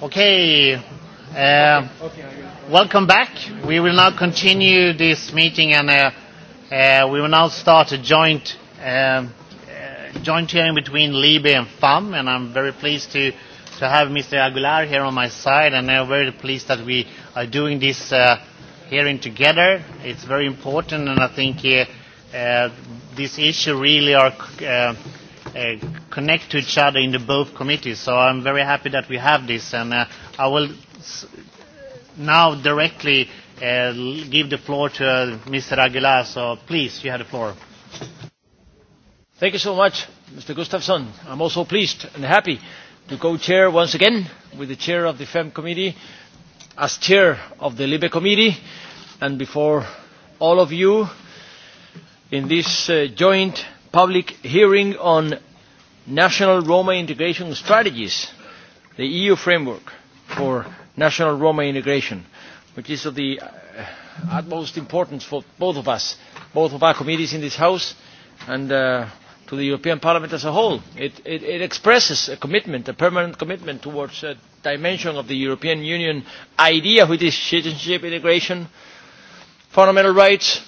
Okay. Uh, welcome back. We will now continue this meeting and uh, uh, we will now start a joint, uh, uh, joint hearing between Libe and FAM and I'm very pleased to, to have Mr. Aguilar here on my side and I'm very pleased that we are doing this uh, hearing together. It's very important and I think uh, uh, this issue really are uh, uh, connect to each other in the both committees. So I'm very happy that we have this, and uh, I will s now directly uh, give the floor to uh, Mr. Aguilar. So please, you have the floor. Thank you so much, Mr. Gustafsson. I'm also pleased and happy to co-chair once again with the chair of the FEM committee, as chair of the LIBE committee, and before all of you in this uh, joint public hearing on national Roma integration strategies, the EU framework for national Roma integration, which is of the uh, utmost importance for both of us, both of our committees in this House and uh, to the European Parliament as a whole. It, it, it expresses a commitment, a permanent commitment towards a dimension of the European Union idea, which is citizenship, integration, fundamental rights,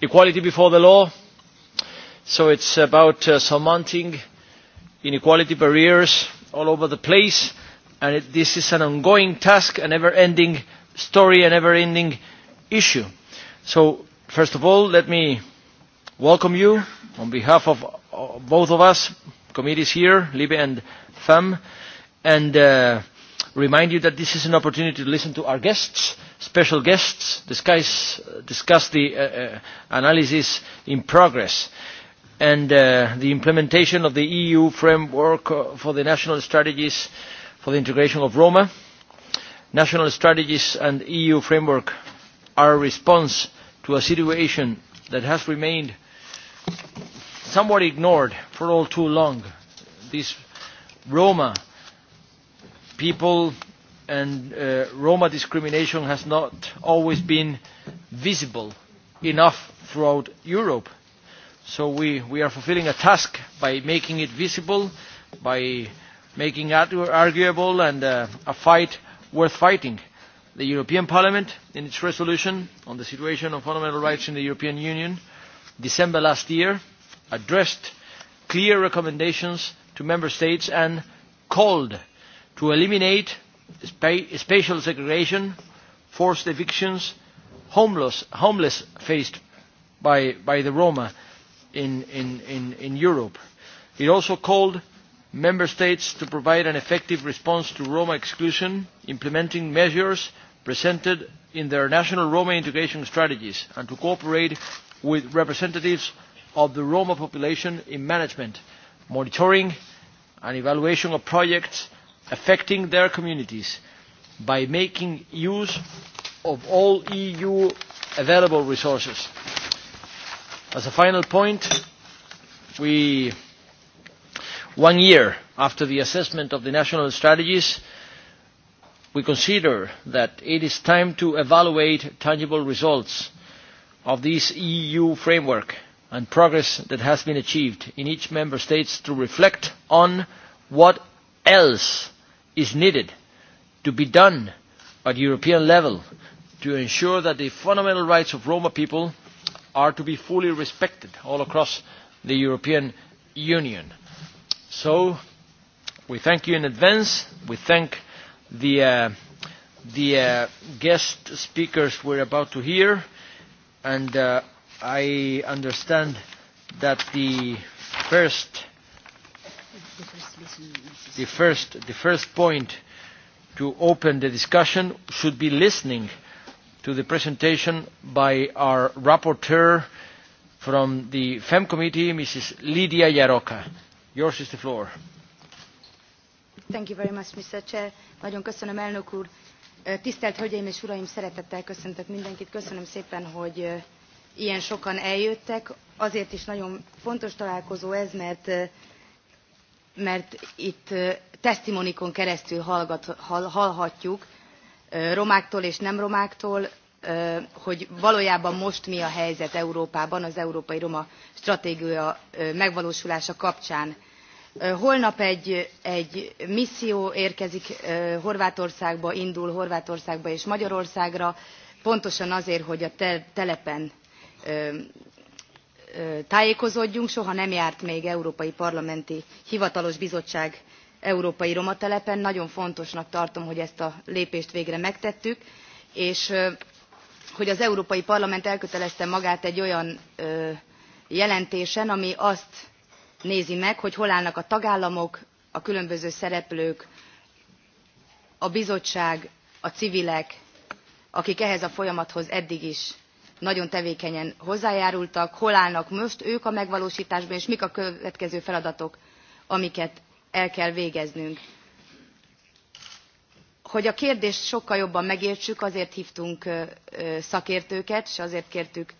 equality before the law. So it's about uh, surmounting uh, inequality barriers all over the place, and it, this is an ongoing task, a never-ending story, a never-ending issue. So, first of all, let me welcome you on behalf of uh, both of us, committees here, LIBE and FAM, and uh, remind you that this is an opportunity to listen to our guests, special guests, discuss, discuss the uh, uh, analysis in progress. Uh, and uh, the implementation of the EU framework uh, for the national strategies for the integration of Roma. National strategies and EU framework are a response to a situation that has remained somewhat ignored for all too long. These Roma people and uh, Roma discrimination has not always been visible enough throughout Europe So we, we are fulfilling a task by making it visible, by making it arguable and uh, a fight worth fighting. The European Parliament, in its resolution on the situation of fundamental rights in the European Union, December last year, addressed clear recommendations to Member States and called to eliminate spatial segregation, forced evictions, homeless, homeless faced by, by the Roma, in, in, in, in Europe. It also called member states to provide an effective response to Roma exclusion, implementing measures presented in their national Roma integration strategies, and to cooperate with representatives of the Roma population in management, monitoring and evaluation of projects affecting their communities by making use of all EU available resources. As a final point, we, one year after the assessment of the national strategies, we consider that it is time to evaluate tangible results of this EU framework and progress that has been achieved in each member state to reflect on what else is needed to be done at European level to ensure that the fundamental rights of Roma people are to be fully respected all across the European Union. So we thank you in advance. We thank the, uh, the uh, guest speakers we're about to hear. And uh, I understand that the first, the first, the first point to open the discussion should be listening uh, to the presentation by our rapporteur from the FEM committee, Mrs. Lydia Jaroka. Yours is the floor. Thank you very much, Mr. Chair. Nagyon köszönöm, elnök úr. Tisztelt Hölgyeim és Uraim, szeretettel köszöntök mindenkit. Köszönöm szépen, hogy ilyen sokan eljöttek. Azért is nagyon fontos találkozó ez, mert, mert itt tesztimonikon keresztül hallgat, hall, hallhatjuk, romáktól és nem romáktól, hogy valójában most mi a helyzet Európában az Európai Roma Stratégia megvalósulása kapcsán. Holnap egy, egy misszió érkezik Horvátországba, indul Horvátországba és Magyarországra, pontosan azért, hogy a te, telepen tájékozódjunk soha nem járt még európai parlamenti hivatalos bizottság európai romatelepen. Nagyon fontosnak tartom, hogy ezt a lépést végre megtettük, és hogy az Európai Parlament elkötelezte magát egy olyan jelentésen, ami azt nézi meg, hogy hol állnak a tagállamok, a különböző szereplők, a bizottság, a civilek, akik ehhez a folyamathoz eddig is nagyon tevékenyen hozzájárultak, hol állnak most ők a megvalósításban, és mik a következő feladatok, amiket el kell végeznünk. Hogy a kérdést sokkal jobban megértsük, azért hívtunk szakértőket, és azért kértük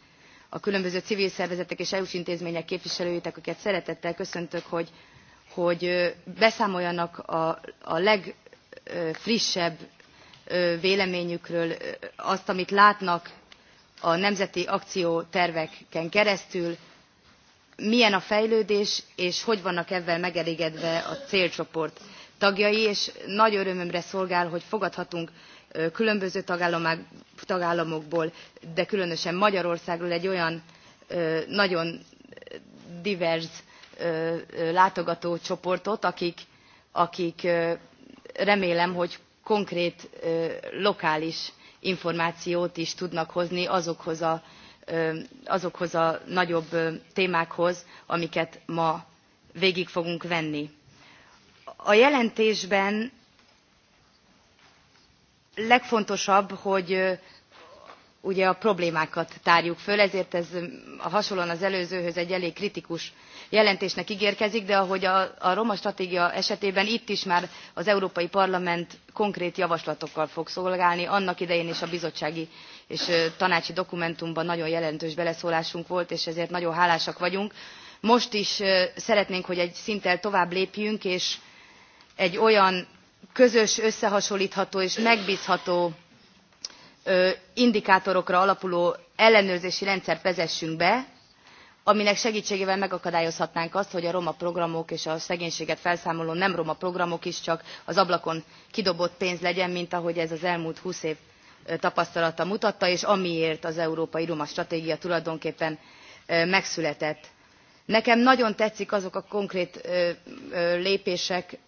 a különböző civil szervezetek és EU-s intézmények képviselőit, akiket szeretettel köszöntök, hogy, hogy beszámoljanak a, a legfrissebb véleményükről azt, amit látnak a nemzeti akcióterveken keresztül, milyen a fejlődés, és hogy vannak ebben megelégedve a célcsoport tagjai, és nagy örömömre szolgál, hogy fogadhatunk különböző tagállamokból, de különösen Magyarországról egy olyan nagyon divers látogatócsoportot, akik, akik remélem, hogy konkrét lokális információt is tudnak hozni azokhoz a azokhoz a nagyobb témákhoz, amiket ma végig fogunk venni. A jelentésben legfontosabb, hogy ugye a problémákat tárjuk föl, ezért ez hasonlóan az előzőhöz egy elég kritikus jelentésnek ígérkezik, de ahogy a, a roma stratégia esetében itt is már az Európai Parlament konkrét javaslatokkal fog szolgálni, annak idején is a bizottsági és tanácsi dokumentumban nagyon jelentős beleszólásunk volt, és ezért nagyon hálásak vagyunk. Most is szeretnénk, hogy egy szinttel tovább lépjünk, és egy olyan közös, összehasonlítható és megbízható indikátorokra alapuló ellenőrzési rendszert vezessünk be, aminek segtségével megakadályozhatnánk azt hogy a roma programok és a szegénységet felszámoló nem roma programok is csak az ablakon kidobott pénz legyen mint ahogy ez az elmúlt húsz év tapasztalata mutatta és amiért az európai roma stratégia tulajdonképpen megszületett. nekem nagyon tetszik azok a konkrét lépések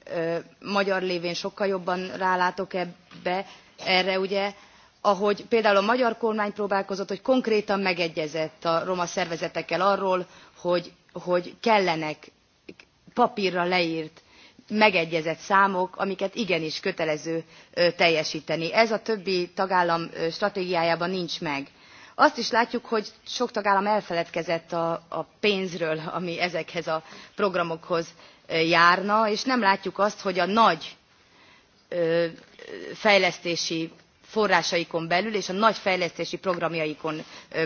magyar lévén sokkal jobban rálátok ebbe erre ugye ahogy például a magyar kormány próbálkozott hogy konkrétan megegyezett a roma szervezetekkel arról hogy hogy kellenek paprra lert megegyezett számok, amiket igenis kötelező teljesíteni. Ez a többi tagállam stratégiájában nincs meg. Azt is látjuk, hogy sok tagállam elfeledkezett a, a pénzről, ami ezekhez a programokhoz járna, és nem látjuk azt, hogy a nagy fejlesztési forrásaikon belül és a nagy fejlesztési programjaikon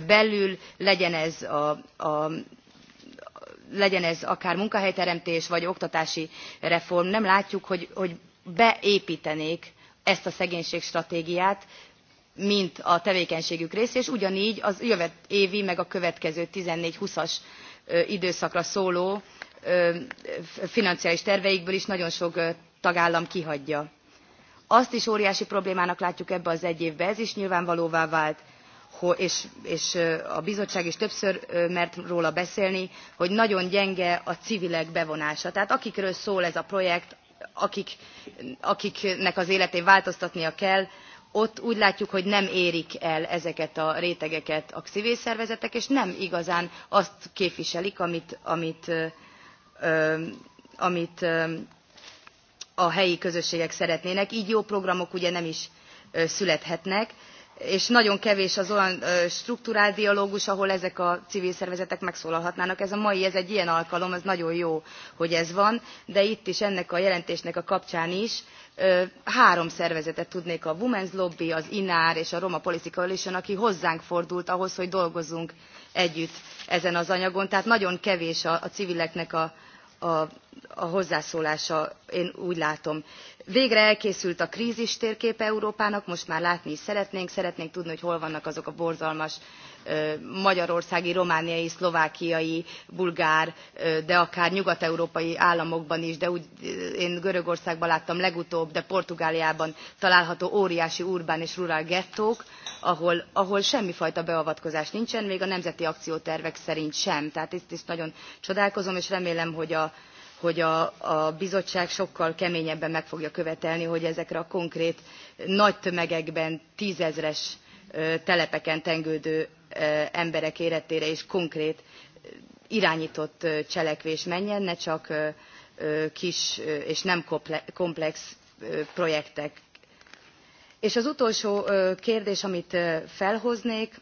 belül legyen ez a, a legyen ez akár munkahelyteremtés vagy oktatási reform, nem látjuk, hogy, hogy beépítenék ezt a szegénységstratégiát, mint a tevékenységük része, és ugyanígy az jövet évi, meg a következő 14-20-as időszakra szóló financiális terveikből is nagyon sok tagállam kihagyja. Azt is óriási problémának látjuk ebbe az egy évbe, ez is nyilvánvalóvá vált, és, és a bizottság is többször mert róla beszélni, hogy nagyon gyenge a civilek bevonása. Tehát akikről szól ez a projekt, akik, akiknek az életén változtatnia kell, ott úgy látjuk, hogy nem érik el ezeket a rétegeket a civil szervezetek, és nem igazán azt képviselik, amit, amit, ö, amit ö, a helyi közösségek szeretnének. Így jó programok ugye nem is ö, születhetnek és nagyon kevés az olyan strukturált dialógus ahol ezek a civil szervezetek megszólalhatnának. ez a mai ez egy ilyen alkalom ez nagyon jó hogy ez van de itt is ennek a jelentésnek a kapcsán is három szervezetet tudnék a women's lobby az inár és a roma policy coalition aki hozzánk fordult ahhoz hogy dolgozzunk együtt ezen az anyagon tehát nagyon kevés a, a civileknek a a, a hozzászólása, én úgy látom. Végre elkészült a krízis térkép Európának, most már látni is szeretnénk, szeretnénk tudni, hogy hol vannak azok a borzalmas magyarországi, romániai, szlovákiai, bulgár, de akár nyugat-európai államokban is, de úgy én Görögországban láttam legutóbb, de Portugáliában található óriási urbán és rural gettók, ahol, ahol semmifajta beavatkozás nincsen, még a nemzeti akciótervek szerint sem. Tehát ezt is nagyon csodálkozom, és remélem, hogy a, hogy a, a bizottság sokkal keményebben meg fogja követelni, hogy ezekre a konkrét nagy tömegekben tízezres telepeken tengődő emberek életére is konkrét irányított cselekvés menjen, ne csak kis és nem komplex projektek és az utolsó kérdés amit felhoznék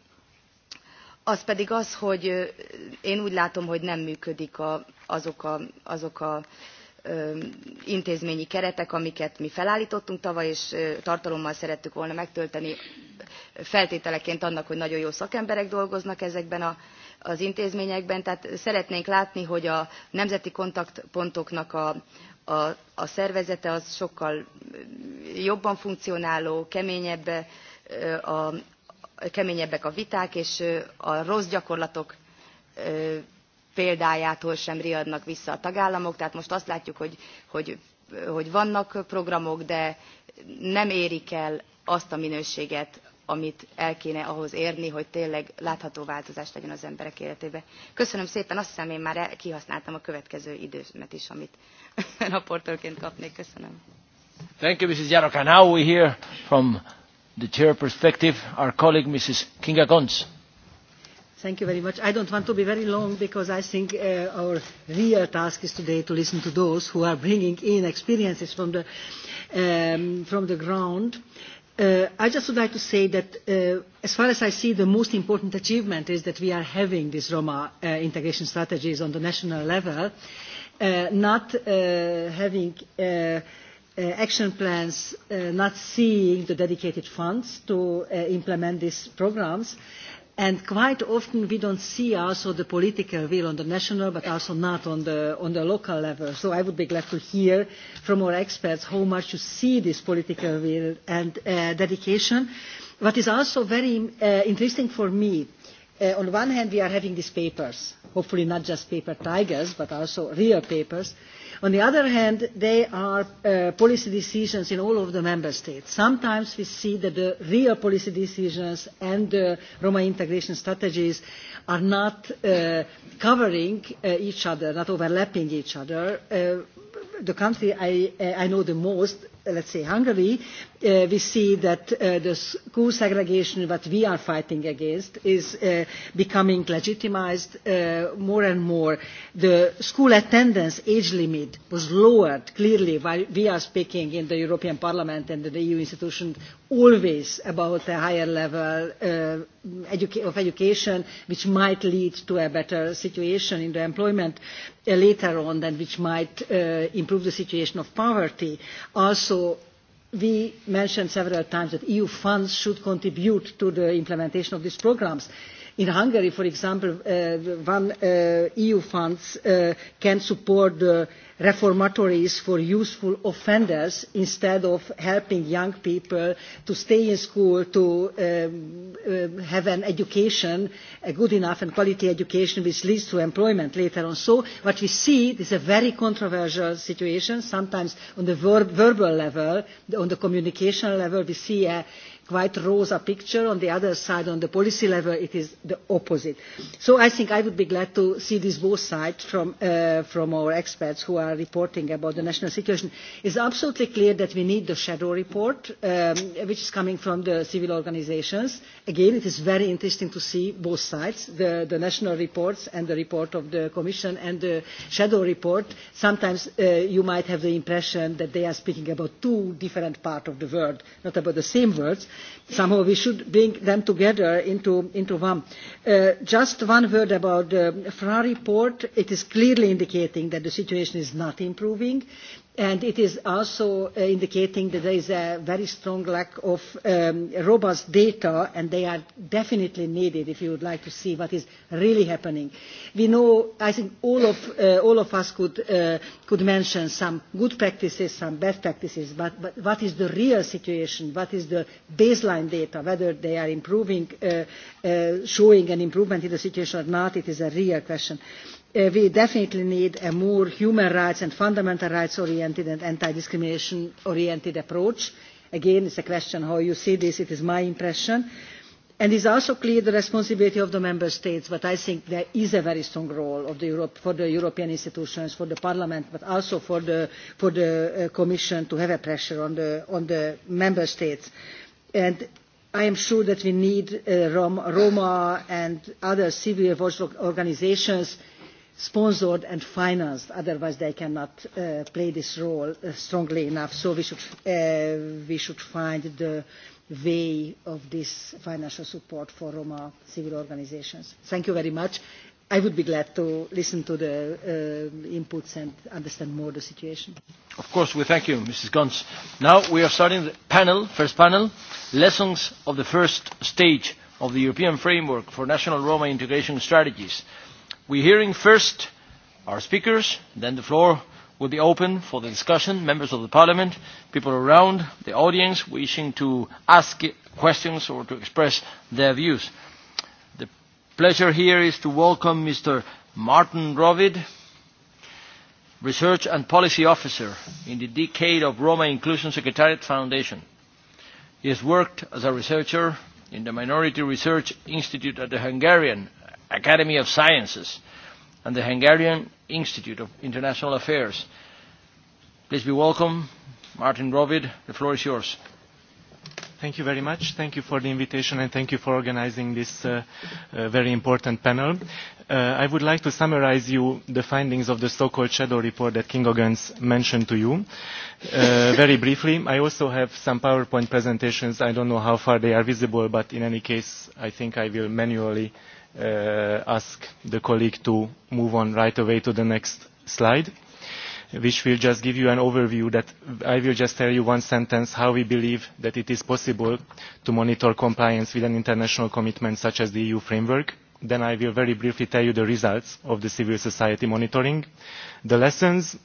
az pedig az hogy én úgy látom hogy nem működik a, azok a, azok a ö, intézményi keretek amiket mi felállítottunk tavaly és tartalommal szerettük volna megtölteni feltételeként annak hogy nagyon jó szakemberek dolgoznak ezekben a az intézményekben, tehát szeretnénk látni, hogy a nemzeti kontaktpontoknak a, a, a szervezete az sokkal jobban funkcionáló, keményebb a, keményebbek a viták, és a rossz gyakorlatok példájától sem riadnak vissza a tagállamok. Tehát most azt látjuk, hogy, hogy, hogy vannak programok, de nem érik el azt a minőséget, amit el kéne ahhoz érni, hogy tényleg látható változást legyen az emberek életébe. Köszönöm szépen, azt hiszem én már kihasználtam a következő időmet is, amit raportőrként kapnék. Köszönöm. Thank you, Mrs. Jaroka. Now we hear from the chair perspective our colleague, Mrs. Kinga Gons. Thank you very much. I don't want to be very long because I think uh, our real task is today to listen to those who are bringing in experiences from the, um, from the ground. Uh, Uh, I just would like to say that, uh, as far as I see, the most important achievement is that we are having these Roma uh, integration strategies on the national level, uh, not uh, having uh, uh, action plans, uh, not seeing the dedicated funds to uh, implement these programs. Uh, And quite often we don't see also the political will on the national, but also not on the, on the local level. So I would be glad to hear from our experts how much you see this political will and uh, dedication. What is also very uh, interesting for me, uh, on one hand we are having these papers, hopefully not just paper tigers, but also real papers, uh, On the other hand, they are uh, policy decisions in all of the member states. Sometimes we see that the real policy decisions and the Roma integration strategies are not uh, covering uh, each other, not overlapping each other. Uh, the country I, uh, I know the most Uh, let's say, Hungary, uh, we see that uh, the school segregation that we are fighting against is uh, becoming legitimized uh, more and more. The school attendance age limit was lowered clearly while we are speaking in the European Parliament and the EU institutions always about a higher level uh, educa- of education which might lead to a better situation in the employment uh, later on and which might uh, improve the situation of poverty. Also, we mentioned several times that EU funds should contribute to the implementation of these programs. Uh, In Hungary, for example, uh, one uh, EU funds uh, can support the reformatories for useful offenders instead of helping young people to stay in school, to um, uh, have an education, a good enough and quality education which leads to employment later on. So what we see is a very controversial situation, sometimes on the ver verbal level, on the communication level, we see a, quite rosy picture. On the other side, on the policy level, it is the opposite. So I think I would be glad to see this both sides from, uh, from our experts who are reporting about the national situation. It's absolutely clear that we need the shadow report, um, which is coming from the civil organizations. Again, it is very interesting to see both sides, the, the national reports and the report of the Commission and the shadow report. Sometimes uh, you might have the impression that they are speaking about two different parts of the world, not about the same words somehow we should bring them together into, into one. Uh, just one word about the FRA report. It is clearly indicating that the situation is not improving and it is also uh, indicating that there is a very strong lack of um, robust data, and they are definitely needed if you would like to see what is really happening. We know, I think all of, uh, all of us could, uh, could mention some good practices, some bad practices, but, but what is the real situation, what is the baseline data, whether they are improving, uh, uh, showing an improvement in the situation or not, it is a real question. Uh, Uh, we definitely need a more human rights and fundamental rights oriented and anti discrimination oriented approach. Again, it's a question how you see this, it is my impression. And it's also clear the responsibility of the member states, but I think there is a very strong role of the Europe, for the European institutions, for the Parliament, but also for the, for the uh, Commission to have a pressure on the, on the member states. And I am sure that we need uh, Roma and other civil watchdog organizations uh, sponsored and financed, otherwise they cannot uh, play this role uh, strongly enough. So we should, uh, we should find the way of this financial support for Roma civil organizations. Thank you very much. I would be glad to listen to the uh, inputs and understand more the situation. Of course, we thank you, Mrs. Guns. Now we are starting the panel, first panel, lessons of the first stage of the European framework for national Roma integration strategies 2014-2020 We're hearing first our speakers, then the floor will be open for the discussion. Members of the Parliament, people around the audience wishing to ask questions or to express their views. The pleasure here is to welcome Mr. Martin Rovid, Research and Policy Officer in the Decade of Roma Inclusion Secretariat Foundation. He has worked as a researcher in the Minority Research Institute at the Hungarian Academy of Sciences and the Hungarian Institute of International Affairs. Please be welcome. Martin Rovid, the floor is yours. Thank you very much. Thank you for the invitation and thank you for organizing this uh, uh, very important panel. Uh, I would like to summarize you the findings of the so-called shadow report that King Ogans mentioned to you. Uh, very briefly, I also have some PowerPoint presentations. I don't know how far they are visible, but in any case, I think I will manually uh, uh, ask the colleague to move on right away to the next slide, which will just give you an overview that I will just tell you one sentence how we believe that it is possible to monitor compliance with an international commitment such as the EU framework. Then I will very briefly tell you the results of the civil society monitoring, the lessons.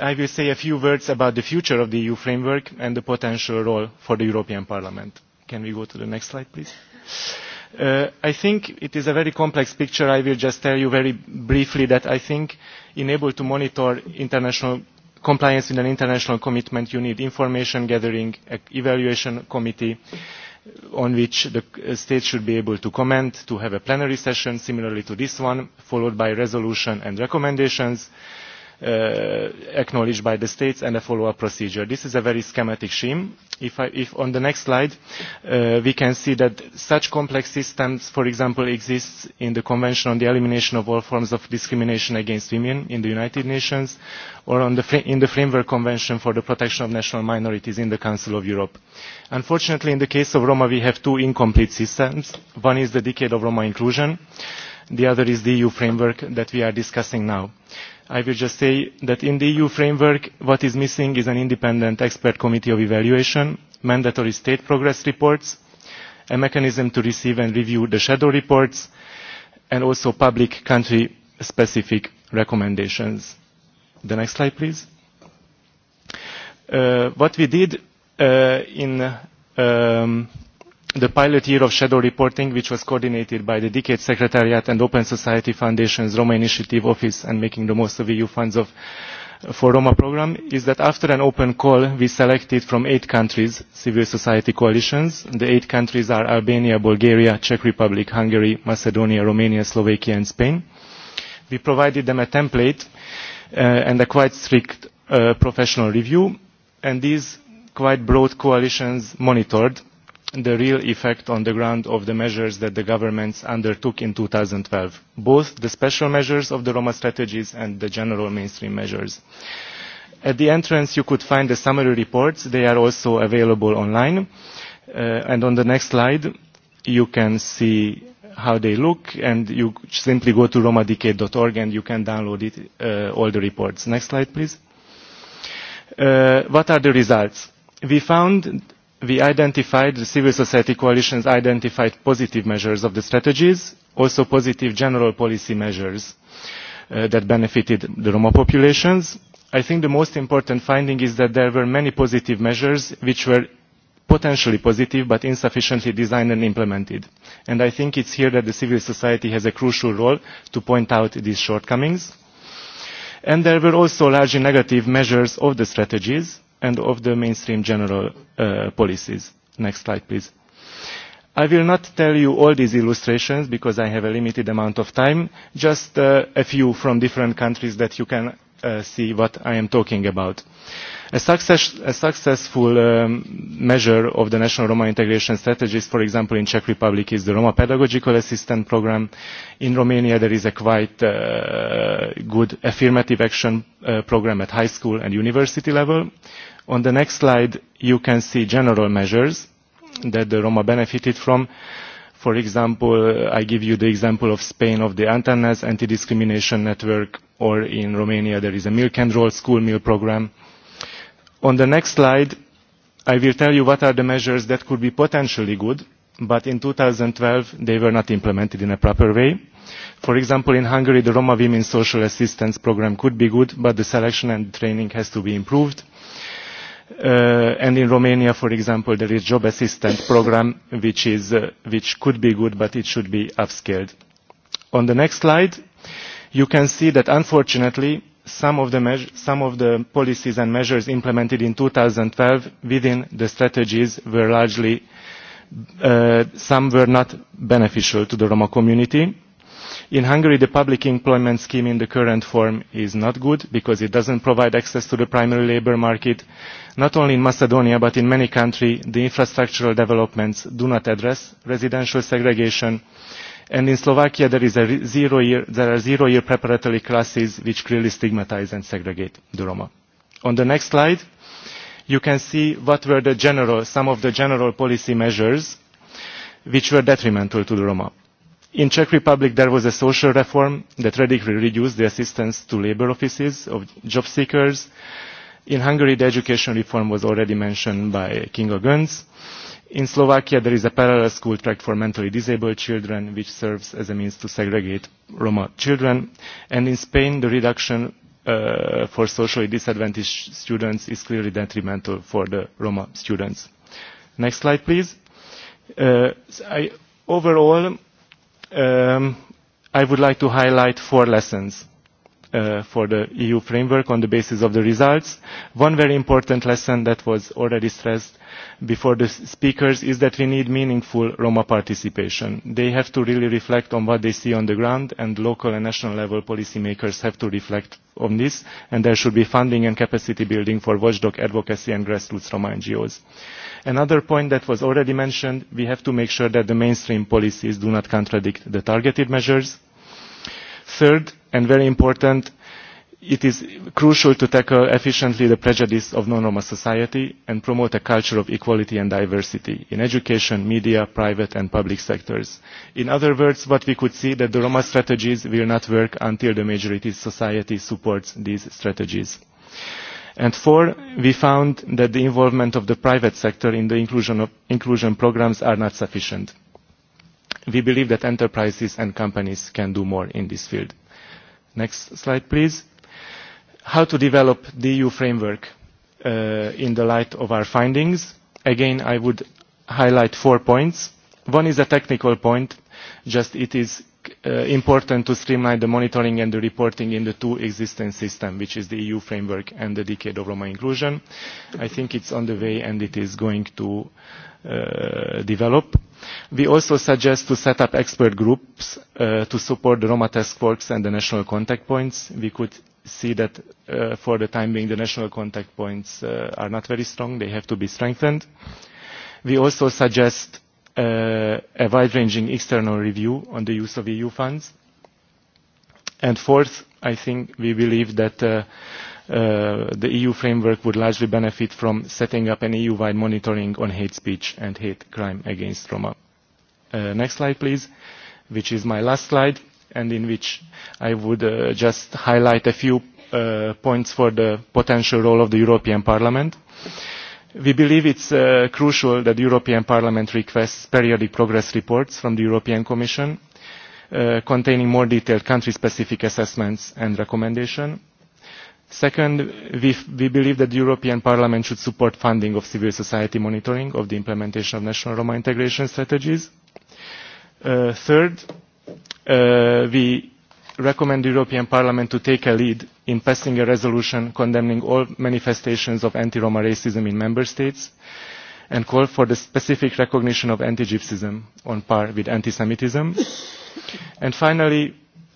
I will say a few words about the future of the EU framework and the potential role for the European Parliament. Can we go to the next slide, please? Uh, Uh, I think it is a very complex picture. I will just tell you very briefly that I think in able to monitor international compliance with an international commitment, you need information gathering, evaluation committee on which the uh, state should be able to comment, to have a plenary session similarly to this one, followed by resolution and recommendations. Uh, uh, acknowledged by the states and a follow-up procedure. This is a very schematic scheme. If, I, if on the next slide, uh, we can see that such complex systems, for example, exists in the Convention on the Elimination of All Forms of Discrimination Against Women in the United Nations, or on the, in the Framework Convention for the Protection of National Minorities in the Council of Europe. Unfortunately, in the case of Roma, we have two incomplete systems. One is the Decade of Roma Inclusion. The other is the EU framework that we are discussing now. Uh, I will just say that in the EU framework, what is missing is an independent expert committee of evaluation, mandatory state progress reports, a mechanism to receive and review the shadow reports, and also public country-specific recommendations. The next slide, please. Uh, what we did uh, in um, the pilot year of shadow reporting which was coordinated by the decade secretariat and open society foundation's roma initiative office and making the most of eu e funds of, for roma programme is that after an open call we selected from eight countries civil society coalitions the eight countries are albania bulgaria czech republic hungary macedonia romania slovakia and spain we provided them a template uh, and a quite strict uh, professional review and these quite broad coalitions monitored the real effect on the ground of the measures that the governments undertook in two thousand and twelve both the special measures of the roma strategies and the general mainstream measures. at the entrance you could find the summary reports they are also available online uh, and on the next slide you can see how they look and you simply go to romadecade.org and you can download it, uh, all the reports. Next slide please. Uh, what are the results? We found we identified, the civil society coalitions identified positive measures of the strategies, also positive general policy measures uh, that benefited the Roma populations. I think the most important finding is that there were many positive measures which were potentially positive but insufficiently designed and implemented. And I think it's here that the civil society has a crucial role to point out these shortcomings. And there were also largely negative measures of the strategies, and of the mainstream general uh, policies. Next slide, please. I will not tell you all these illustrations because I have a limited amount of time, just uh, a few from different countries that you can uh, see what I am talking about. A, success, a successful um, measure of the national Roma integration strategies, for example, in Czech Republic is the Roma Pedagogical Assistance Program. In Romania, there is a quite uh, good affirmative action uh, program at high school and university level. On the next slide, you can see general measures that the Roma benefited from. For example, I give you the example of Spain of the Antanas anti-discrimination network, or in Romania there is a milk and roll school meal program. On the next slide, I will tell you what are the measures that could be potentially good, but in 2012 they were not implemented in a proper way. For example, in Hungary, the Roma Women Social Assistance Program could be good, but the selection and training has to be improved uh, and in Romania, for example, there is job assistance program, which is uh, which could be good, but it should be upscaled. On the next slide, you can see that unfortunately, some of the measure, some of the policies and measures implemented in 2012 within the strategies were largely uh, some were not beneficial to the Roma community in hungary the public employment scheme in the current form is not good because it does not provide access to the primary labour market. not only in macedonia but in many countries the infrastructural developments do not address residential segregation and in slovakia there, is a zero year, there are zero year preparatory classes which clearly stigmatise and segregate the roma. on the next slide you can see what were the general, some of the general policy measures which were detrimental to the roma in czech republic there was a social reform that radically reduced the assistance to labour offices of job seekers in hungary the education reform was already mentioned by kinga gncz in slovakia there is a parallel school track for mentally disabled children which serves as a means to segregate roma children and in spain the reduction uh, for socially disadvantaged students is clearly detrimental for the roma students next slide please uh, I, overall um, I would like to highlight four lessons uh, for the EU framework on the basis of the results. One very important lesson that was already stressed before the speakers is that we need meaningful Roma participation. They have to really reflect on what they see on the ground and local and national level policymakers have to reflect on this and there should be funding and capacity building for watchdog advocacy and grassroots Roma NGOs. Another point that was already mentioned, we have to make sure that the mainstream policies do not contradict the targeted measures. Third, and very important, it is crucial to tackle efficiently the prejudice of non-Roma society and promote a culture of equality and diversity in education, media, private and public sectors. In other words, what we could see that the Roma strategies will not work until the majority society supports these strategies. And four, we found that the involvement of the private sector in the inclusion, of, inclusion programs are not sufficient. We believe that enterprises and companies can do more in this field. Next slide, please. How to develop the EU framework uh, in the light of our findings. Again, I would highlight four points. One is a technical point, just it is uh, important to streamline the monitoring and the reporting in the two existing systems, which is the EU framework and the Decade of Roma Inclusion. I think it's on the way and it is going to uh, develop. Uh, We also suggest to set up expert groups uh, to support the Roma task force and the national contact points. We could see that uh, for the time being the national contact points uh, are not very strong. They have to be strengthened. We also suggest uh, a wide-ranging external review on the use of EU funds. And fourth, I think we believe that uh, Uh, the EU framework would largely benefit from setting up an EU-wide monitoring on hate speech and hate crime against Roma. Uh, next slide, please, which is my last slide, and in which I would uh, just highlight a few uh, points for the potential role of the European Parliament. We believe it's uh, crucial that the European Parliament requests periodic progress reports from the European Commission uh, containing more detailed country-specific assessments and recommendations second we, we believe that the european parliament should support funding of civil society monitoring of the implementation of national roma integration strategies. Uh, third uh, we recommend the european parliament to take a lead in passing a resolution condemning all manifestations of anti roma racism in member states and call for the specific recognition of anti gypsyism on par with anti semitism. and finally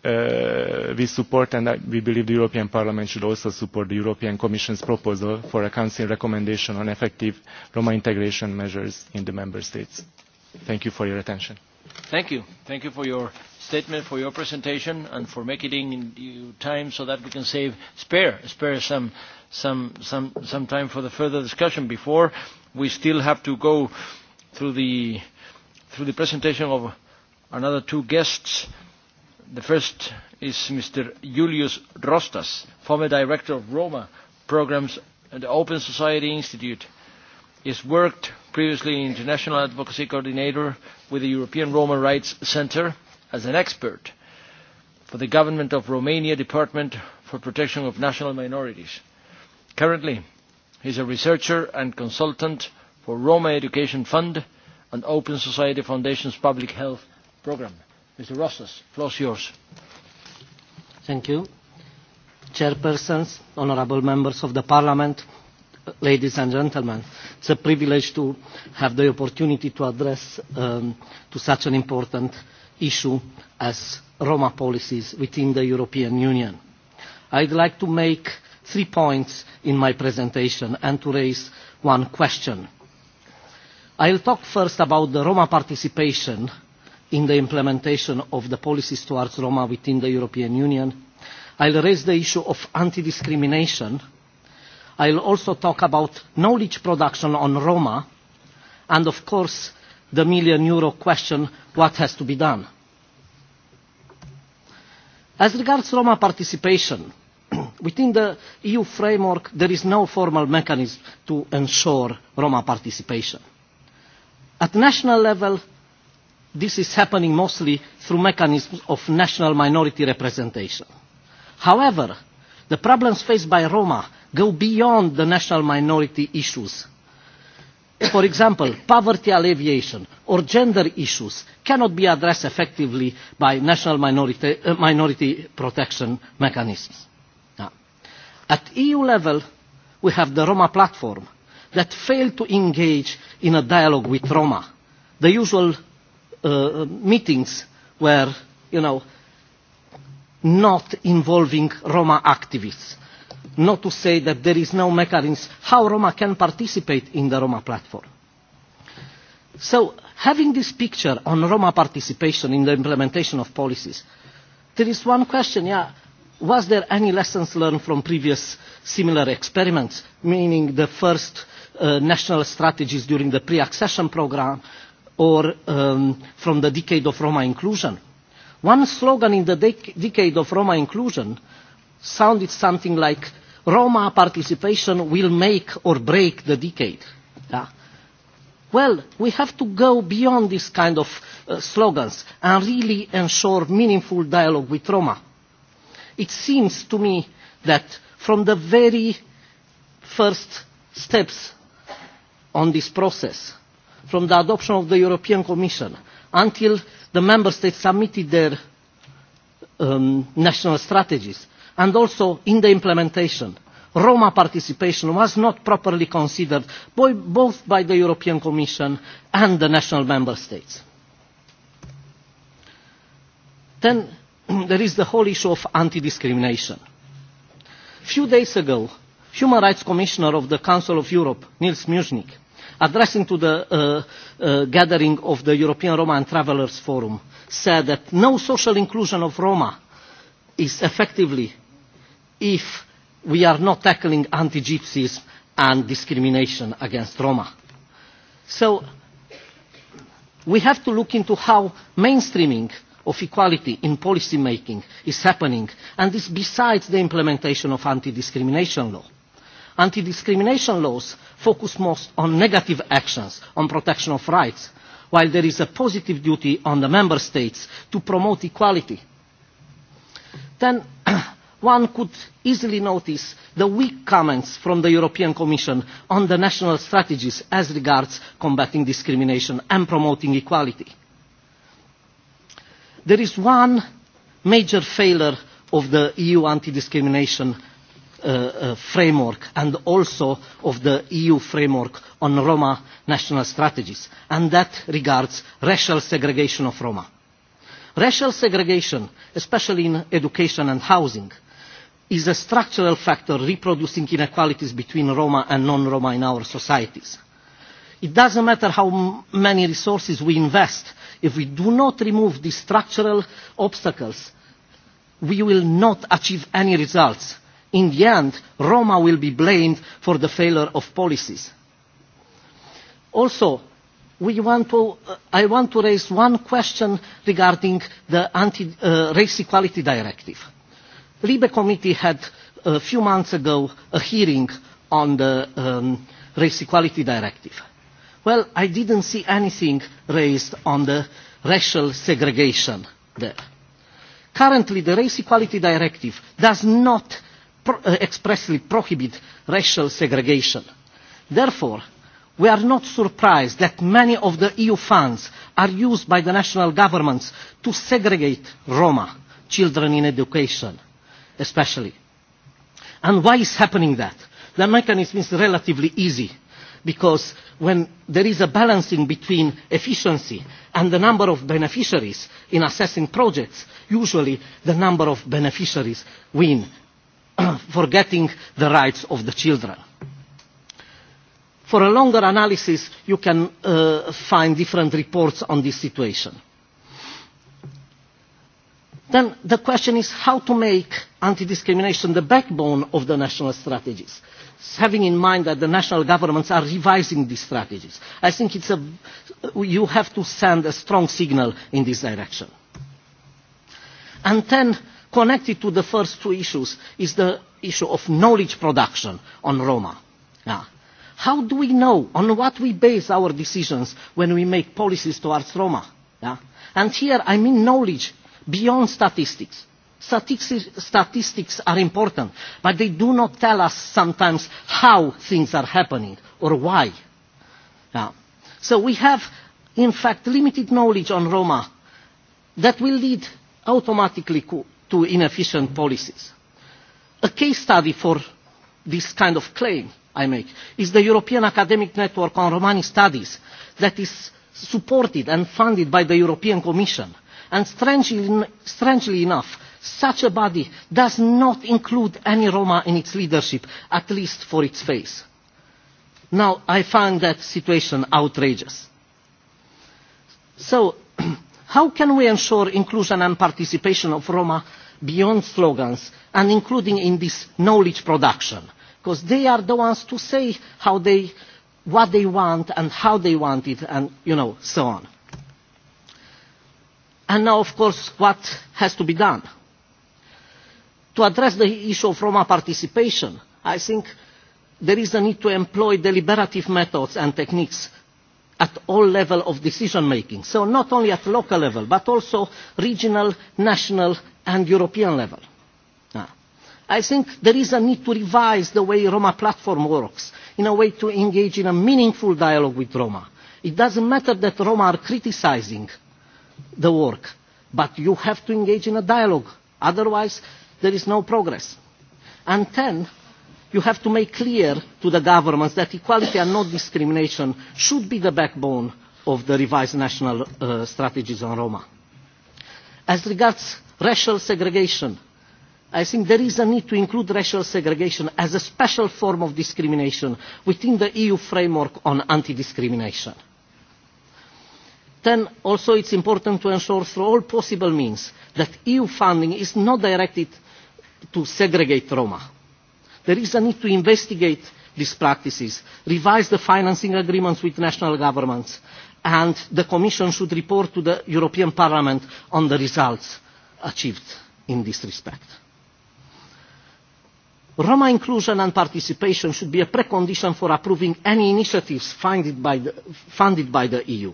uh, we support and uh, we believe the European Parliament should also support the European Commission's proposal for a Council recommendation on effective Roma integration measures in the Member States. Thank you for your attention. Thank you. Thank you for your statement, for your presentation, and for making it in time so that we can save, spare, spare some, some, some, some time for the further discussion before we still have to go through the, through the presentation of another two guests The first is Mr. Julius Rostas, former director of Roma programs at the Open Society Institute. He has worked previously international advocacy coordinator with the European Roma Rights Center as an expert for the government of Romania Department for Protection of National Minorities. Currently, he is a researcher and consultant for Roma Education Fund and Open Society Foundation's Public Health Programme. Mr. Rosas, floor is yours. Thank you. Chairpersons, honorable members of the Parliament, ladies and gentlemen, it's a privilege to have the opportunity to address um, to such an important issue as Roma policies within the European Union. I'd like to make three points in my presentation and to raise one question. I'll talk first about the Roma participation in the implementation of the policies towards Roma within the European Union. I'll raise the issue of anti-discrimination. I'll also talk about knowledge production on Roma and, of course, the million euro question, what has to be done? As regards Roma participation, within the EU framework, there is no formal mechanism to ensure Roma participation. At national level, this is happening mostly through mechanisms of national minority representation. However, the problems faced by Roma go beyond the national minority issues. For example, poverty alleviation or gender issues cannot be addressed effectively by national minority, uh, minority protection mechanisms. Now, at EU level, we have the Roma platform that failed to engage in a dialogue with Roma, the usual uh, meetings were, you know, not involving Roma activists. Not to say that there is no mechanism how Roma can participate in the Roma platform. So having this picture on Roma participation in the implementation of policies, there is one question, yeah, was there any lessons learned from previous similar experiments, meaning the first uh, national strategies during the pre-accession program, or um, from the decade of Roma inclusion. One slogan in the dec decade of Roma inclusion sounded something like Roma participation will make or break the decade. Yeah. Well, we have to go beyond this kind of uh, slogans and really ensure meaningful dialogue with Roma. It seems to me that from the very first steps on this process, from the adoption of the European Commission until the member states submitted their um, national strategies and also in the implementation. Roma participation was not properly considered by, both by the European Commission and the national member states. Then there is the whole issue of anti-discrimination. A few days ago, Human Rights Commissioner of the Council of Europe, Nils Muiznik, addressing to the uh, uh, gathering of the European Roma and Travelers Forum, said that no social inclusion of Roma is effectively if we are not tackling anti-Gypsyism and discrimination against Roma. So we have to look into how mainstreaming of equality in policy making is happening, and this besides the implementation of anti-discrimination law anti discrimination laws focus most on negative actions on protection of rights while there is a positive duty on the member states to promote equality then one could easily notice the weak comments from the European Commission on the national strategies as regards combating discrimination and promoting equality. There is one major failure of the EU anti-discrimination uh, uh, framework and also of the EU framework on Roma national strategies, and that regards racial segregation of Roma. Racial segregation, especially in education and housing, is a structural factor reproducing inequalities between Roma and non-Roma in our societies. It doesn't matter how many resources we invest, if we do not remove these structural obstacles, we will not achieve any results in the end, Roma will be blamed for the failure of policies. Also, we want to, uh, I want to raise one question regarding the Anti-Race uh, Equality Directive. Libe Committee had a uh, few months ago a hearing on the um, Race Equality Directive. Well, I didn't see anything raised on the racial segregation there. Currently, the Race Equality Directive does not pro eh, expressly prohibit racial segregation. Therefore, we are not surprised that many of the EU funds are used by the national governments to segregate Roma children in education, especially. And why is happening that? The mechanism is relatively easy because when there is a balancing between efficiency and the number of beneficiaries in assessing projects, usually the number of beneficiaries win forgetting the rights of the children. For a longer analysis, you can uh, find different reports on this situation. Then the question is how to make anti-discrimination the backbone of the national strategies, having in mind that the national governments are revising these strategies. I think it's a, you have to send a strong signal in this direction. And then Connected to the first two issues is the issue of knowledge production on Roma. Yeah. How do we know on what we base our decisions when we make policies towards Roma? Yeah? And here I mean knowledge beyond statistics. Statistics, statistics are important, but they do not tell us sometimes how things are happening or why. Yeah. So we have, in fact, limited knowledge on Roma that will lead automatically to inefficient policies. A case study for this kind of claim I make is the European Academic Network on Romani Studies that is supported and funded by the European Commission. And strangely, strangely enough, such a body does not include any Roma in its leadership, at least for its face. Now, I find that situation outrageous. So, How can we ensure inclusion and participation of Roma beyond slogans and including in this knowledge production? Because they are the ones to say how they, what they want and how they want it and, you know, so on. And now, of course, what has to be done? To address the issue of Roma participation, I think there is a need to employ deliberative methods and techniques at all levels of decision making so not only at local level but also regional national and european level. Ah. i think there is a need to revise the way the roma platform works in a way to engage in a meaningful dialogue with roma. it does not matter that roma are criticising the work but you have to engage in a dialogue otherwise there is no progress. and ten you have to make clear to the governments that equality and not discrimination should be the backbone of the revised national uh, strategies on Roma. As regards racial segregation, I think there is a need to include racial segregation as a special form of discrimination within the EU framework on anti-discrimination. Then also it's important to ensure through all possible means that EU funding is not directed to segregate Roma There is a need to investigate these practices, revise the financing agreements with national governments, and the Commission should report to the European Parliament on the results achieved in this respect. Roma inclusion and participation should be a precondition for approving any initiatives funded by the, funded by the EU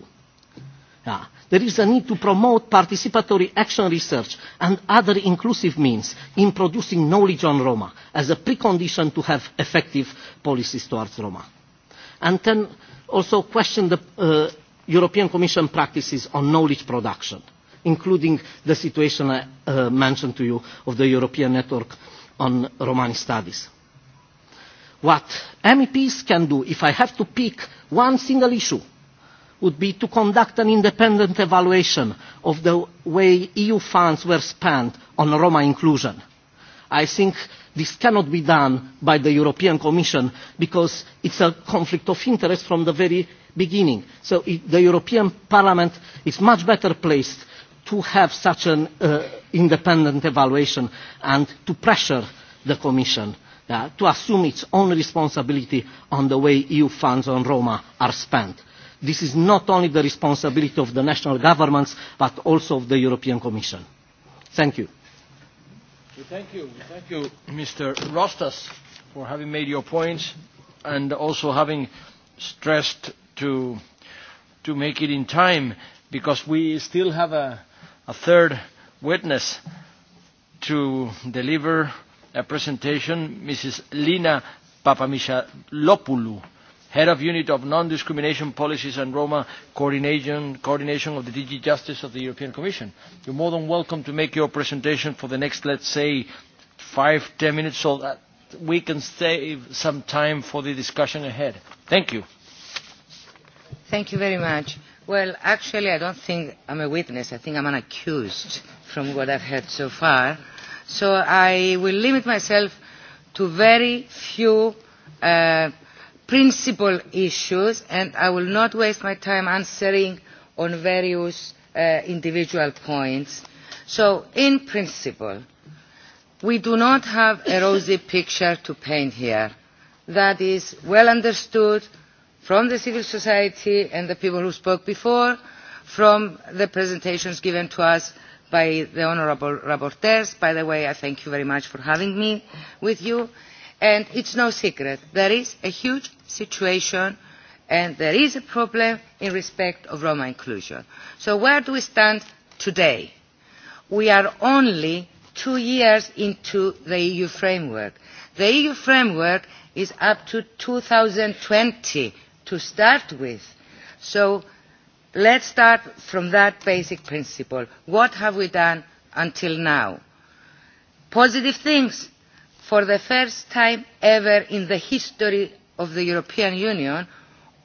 Yeah. There is a need to promote participatory action research and other inclusive means in producing knowledge on Roma as a precondition to have effective policies towards Roma. And then also question the uh, European Commission practices on knowledge production, including the situation I uh, mentioned to you of the European Network on Romani Studies. What MEPs can do, if I have to pick one single issue would be to conduct an independent evaluation of the way EU funds were spent on Roma inclusion. I think this cannot be done by the European Commission because it's a conflict of interest from the very beginning. So it, the European Parliament is much better placed to have such an uh, independent evaluation and to pressure the Commission uh, to assume its own responsibility on the way EU funds on Roma are spent this is not only the responsibility of the national governments but also of the European Commission. Thank you. Thank you. Thank you, Mr. Rostas, for having made your points and also having stressed to, to make it in time because we still have a, a third witness to deliver a presentation, Mrs. Lina Papamichalopoulou head of unit of non-discrimination policies and Roma coordination, coordination of the DG Justice of the European Commission. You're more than welcome to make your presentation for the next, let's say, five, ten minutes so that we can save some time for the discussion ahead. Thank you. Thank you very much. Well, actually, I don't think I'm a witness. I think I'm an accused from what I've heard so far. So I will limit myself to very few uh, principal issues and I will not waste my time answering on various uh, individual points. So, in principle, we do not have a rosy picture to paint here. That is well understood from the civil society and the people who spoke before, from the presentations given to us by the honourable rapporteurs. By the way, I thank you very much for having me with you. Uh, and it is no secret there is a huge situation and there is a problem in respect of roma inclusion. so where do we stand today? we are only two years into the eu framework. the eu framework is up to two thousand and twenty to start with so let us start from that basic principle what have we done until now? positive things for the first time ever in the history of the European Union,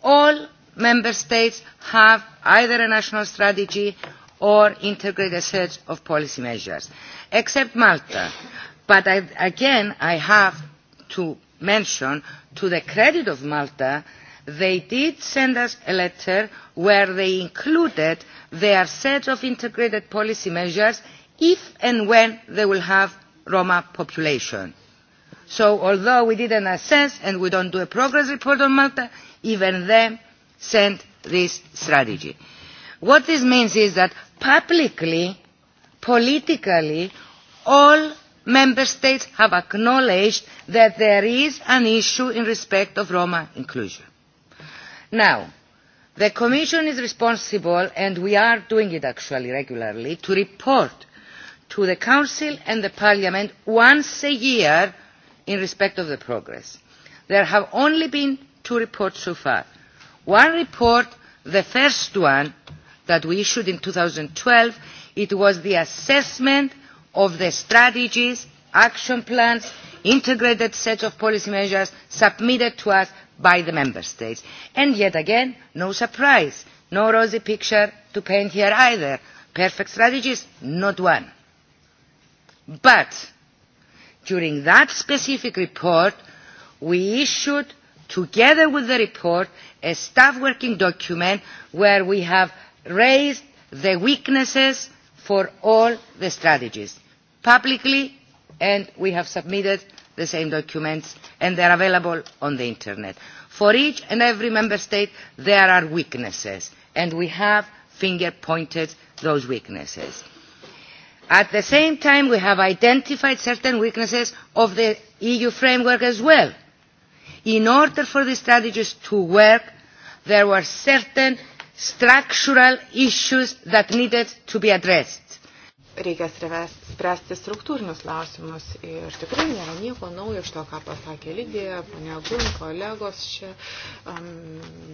all member states have either a national strategy or integrated sets of policy measures, except Malta. But I, again, I have to mention, to the credit of Malta, they did send us a letter where they included their set of integrated policy measures if and when they will have Roma population So although we did an assess and we don't do a progress report on Malta, even them sent this strategy. What this means is that publicly, politically, all member states have acknowledged that there is an issue in respect of Roma inclusion. Now, the Commission is responsible, and we are doing it actually regularly, to report to the Council and the Parliament once a year in respect of the progress. There have only been two reports so far. One report, the first one that we issued in 2012, it was the assessment of the strategies, action plans, integrated sets of policy measures submitted to us by the member states. And yet again, no surprise, no rosy picture to paint here either. Perfect strategies, not one. But During that specific report, we issued, together with the report, a staff working document where we have raised the weaknesses for all the strategies publicly and we have submitted the same documents and they are available on the internet. For each and every member state there are weaknesses and we have finger pointed those weaknesses. At the same time, we have identified certain weaknesses of the EU framework as well. In order for the strategies to work, there were certain structural issues that needed to be addressed. Reikia savęs, spręsti struktūrinius klausimus. Ir tikrai nėra nieko naujo iš to, ką pasakė Lydija, ponia Gun, kolegos čia. Um,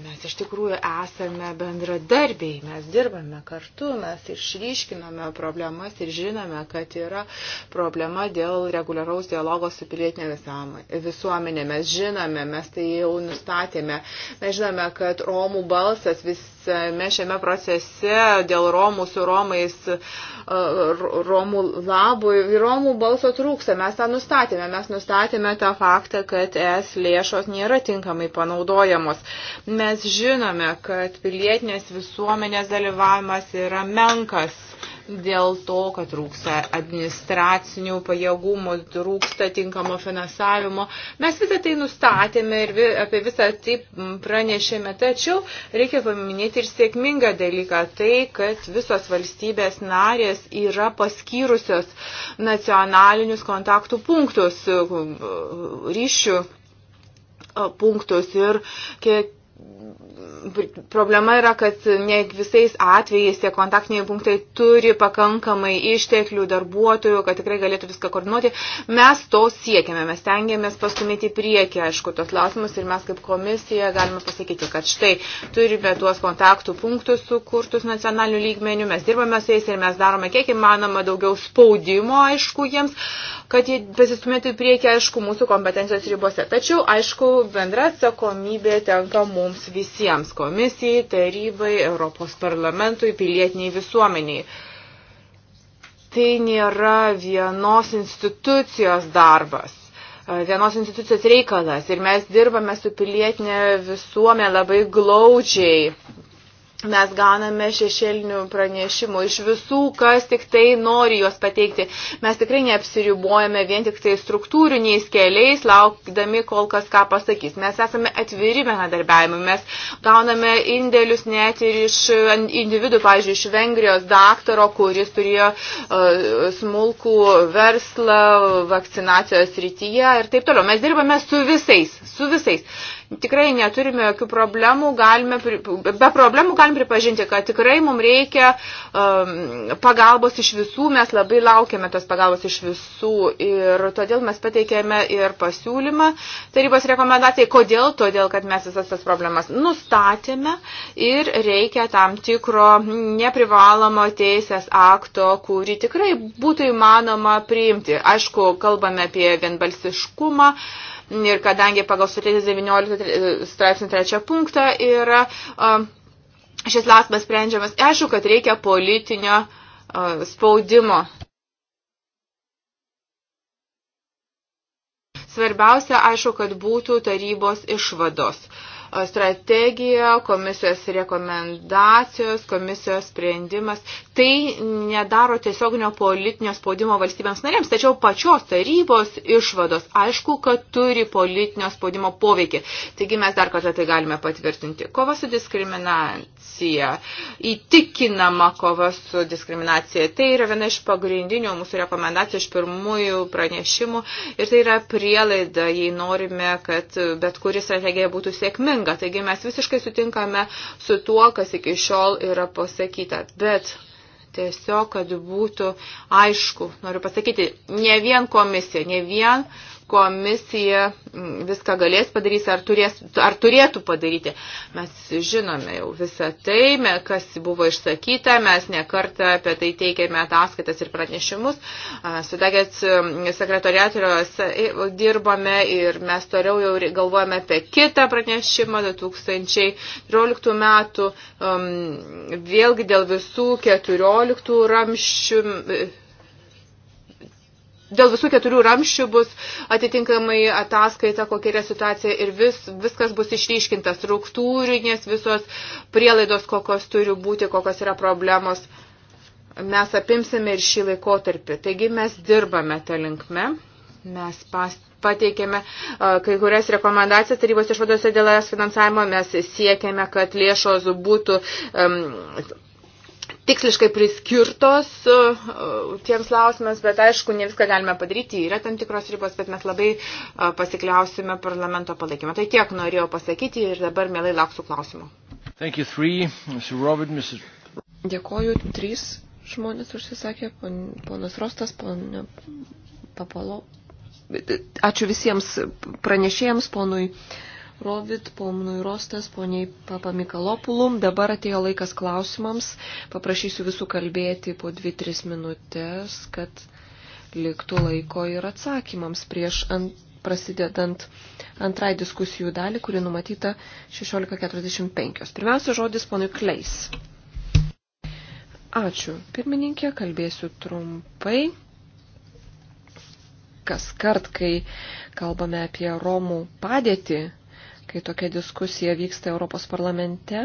mes iš tikrųjų esame bendradarbiai, mes dirbame kartu, mes išryškiname problemas ir žinome, kad yra problema dėl reguliaraus dialogo su pilietinė visuomenė. Mes žinome, mes tai jau nustatėme. Mes žinome, kad Romų balsas visame šiame procese dėl Romų su Romais, Romų labui Romų balso trūksta. Mes tą nustatėme. Mes nustatėme tą faktą, kad es lėšos nėra tinkamai panaudojamos. Mes žinome, kad pilietinės visuomenės dalyvavimas yra menkas dėl to, kad trūksta administracinių pajėgumų, trūksta tinkamo finansavimo. Mes visą tai nustatėme ir apie visą tai pranešėme, tačiau reikia paminėti ir sėkmingą dalyką, tai, kad visos valstybės narės yra paskyrusios nacionalinius kontaktų punktus ryšių e, punktus ir kiek problema yra, kad ne visais atvejais tie kontaktiniai punktai turi pakankamai išteklių, darbuotojų, kad tikrai galėtų viską koordinuoti. Mes to siekiame, mes tengiamės pastumėti priekį, aišku, tos klausimus ir mes kaip komisija galime pasakyti, kad štai turime tuos kontaktų punktus sukurtus nacionalinių lygmenių, mes dirbame su jais ir mes darome kiek įmanoma daugiau spaudimo, aišku, jiems, kad jie pasistumėtų į priekį, aišku, mūsų kompetencijos ribose. Tačiau, aišku, bendra atsakomybė tenka mums visiems visiems - komisijai, tarybai, Europos parlamentui, pilietiniai visuomeniai. Tai nėra vienos institucijos darbas, e, vienos institucijos reikalas ir mes dirbame su pilietinė visuomenė labai glaudžiai Mes gauname šešėlinių pranešimų iš visų, kas tik tai nori juos pateikti. Mes tikrai neapsiribuojame vien tik tai struktūriniais keliais, laukdami, kol kas ką pasakys. Mes esame atviri bendradarbiavimui. Mes gauname indėlius net ir iš individų, pavyzdžiui, iš Vengrijos daktaro, kuris turėjo uh, smulkų verslą vakcinacijos rytyje ir taip toliau. Mes dirbame su visais, su visais tikrai neturime jokių problemų, galime, be problemų galim pripažinti, kad tikrai mums reikia um, pagalbos iš visų, mes labai laukiame tos pagalbos iš visų ir todėl mes pateikėme ir pasiūlymą tarybos rekomendacijai. Kodėl? Todėl, kad mes visas tas problemas nustatėme ir reikia tam tikro neprivalomo teisės akto, kurį tikrai būtų įmanoma priimti. Aišku, kalbame apie vienbalsiškumą. Uh, ir kadangi pagal sutarties 19 straipsnių trečią punktą yra šis lasmas sprendžiamas, aišku, kad reikia politinio spaudimo. Svarbiausia, aišku, kad būtų tarybos išvados. Uh, strategija, komisijos rekomendacijos, komisijos sprendimas. Tai nedaro tiesioginio politinio spaudimo valstybėms narėms, tačiau pačios tarybos išvados aišku, kad turi politinio spaudimo poveikį. Taigi mes dar kartą tai galime patvirtinti. Kova su diskriminacija, įtikinama kova su diskriminacija, tai yra viena iš pagrindinių mūsų rekomendacijų iš pirmųjų pranešimų ir tai yra prielaida, jei norime, kad bet kuri strategija būtų sėkminga veiksminga. Taigi mes visiškai sutinkame su tuo, kas iki šiol yra pasakyta. Bet tiesiog, kad būtų aišku, noriu pasakyti, ne vien komisija, ne vien uh, komisija viską galės padarys, ar, turės, ar turėtų padaryti. Mes žinome jau visą tai, kas buvo išsakyta, mes nekartą apie tai teikėme ataskaitas ir pranešimus. Su Dagets sekretoriatorijos dirbame ir mes toliau jau galvojame apie kitą pranešimą 2013 metų, vėlgi dėl visų 14 ramščių dėl visų keturių ramščių bus atitinkamai ataskaita, kokia yra situacija ir vis, viskas bus išryškinta, struktūrinės visos prielaidos, kokios turi būti, kokios yra problemos. Mes apimsime ir šį laikotarpį. Taigi mes dirbame tą linkme. Mes past pateikėme kai kurias rekomendacijas tarybos išvadose dėl es finansavimo, mes siekėme, kad lėšos būtų um, tiksliškai priskirtos e, tiems klausimams, bet aišku, ne viską galime padaryti, yra tam tikros ribos, bet mes labai e, pasikliausime parlamento palaikymą. Tai tiek norėjau pasakyti ir dabar mielai lauksiu klausimų. Dėkoju, trys žmonės užsisakė, ponas Rostas, ponė Papalo. Ačiū visiems pranešėjams, ponui Rovit, Pomnui Rostas, poniai Papamikalopulum. Dabar atėjo laikas klausimams. Paprašysiu visų kalbėti po 2-3 minutės, kad liktų laiko ir atsakymams prieš ant, prasidedant antrai diskusijų dalį, kuri numatyta 16.45. Pirmiausia žodis ponui Kleis. Ačiū. Pirmininkė, kalbėsiu trumpai kas kart, kai kalbame apie Romų padėtį, kai tokia diskusija vyksta Europos parlamente,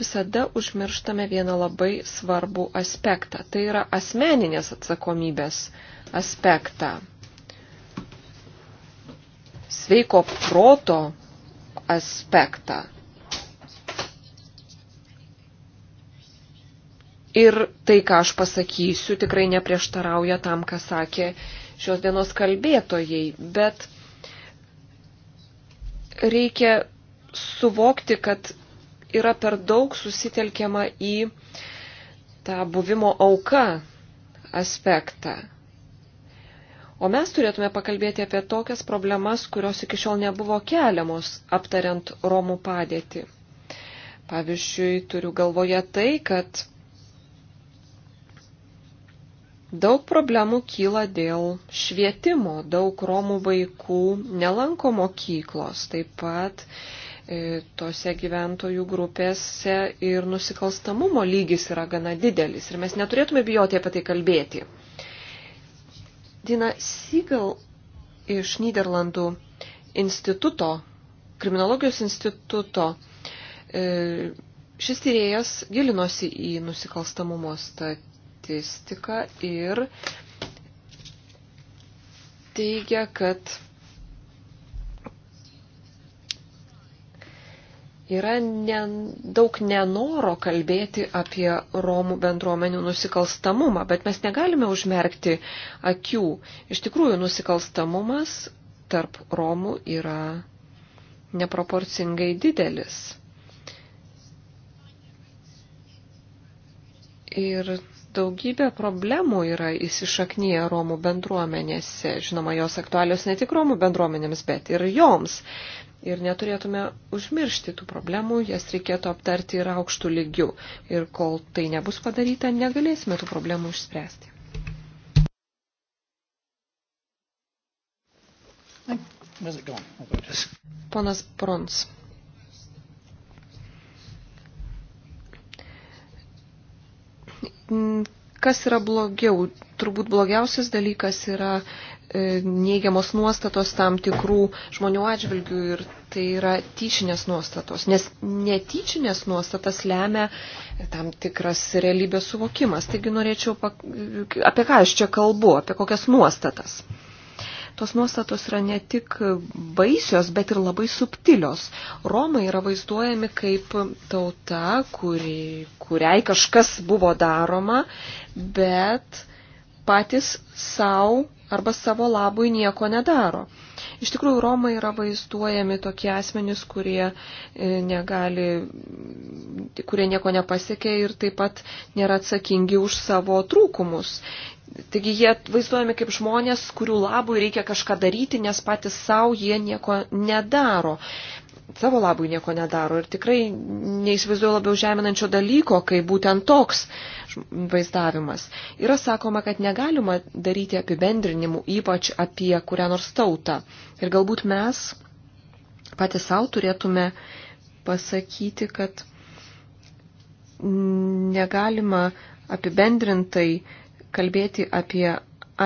visada užmirštame vieną labai svarbų aspektą. Tai yra asmeninės atsakomybės aspektą. Sveiko proto aspektą. Ir tai, ką aš pasakysiu, tikrai neprieštarauja tam, ką sakė šios dienos kalbėtojai, bet reikia suvokti, kad yra per daug susitelkiama į tą buvimo auka aspektą. O mes turėtume pakalbėti apie tokias problemas, kurios iki šiol nebuvo keliamos, aptariant Romų padėtį. Pavyzdžiui, turiu galvoje tai, kad Daug problemų kyla dėl švietimo, daug romų vaikų nelanko mokyklos, taip pat e, tose gyventojų grupėse ir nusikalstamumo lygis yra gana didelis ir mes neturėtume bijoti apie tai kalbėti. Dina Sigal iš Niderlandų instituto, kriminologijos instituto, e, šis tyrėjas gilinosi į nusikalstamumo statistiką statistiką ir teigia, kad yra ne, daug nenoro kalbėti apie Romų bendruomenių nusikalstamumą, bet mes negalime užmerkti akių. Iš tikrųjų, nusikalstamumas tarp Romų yra neproporcingai didelis. Ir daugybė problemų yra įsišaknyje Romų bendruomenėse. Žinoma, jos aktualios ne tik Romų bendruomenėms, bet ir joms. Ir neturėtume užmiršti tų problemų, jas reikėtų aptarti ir aukštų lygių. Ir kol tai nebus padaryta, negalėsime tų problemų išspręsti. Ponas Prons. Mm, kas yra blogiau? Turbūt blogiausias dalykas yra e, neigiamos nuostatos tam tikrų žmonių atžvilgių ir tai yra tyčinės nuostatos, nes netyčinės nuostatas lemia tam tikras realybės suvokimas. Taigi norėčiau, e, apie ką aš čia kalbu, apie kokias nuostatas tos nuostatos yra ne tik baisios, bet ir labai subtilios. Romai yra vaizduojami kaip tauta, kuri, kuriai kažkas buvo daroma, bet patys savo arba savo labui nieko nedaro. Iš tikrųjų, Romai yra vaizduojami tokie asmenys, kurie, e, negali, kurie nieko nepasiekia ir taip pat nėra atsakingi už savo trūkumus. Taigi jie vaizduojami kaip žmonės, kurių labui reikia kažką daryti, nes patys savo jie nieko nedaro. Savo labui nieko nedaro. Ir tikrai neįsivaizduoju labiau žeminančio dalyko, kai būtent toks vaizdavimas. Yra sakoma, kad negalima daryti apibendrinimų, ypač apie kurią nors tautą. Ir galbūt mes patys savo turėtume pasakyti, kad negalima apibendrintai kalbėti apie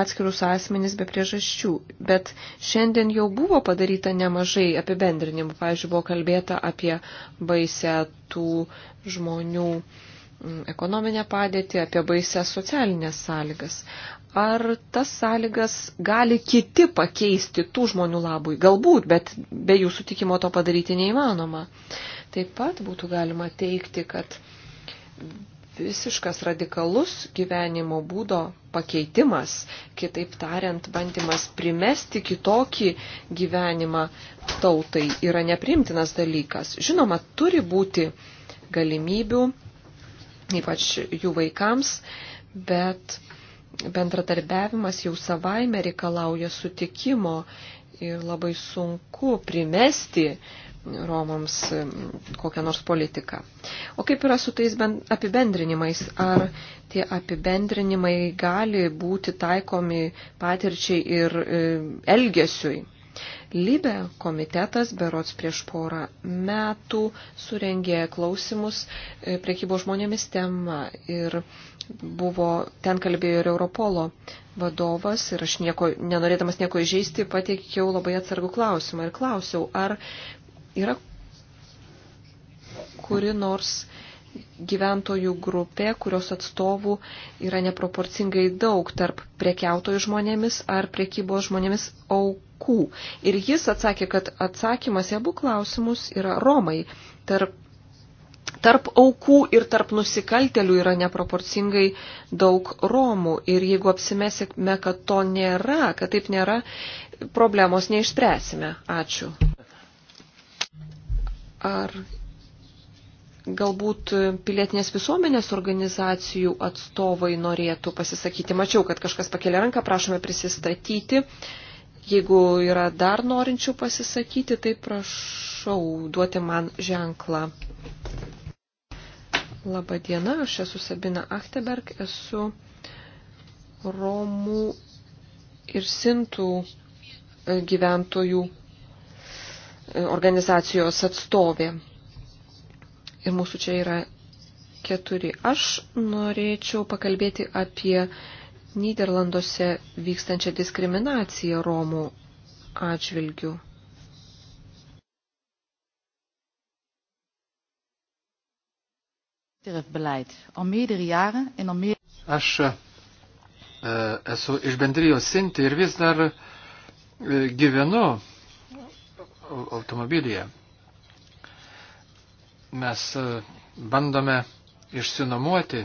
atskirus asmenys be priežasčių, bet šiandien jau buvo padaryta nemažai apibendrinimų. Pavyzdžiui, buvo kalbėta apie baisę tų žmonių mm, ekonominę padėtį, apie baisę socialinės sąlygas. Ar tas sąlygas gali kiti pakeisti tų žmonių labui? Galbūt, bet be jų sutikimo to padaryti neįmanoma. Taip pat būtų galima teikti, kad visiškas radikalus gyvenimo būdo pakeitimas, kitaip tariant, bandymas primesti kitokį gyvenimą tautai yra neprimtinas dalykas. Žinoma, turi būti galimybių, ypač jų vaikams, bet bendradarbiavimas jau savaime reikalauja sutikimo ir labai sunku primesti Romams kokią nors politiką. O kaip yra su tais apibendrinimais? Ar tie apibendrinimai gali būti taikomi patirčiai ir e, elgesiui? Libe komitetas berots prieš porą metų surengė klausimus e, priekybos žmonėmis tema ir buvo, ten kalbėjo ir Europolo vadovas ir aš nieko, nenorėdamas nieko įžeisti, pateikiau labai atsargų klausimą ir klausiau, ar Yra kuri nors gyventojų grupė, kurios atstovų yra neproporcingai daug tarp prekiautojų žmonėmis ar prekybos žmonėmis aukų. Ir jis atsakė, kad atsakymas į abu klausimus yra Romai. Tarp, tarp aukų ir tarp nusikaltelių yra neproporcingai daug Romų. Ir jeigu apsimesime, kad to nėra, kad taip nėra, problemos neišspręsime. Ačiū. Ar galbūt pilietinės visuomenės organizacijų atstovai norėtų pasisakyti. Mačiau, kad kažkas pakelia ranką, prašome prisistatyti. Jeigu yra dar norinčių pasisakyti, tai prašau duoti man ženklą. Labą dieną, aš esu Sabina Achteberg, esu Romų ir Sintų gyventojų organizacijos atstovė. Ir mūsų čia yra keturi. Aš norėčiau pakalbėti apie Niderlanduose vykstančią diskriminaciją Romų atžvilgių. Aš eh, esu iš bendrijos Sinti ir vis dar eh, gyvenu automobilyje. Mes e, bandome išsinomuoti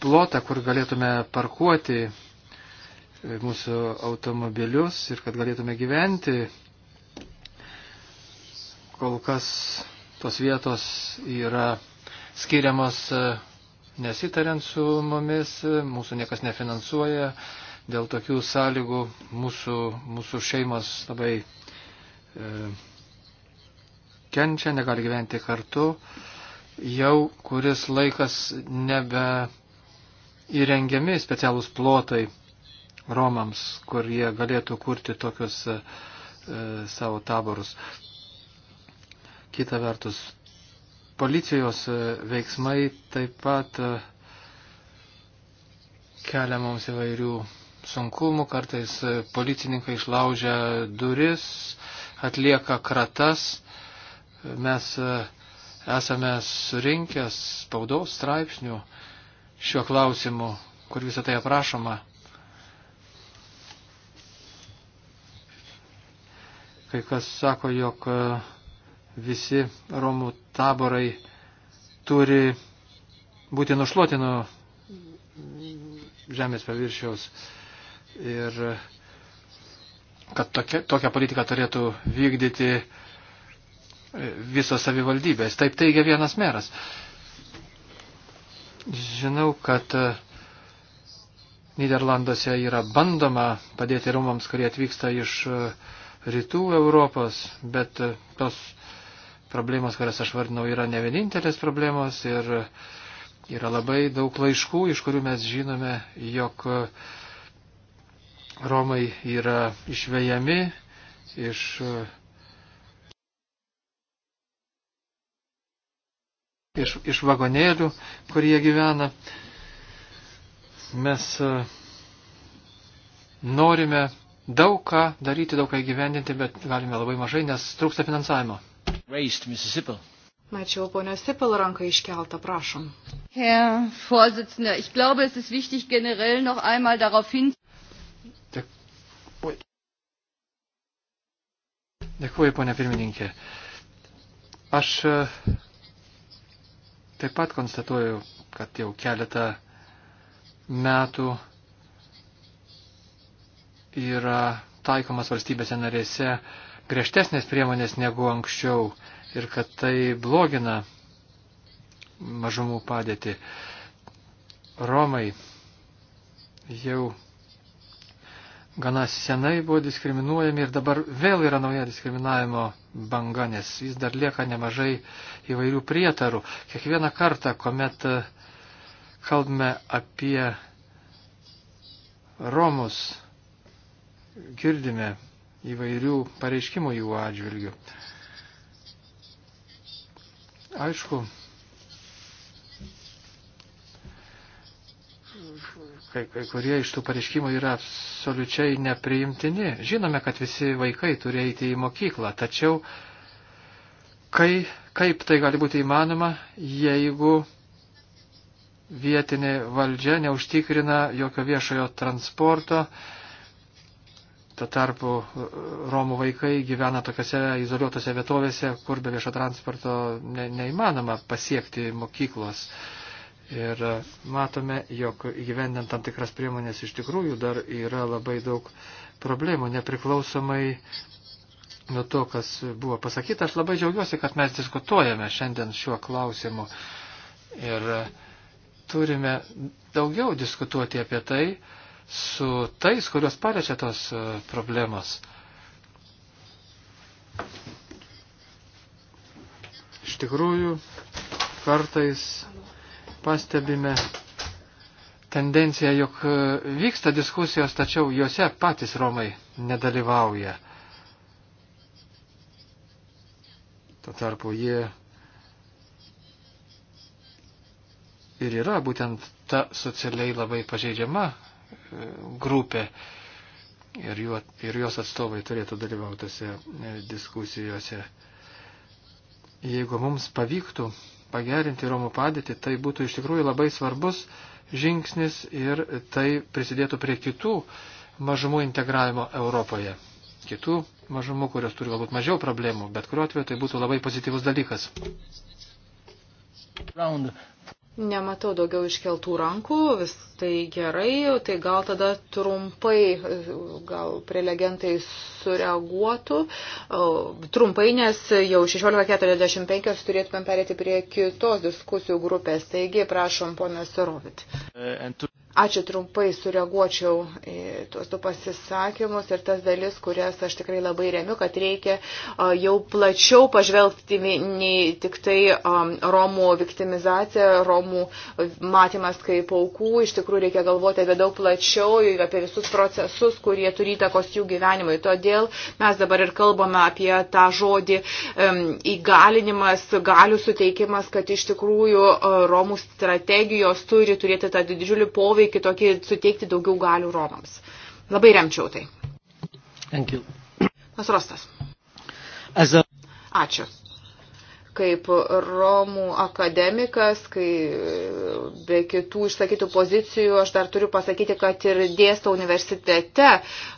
plotą, kur galėtume parkuoti e, mūsų automobilius ir kad galėtume gyventi. Kol kas tos vietos yra skiriamos e, nesitariant su mumis, mūsų niekas nefinansuoja, dėl tokių sąlygų mūsų, mūsų šeimos labai E, kenčia, negali gyventi kartu, jau kuris laikas nebe įrengiami specialūs plotai Romams, kur jie galėtų kurti tokius e, e savo taborus. Kita vertus, policijos e, veiksmai taip pat kelia mums įvairių sunkumų, kartais policininkai išlaužia duris, e, atlieka kratas. Mes e, esame surinkęs spaudos straipsnių šiuo klausimu, kur visą tai aprašoma. Kai kas sako, jog e, visi Romų taborai turi būti nušluoti nuo žemės paviršiaus. Ir kad tokia, tokią politiką turėtų vykdyti e, visos savivaldybės. Taip teigia vienas meras. Žinau, kad e, Niderlanduose yra bandoma padėti rumams, kurie atvyksta iš e, rytų Europos, bet tos problemos, kurias aš vardinau, yra ne vienintelės problemos ir yra labai daug laiškų, iš kurių mes žinome, jog uh, Romai yra išvejami iš iš, iš vagonėlių, kur jie gyvena. Mes e, norime daug ką daryti, daug ką įgyvendinti, bet galime labai mažai, nes trūksta finansavimo. Raised, Mačiau ponios Sipil ranką iškeltą, prašom. Herr Vorsitzender, ich glaube, es ist wichtig generell noch einmal darauf hin. Dėkuoju, ponia pirmininkė. Aš e, taip pat konstatuoju, kad jau keletą metų yra taikomas valstybėse narėse griežtesnės priemonės negu anksčiau ir kad tai blogina mažumų padėtį. Romai jau gana senai buvo diskriminuojami ir dabar vėl yra nauja diskriminavimo banga, nes vis dar lieka nemažai įvairių prietarų. Kiekvieną kartą, kuomet e, kalbame apie Romus, girdime įvairių pareiškimų jų atžvilgių. Aišku, kai, kai kurie iš tų pareiškimų yra absoliučiai nepriimtini. Žinome, kad visi vaikai turi eiti į mokyklą, tačiau kai, kaip tai gali būti įmanoma, jeigu vietinė valdžia neužtikrina jokio viešojo transporto, Tuo tarpu e, Romų vaikai gyvena tokiose izoliuotose vietovėse, kur be viešo transporto ne, neįmanoma pasiekti mokyklos. Uh, Ir e, matome, jog įgyvendant tam tikras priemonės iš tikrųjų dar yra labai daug problemų, nepriklausomai nuo to, kas buvo pasakyta. Aš labai džiaugiuosi, kad mes diskutuojame šiandien šiuo klausimu. Ir e, turime daugiau diskutuoti apie tai su tais, kurios paliečia tos e, problemos. Iš tikrųjų, kartais pastebime tendenciją, jog e, vyksta diskusijos, tačiau juose patys Romai nedalyvauja. Tuo tarpu jie ir yra būtent ta socialiai labai pažeidžiama e, grupė ir, juo, ir jos atstovai turėtų dalyvautose e, diskusijose. Jeigu mums pavyktų pagerinti Romų padėtį, tai būtų iš tikrųjų labai svarbus žingsnis ir tai prisidėtų prie kitų mažumų integravimo Europoje. Kitų mažumų, kurios turi galbūt mažiau problemų, bet kuriuo atveju tai būtų labai pozityvus dalykas. Round. Nematau daugiau iškeltų rankų, vis tai gerai, tai gal tada trumpai, gal prelegentai sureaguotų. Trumpai, nes jau 16.45 turėtumėm perėti prie kitos diskusijų grupės, taigi prašom ponas Sorovit. E, Ačiū trumpai sureaguočiau į tuos du pasisakymus ir tas dalis, kurias aš tikrai labai remiu, kad reikia jau plačiau pažvelgti nei tik tai Romų viktimizacija, Romų matymas kaip aukų. Iš tikrųjų reikia galvoti apie daug plačiau, apie visus procesus, kurie turi įtakos jų gyvenimui. Todėl mes dabar ir kalbame apie tą žodį įgalinimas, galių suteikimas, kad iš tikrųjų Romų strategijos turi turėti tą didžiulį poveikį visiškai kitokį, suteikti daugiau galių Romams. Labai remčiau tai. Thank you. Mas Rostas. A... Ačiū. Kaip Romų akademikas, kai be kitų išsakytų pozicijų, aš dar turiu pasakyti, kad ir dėstau universitete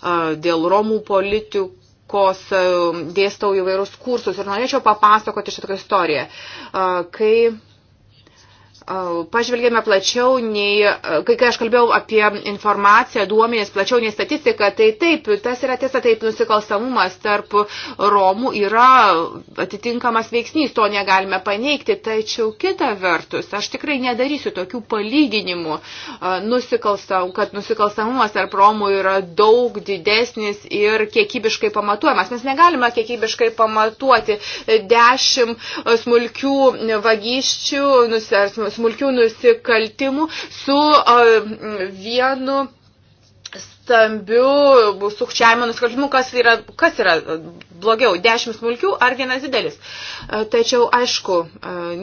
dėl Romų politikų muzikos, dėstau įvairius kursus ir norėčiau papasakoti šitą istoriją. Kai pažvelgėme plačiau nei, kai, kai aš kalbėjau apie informaciją, duomenės plačiau nei statistiką, tai taip, tas yra tiesa, taip, nusikalstamumas tarp Romų yra atitinkamas veiksnys, to negalime paneigti, tačiau kita vertus, aš tikrai nedarysiu tokių palyginimų, nusikalstam, kad nusikalstamumas tarp Romų yra daug didesnis ir kiekybiškai pamatuojamas. Mes negalime kiekybiškai pamatuoti dešimt smulkių vagysčių, nusers, smulkių nusikaltimų su vienu stambių sukčiavimo nusikaltimų, kas yra, kas yra blogiau, dešimt smulkių ar vienas didelis. Tačiau, aišku,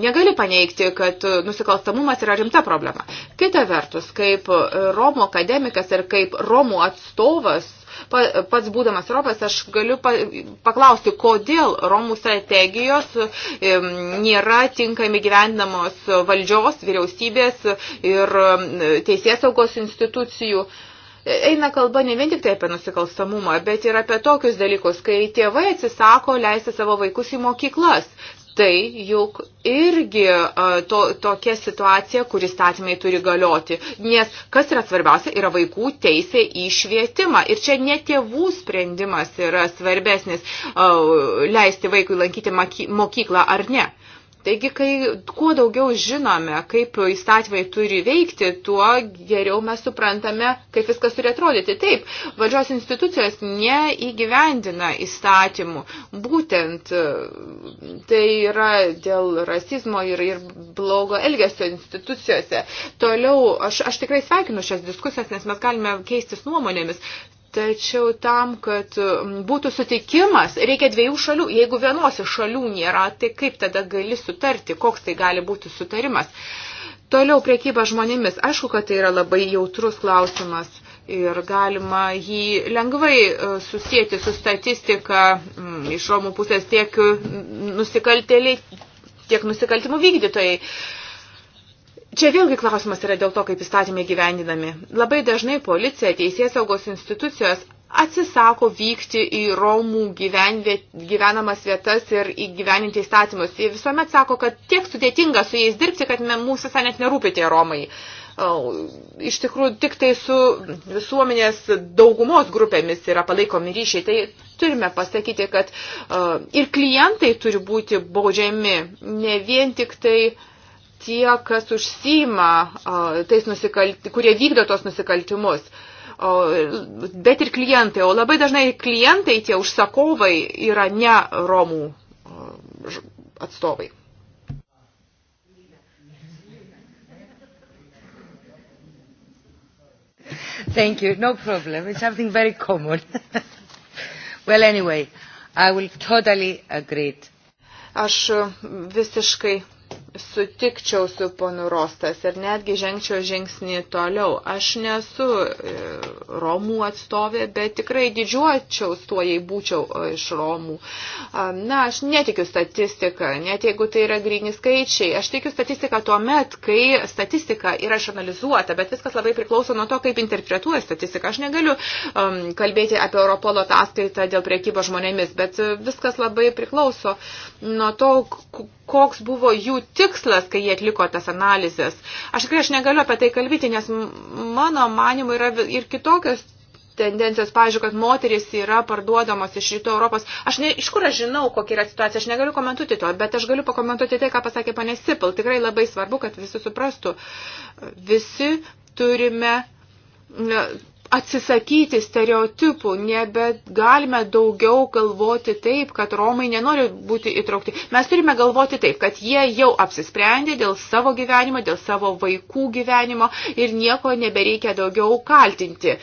negali paneigti, kad nusikalstamumas yra rimta problema. Kita vertus, kaip Romo akademikas ir kaip Romų atstovas, pats būdamas Europos, aš galiu paklausti, kodėl Romų strategijos nėra tinkami gyvendamos valdžios, vyriausybės ir teisės saugos institucijų eina kalba ne vien tik tai apie nusikalstamumą, bet ir apie tokius dalykus, kai tėvai atsisako leisti savo vaikus į mokyklas. Tai juk irgi to, tokia situacija, kuris statymai turi galioti. Nes kas yra svarbiausia, yra vaikų teisė į švietimą. Ir čia ne tėvų sprendimas yra svarbesnis leisti vaikui lankyti mokyklą ar ne. Taigi, kai kuo daugiau žinome, kaip įstatymai turi veikti, tuo geriau mes suprantame, kaip viskas turi atrodyti. Taip, valdžios institucijos neįgyvendina įstatymų. Būtent e, tai yra dėl rasizmo ir, ir blogo elgesio institucijose. Toliau, aš, aš tikrai sveikinu šias diskusijas, nes mes galime keistis nuomonėmis. Tačiau tam, kad būtų sutikimas, reikia dviejų šalių. Jeigu vienos iš šalių nėra, tai kaip tada gali sutarti, koks tai gali būti sutarimas. Toliau priekyba žmonėmis. Aišku, kad tai yra labai jautrus klausimas ir galima jį lengvai e, susijęti su statistika iš Romų pusės tiek nusikaltėliai tiek nusikaltimų vykdytojai. Čia vėlgi klausimas yra dėl to, kaip įstatymai gyvendinami. Labai dažnai policija, teisės saugos institucijos atsisako vykti į Romų gyvenamas vietas ir įgyveninti įstatymus. Jie visuomet sako, kad tiek sudėtinga su jais dirbti, kad mūsų visai net nerūpi tie Romai. Iš tikrųjų, tik tai su visuomenės daugumos grupėmis yra palaikomi ryšiai. Tai turime pasakyti, kad e, ir klientai turi būti baudžiami, ne vien tik tai uh, tie, kas užsima tais nusikaltimus, kurie vykdo tos nusikaltimus. O, bet ir klientai, o labai dažnai klientai, tie užsakovai yra ne Romų atstovai. Thank you. No problem. It's something very common. well, anyway, I will totally agree. Aš visiškai sutikčiau su ponu Rostas ir netgi žengčiau žingsnį toliau. Aš nesu e, Romų atstovė, bet tikrai didžiuočiau tuo, jei būčiau e, iš Romų. Na, aš netikiu statistiką, net jeigu tai yra grini skaičiai. Aš tikiu statistiką tuo met, kai statistika yra išanalizuota, bet viskas labai priklauso nuo to, kaip interpretuoja statistiką. Aš negaliu um, kalbėti apie Europolo ataskaitą dėl priekybo žmonėmis, bet viskas labai priklauso nuo to, koks buvo jų tikslas tikslas, kai jie atliko tas analizės. Aš tikrai aš negaliu apie tai kalbėti, nes mano manimo yra ir kitokios tendencijos, pavyzdžiui, kad moteris yra parduodamos iš rytų Europos. Aš ne, iš kur aš žinau, kokia yra situacija, aš negaliu komentuoti to, bet aš galiu pakomentuoti tai, ką pasakė panė Sipil. Tikrai labai svarbu, kad visi suprastų. Visi turime atsisakyti stereotipų, nebegalime daugiau galvoti taip, kad Romai nenori būti įtraukti. Mes turime galvoti taip, kad jie jau apsisprendė dėl savo gyvenimo, dėl savo vaikų gyvenimo ir nieko nebereikia daugiau kaltinti.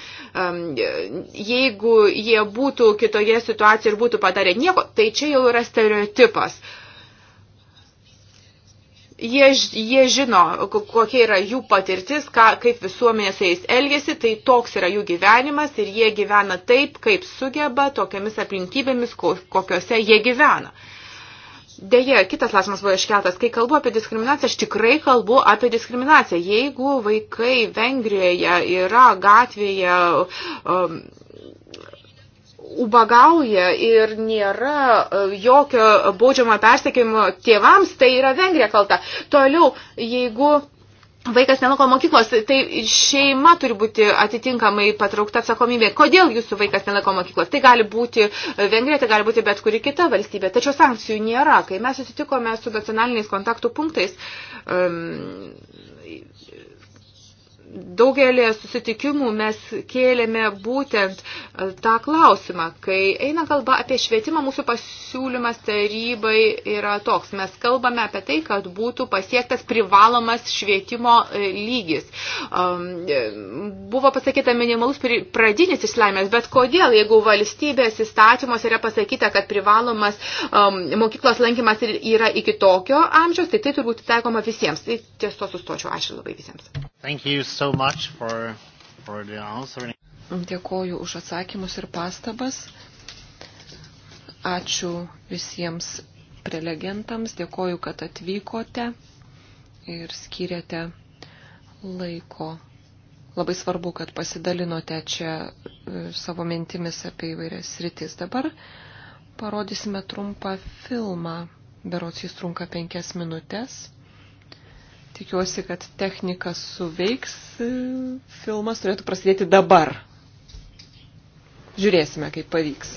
Jeigu jie būtų kitoje situacijoje ir būtų padarę nieko, tai čia jau yra stereotipas. Jie, jie žino, kokia yra jų patirtis, ką, kaip visuomenė su jais elgesi, tai toks yra jų gyvenimas ir jie gyvena taip, kaip sugeba, tokiamis aplinkybėmis, kokiuose jie gyvena. Deja, kitas klausimas buvo iškeltas. Kai kalbu apie diskriminaciją, aš tikrai kalbu apie diskriminaciją. Jeigu vaikai Vengrijoje yra gatvėje, um, ubagauja ir nėra e, jokio baudžiamo persekėjimo tėvams, tai yra Vengrija kalta. Toliau, jeigu vaikas nelanko mokyklos, tai šeima turi būti atitinkamai patraukta atsakomybė. Kodėl jūsų vaikas nelanko mokyklos? Tai gali būti Vengrija, tai gali būti bet kuri kita valstybė. Tačiau sankcijų nėra. Kai mes susitikome su nacionaliniais kontaktų punktais, um, Daugelį susitikimų mes kėlėme būtent e, tą klausimą, kai eina kalba apie švietimą, mūsų pasiūlymas tarybai yra toks. Mes kalbame apie tai, kad būtų pasiektas privalomas švietimo e, lygis. E, buvo pasakyta minimalus pradinis išlaimas, bet kodėl, jeigu valstybės įstatymos yra pasakyta, kad privalomas mokyklos lankymas yra iki tokio amžiaus, tai tai turbūt taikoma visiems. Tai ties to sustočiau. Ačiū labai visiems. Thank you so so much for, for the answering. Dėkoju už atsakymus ir pastabas. Ačiū visiems prelegentams, dėkoju, kad atvykote ir skiriate laiko. Labai svarbu, kad pasidalinote čia e, savo mintimis apie įvairias sritis. Dabar parodysime trumpą filmą, berots jis trunka penkias minutės. Tikiuosi, kad technika suveiks. Filmas turėtų prasidėti dabar. Žiūrėsime, kaip pavyks.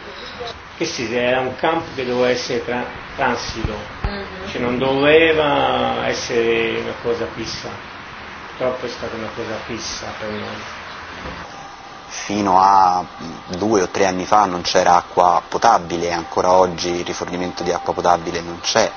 sì, era un campo che doveva essere tra- transito, mm-hmm. cioè non doveva essere una cosa fissa, purtroppo è stata una cosa fissa per noi. Fino a due o tre anni fa non c'era acqua potabile, ancora oggi il rifornimento di acqua potabile non c'è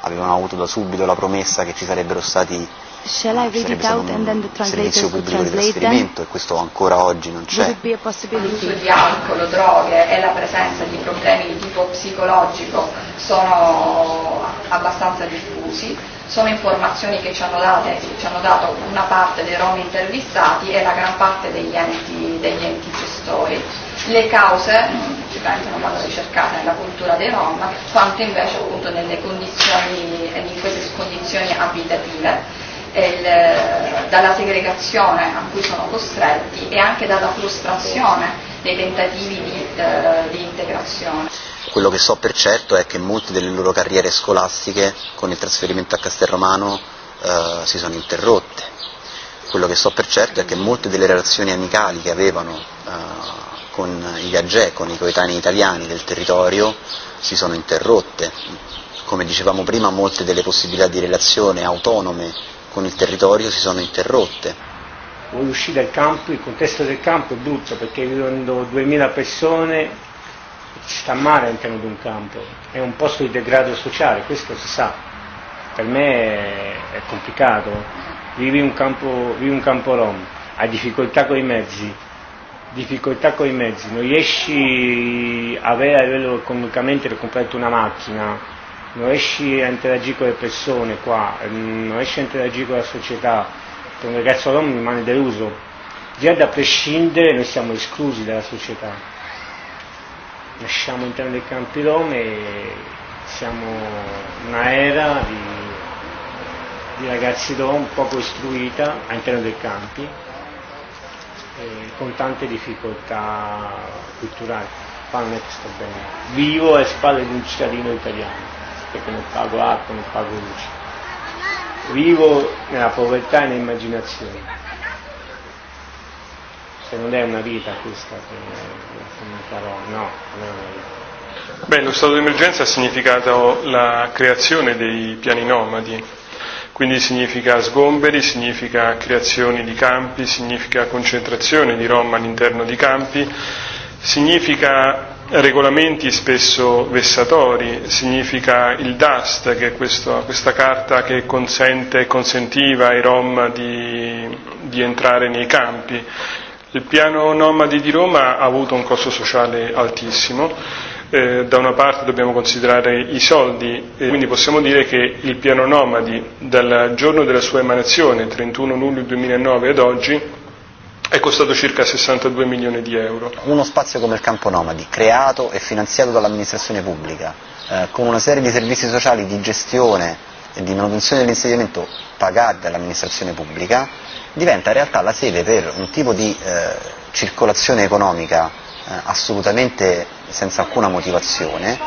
avevano avuto da subito la promessa che ci sarebbero stati Shall I eh, read it out and then the servizio pubblico di trasferimento e questo ancora oggi non c'è. L'uso di alcol, droghe e la presenza di problemi di tipo psicologico sono abbastanza diffusi, sono informazioni che ci hanno, date, ci hanno dato una parte dei rom intervistati e la gran parte degli enti, degli enti gestori le cause sicuramente non vanno ricercate nella cultura dei Rom, quanto invece appunto nelle condizioni, in queste condizioni abitative, e il, dalla segregazione a cui sono costretti e anche dalla frustrazione dei tentativi di, eh, di integrazione. Quello che so per certo è che molte delle loro carriere scolastiche con il trasferimento a Castelromano eh, si sono interrotte. Quello che so per certo è che molte delle relazioni amicali che avevano eh, con i Gagè, con i coetanei italiani del territorio, si sono interrotte. Come dicevamo prima, molte delle possibilità di relazione autonome con il territorio si sono interrotte. Vuoi uscire dal campo, il contesto del campo è brutto perché vivendo 2000 persone ci sta male all'interno di un campo, è un posto di degrado sociale, questo si sa, per me è complicato, vivi un campo, vivi un campo rom, hai difficoltà con i mezzi, difficoltà con i mezzi, non riesci a avere a livello economicamente per comprarti una macchina, non riesci a interagire con le persone qua, non riesci a interagire con la società, per un ragazzo all'uomo rimane deluso. Già da prescindere noi siamo esclusi dalla società. Nasciamo all'interno dei campi rom e siamo una era di, di ragazzi rom poco istruita all'interno dei campi eh, con tante difficoltà culturali. Qua non è che sto bene. Vivo alle spalle di un cittadino italiano, perché non pago acqua, non pago luce. Vivo nella povertà e nell'immaginazione. Se non è una vita questa come parola, no, non è una vita. Beh, lo stato di emergenza ha significato la creazione dei piani nomadi, Quindi significa sgomberi, significa creazioni di campi, significa concentrazione di Rom all'interno di campi, significa regolamenti spesso vessatori, significa il DAST, che è questo, questa carta che consente e consentiva ai Rom di, di entrare nei campi. Il piano nomadi di Roma ha avuto un costo sociale altissimo, eh, da una parte dobbiamo considerare i soldi e quindi possiamo dire che il piano Nomadi dal giorno della sua emanazione, 31 luglio 2009 ad oggi, è costato circa 62 milioni di euro. Uno spazio come il campo Nomadi, creato e finanziato dall'amministrazione pubblica, eh, con una serie di servizi sociali di gestione e di manutenzione dell'insediamento pagati dall'amministrazione pubblica, diventa in realtà la sede per un tipo di eh, circolazione economica eh, assolutamente senza alcuna motivazione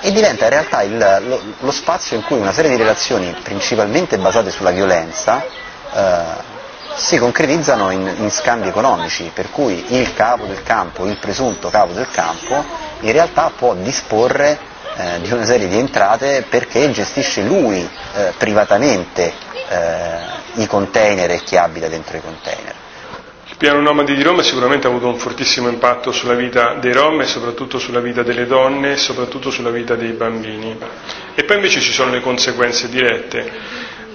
e diventa in realtà il, lo, lo spazio in cui una serie di relazioni principalmente basate sulla violenza eh, si concretizzano in, in scambi economici, per cui il capo del campo, il presunto capo del campo, in realtà può disporre eh, di una serie di entrate perché gestisce lui eh, privatamente eh, i container e chi abita dentro i container piano Nomadi di Roma sicuramente ha avuto un fortissimo impatto sulla vita dei Rom e soprattutto sulla vita delle donne e soprattutto sulla vita dei bambini. E poi invece ci sono le conseguenze dirette.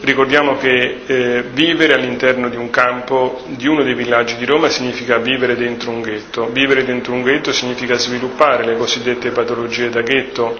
Ricordiamo che eh, vivere all'interno di un campo, di uno dei villaggi di Roma, significa vivere dentro un ghetto. Vivere dentro un ghetto significa sviluppare le cosiddette patologie da ghetto,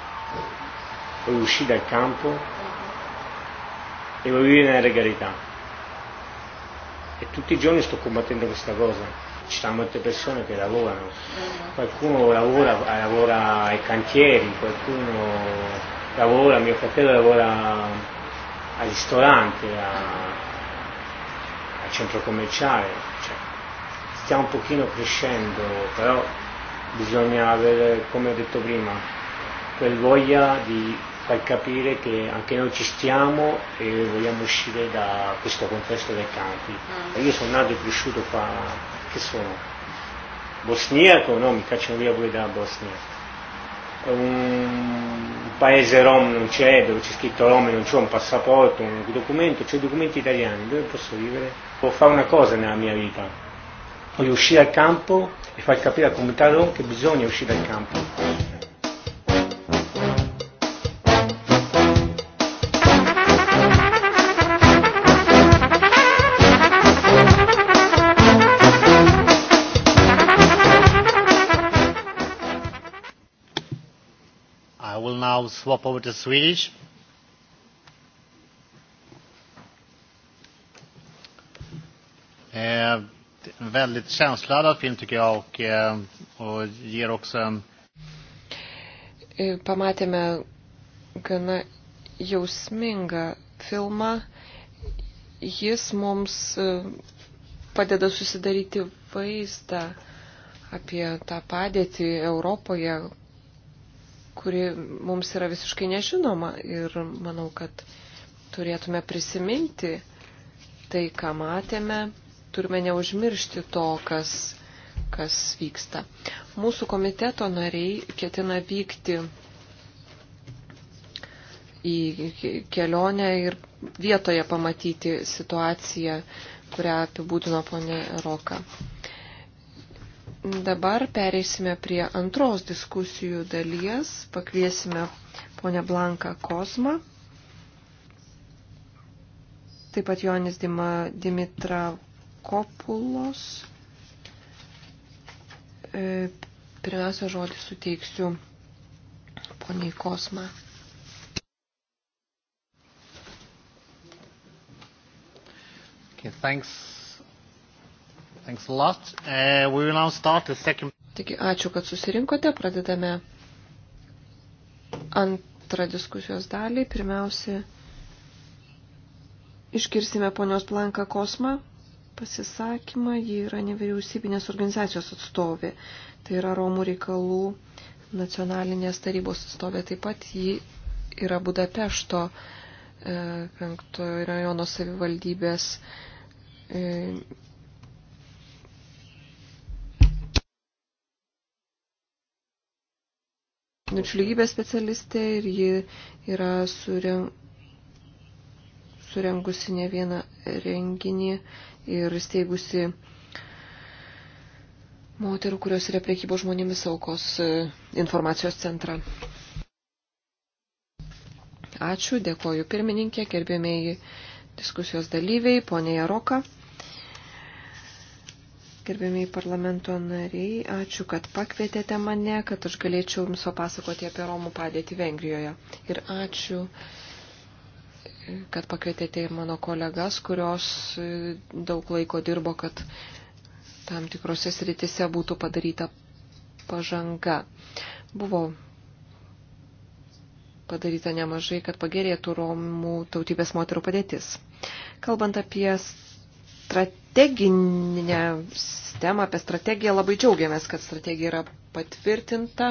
poi e uscì dal campo e lo vive nella regalità. E tutti i giorni sto combattendo questa cosa. Ci sono molte persone che lavorano, qualcuno lavora, lavora ai cantieri, qualcuno lavora, mio fratello lavora al ristorante, a, al centro commerciale, cioè, stiamo un pochino crescendo, però bisogna avere, come ho detto prima, quel voglia di far capire che anche noi ci stiamo e vogliamo uscire da questo contesto dei campi. Mm. Io sono nato e cresciuto qua, che sono? Bosniaco? No, mi cacciano via pure dalla Bosnia. Un paese rom non c'è, dove c'è scritto rom e non c'è un passaporto, un documento, c'è documenti italiani, dove posso vivere? Devo fare una cosa nella mia vita, voglio uscire al campo e far capire al comunità rom che bisogna uscire dal campo now swap over to Swedish. Eh, väldigt känsloladdad film tycker jag och, eh, och ger också en... Eh, Pamatėme gana jausmingą filmą. Jis mums eh, padeda susidaryti vaizdą apie tą padėtį Europoje, kuri mums yra visiškai nežinoma ir manau, kad turėtume prisiminti tai, ką matėme, turime neužmiršti to, kas, kas vyksta. Mūsų komiteto nariai ketina vykti į kelionę ir vietoje pamatyti situaciją, kurią apibūdino ponė Roka. Dabar pereisime prie antros diskusijų dalies. Pakviesime ponę Blanką Kosmą. Taip pat Jonis Dima, Dimitra Kopulos. E, pirmiausia, žodį suteiksiu poniai Kosmą. Okay, thanks Thanks a lot. Uh, we will now start the second... Taigi, ačiū, kad susirinkote. Pradedame antrą diskusijos dalį. Pirmiausia, iškirsime ponios Blanką Kosmą pasisakymą. Ji yra nevyriausybinės organizacijos atstovė. Tai yra Romų reikalų nacionalinės tarybos atstovė. Taip pat ji yra Budapešto e, penktojo rajono savivaldybės e, lyčių lygybės specialistė ir ji yra surengusi ne vieną renginį ir steigusi moterų, kurios yra priekybos žmonėmis aukos e, informacijos centrą. Ačiū, dėkoju pirmininkė, gerbėmiai diskusijos dalyviai, ponė Jaroka. Gerbėmiai parlamento nariai, ačiū, kad pakvietėte mane, kad aš galėčiau jums papasakoti apie Romų padėtį Vengrijoje. Ir ačiū, kad pakvietėte ir mano kolegas, kurios daug laiko dirbo, kad tam tikrose sritise būtų padaryta pažanga. Buvo padaryta nemažai, kad pagerėtų Romų tautybės moterų padėtis. Kalbant apie strategiją, strateginę sistemą, apie strategiją labai džiaugiamės, kad strategija yra patvirtinta,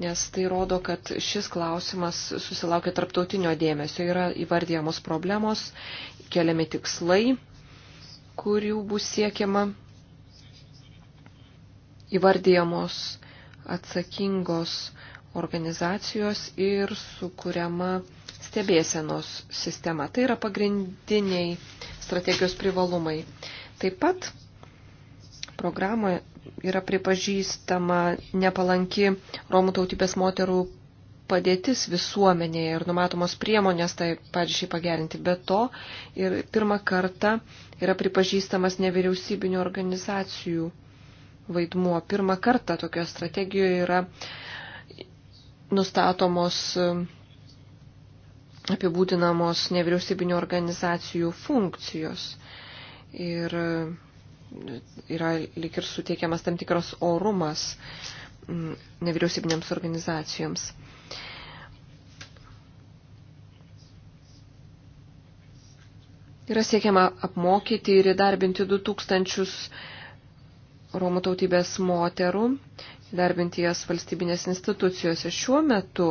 nes tai rodo, kad šis klausimas susilaukia tarptautinio dėmesio, yra įvardėjamos problemos, keliami tikslai, kurių bus siekiama įvardėjamos atsakingos organizacijos ir sukuriama stebėsenos sistema. Tai yra pagrindiniai strategijos privalumai. Taip pat programoje yra pripažįstama nepalanki Romų tautybės moterų padėtis visuomenėje ir numatomos priemonės tai pačiai pagerinti. Be to, ir pirmą kartą yra pripažįstamas nevyriausybinių organizacijų vaidmuo. Pirmą kartą tokioje strategijoje yra nustatomos apibūdinamos nevyriausybinio organizacijų funkcijos. Ir e, yra lik ir suteikiamas tam tikras orumas nevyriausybinėms organizacijoms. Yra siekiama apmokyti ir įdarbinti 2000 Romų tautybės moterų, įdarbinti jas valstybinės institucijose. Šiuo metu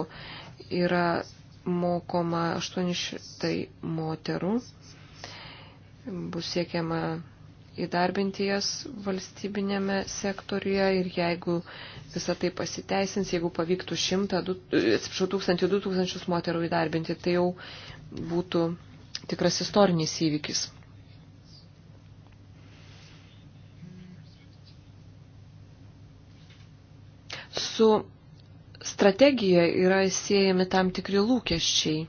yra mokoma 800 moterų, bus siekiama įdarbinti jas valstybinėme sektoriuje ir jeigu visą tai pasiteisins, jeigu pavyktų 100, atsiprašau, 1000-2000 moterų įdarbinti, tai jau būtų tikras istorinis įvykis. Su strategiją yra siejami tam tikri lūkesčiai.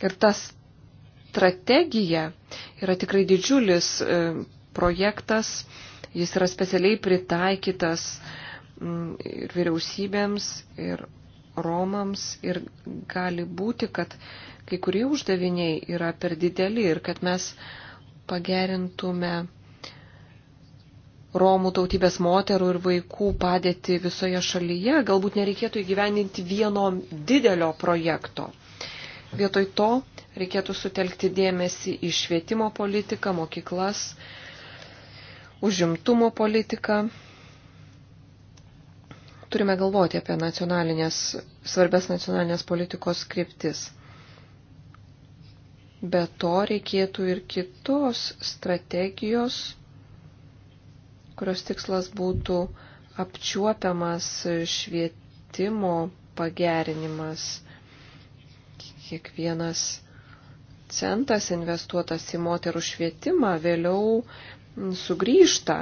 Ir ta strategija yra tikrai didžiulis e, projektas, jis yra specialiai pritaikytas ir vyriausybėms, ir Romams, ir gali būti, kad kai kurie uždaviniai yra per dideli ir kad mes uh, pagerintume Romų tautybės moterų ir vaikų padėti visoje šalyje, galbūt nereikėtų įgyvendinti vieno didelio projekto. Vietoj to reikėtų sutelkti dėmesį į švietimo politiką, mokyklas, užimtumo politiką. Turime galvoti apie nacionalinės, svarbės nacionalinės politikos kryptis. Be to reikėtų ir kitos strategijos, kurios tikslas būtų apčiuopiamas švietimo pagerinimas. Kiekvienas centas investuotas į moterų švietimą vėliau sugrįžta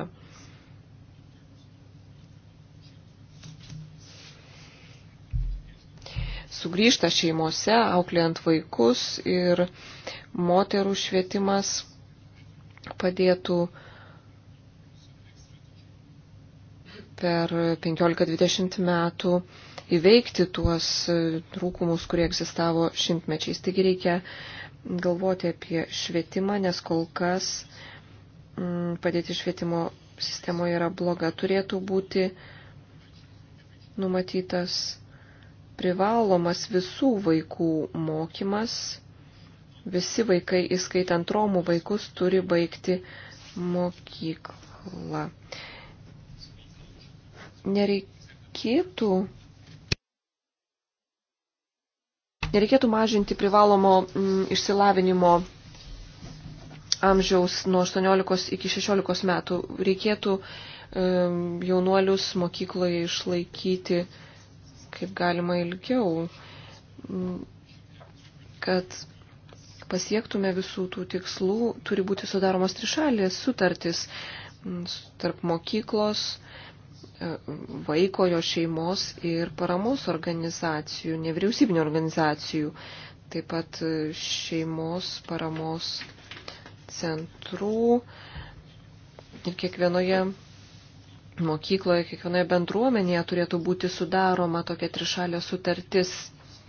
sugrįžta šeimose, auklėjant vaikus ir moterų švietimas padėtų per 15-20 metų įveikti tuos trūkumus, kurie egzistavo šimtmečiais. Taigi reikia galvoti apie švietimą, nes kol kas mm, padėti švietimo sistemoje yra bloga. Turėtų būti numatytas privalomas visų vaikų mokymas. Visi vaikai, įskaitant romų vaikus, turi baigti mokyklą. Nereikėtų, nereikėtų mažinti privalomo m, mm, išsilavinimo amžiaus nuo 18 iki 16 metų. Reikėtų um, jaunuolius mokykloje išlaikyti kaip galima ilgiau, kad pasiektume visų tų tikslų, turi būti sudaromos trišalės sutartis tarp mokyklos, e, vaiko, jo šeimos ir paramos organizacijų, nevyriausybinio organizacijų, taip pat e, šeimos paramos centrų ir kiekvienoje mokykloje, kiekvienoje bendruomenėje turėtų būti sudaroma tokia trišalė sutartis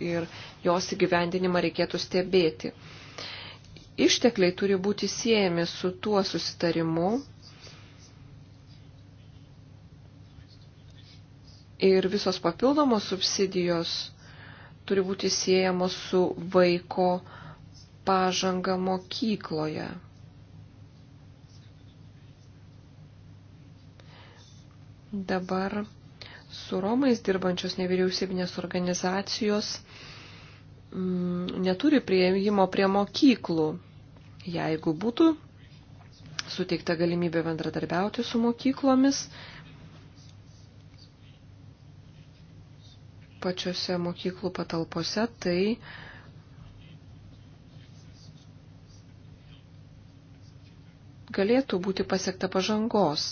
ir jos įgyvendinimą reikėtų stebėti. Ištekliai turi būti siejami su tuo susitarimu ir visos papildomos subsidijos turi būti siejamos su vaiko pažanga mokykloje. Dabar su Romais dirbančios nevyriausybinės organizacijos m, mm, neturi prieimimo prie mokyklų. Jeigu būtų suteikta galimybė bendradarbiauti su mokyklomis, pačiose mokyklų patalpose, tai galėtų būti pasiekta pažangos.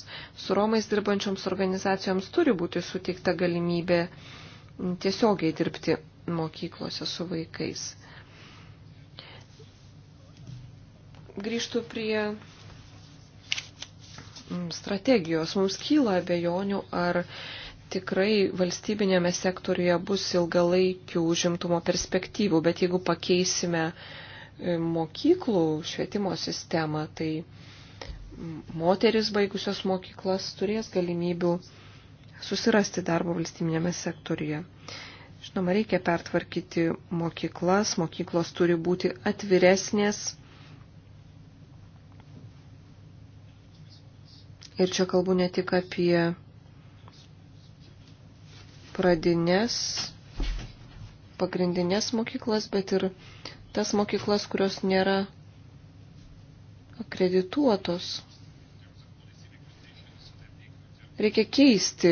Su Romais dirbančioms organizacijoms turi būti suteikta galimybė tiesiogiai dirbti mokyklose su vaikais. Grįžtų prie mm, strategijos. Mums kyla abejonių, ar tikrai valstybinėme sektoriuje bus ilgalaikių užimtumo perspektyvų, bet jeigu pakeisime e, mokyklų švietimo sistemą, tai moteris baigusios mokyklas turės galimybių susirasti darbo valstybinėme sektoriuje. Žinoma, reikia pertvarkyti mokyklas, mokyklos turi būti atviresnės. Ir čia kalbu ne tik apie pradinės, pagrindinės mokyklas, bet ir tas mokyklas, kurios nėra akredituotos. Reikia keisti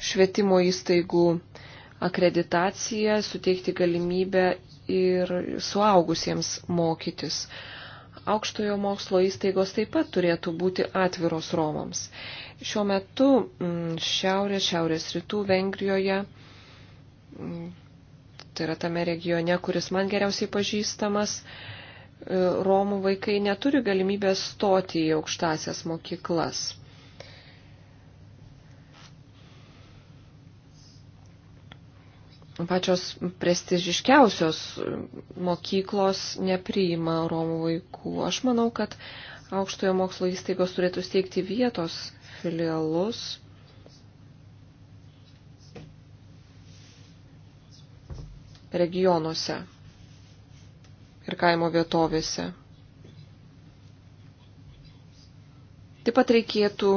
švietimo įstaigų akreditaciją, suteikti galimybę ir suaugusiems mokytis. Aukštojo mokslo įstaigos taip pat turėtų būti atviros Romams. Šiuo metu mm, šiaurės, šiaurės rytų Vengrijoje, mm, tai yra tame regione, kuris man geriausiai pažįstamas, e, Romų vaikai neturi galimybės stoti į aukštasias mokyklas. pačios prestižiškiausios mokyklos nepriima Romų vaikų. Aš manau, kad aukštojo mokslo įstaigos turėtų steigti vietos filialus. regionuose ir kaimo vietovėse. Taip pat reikėtų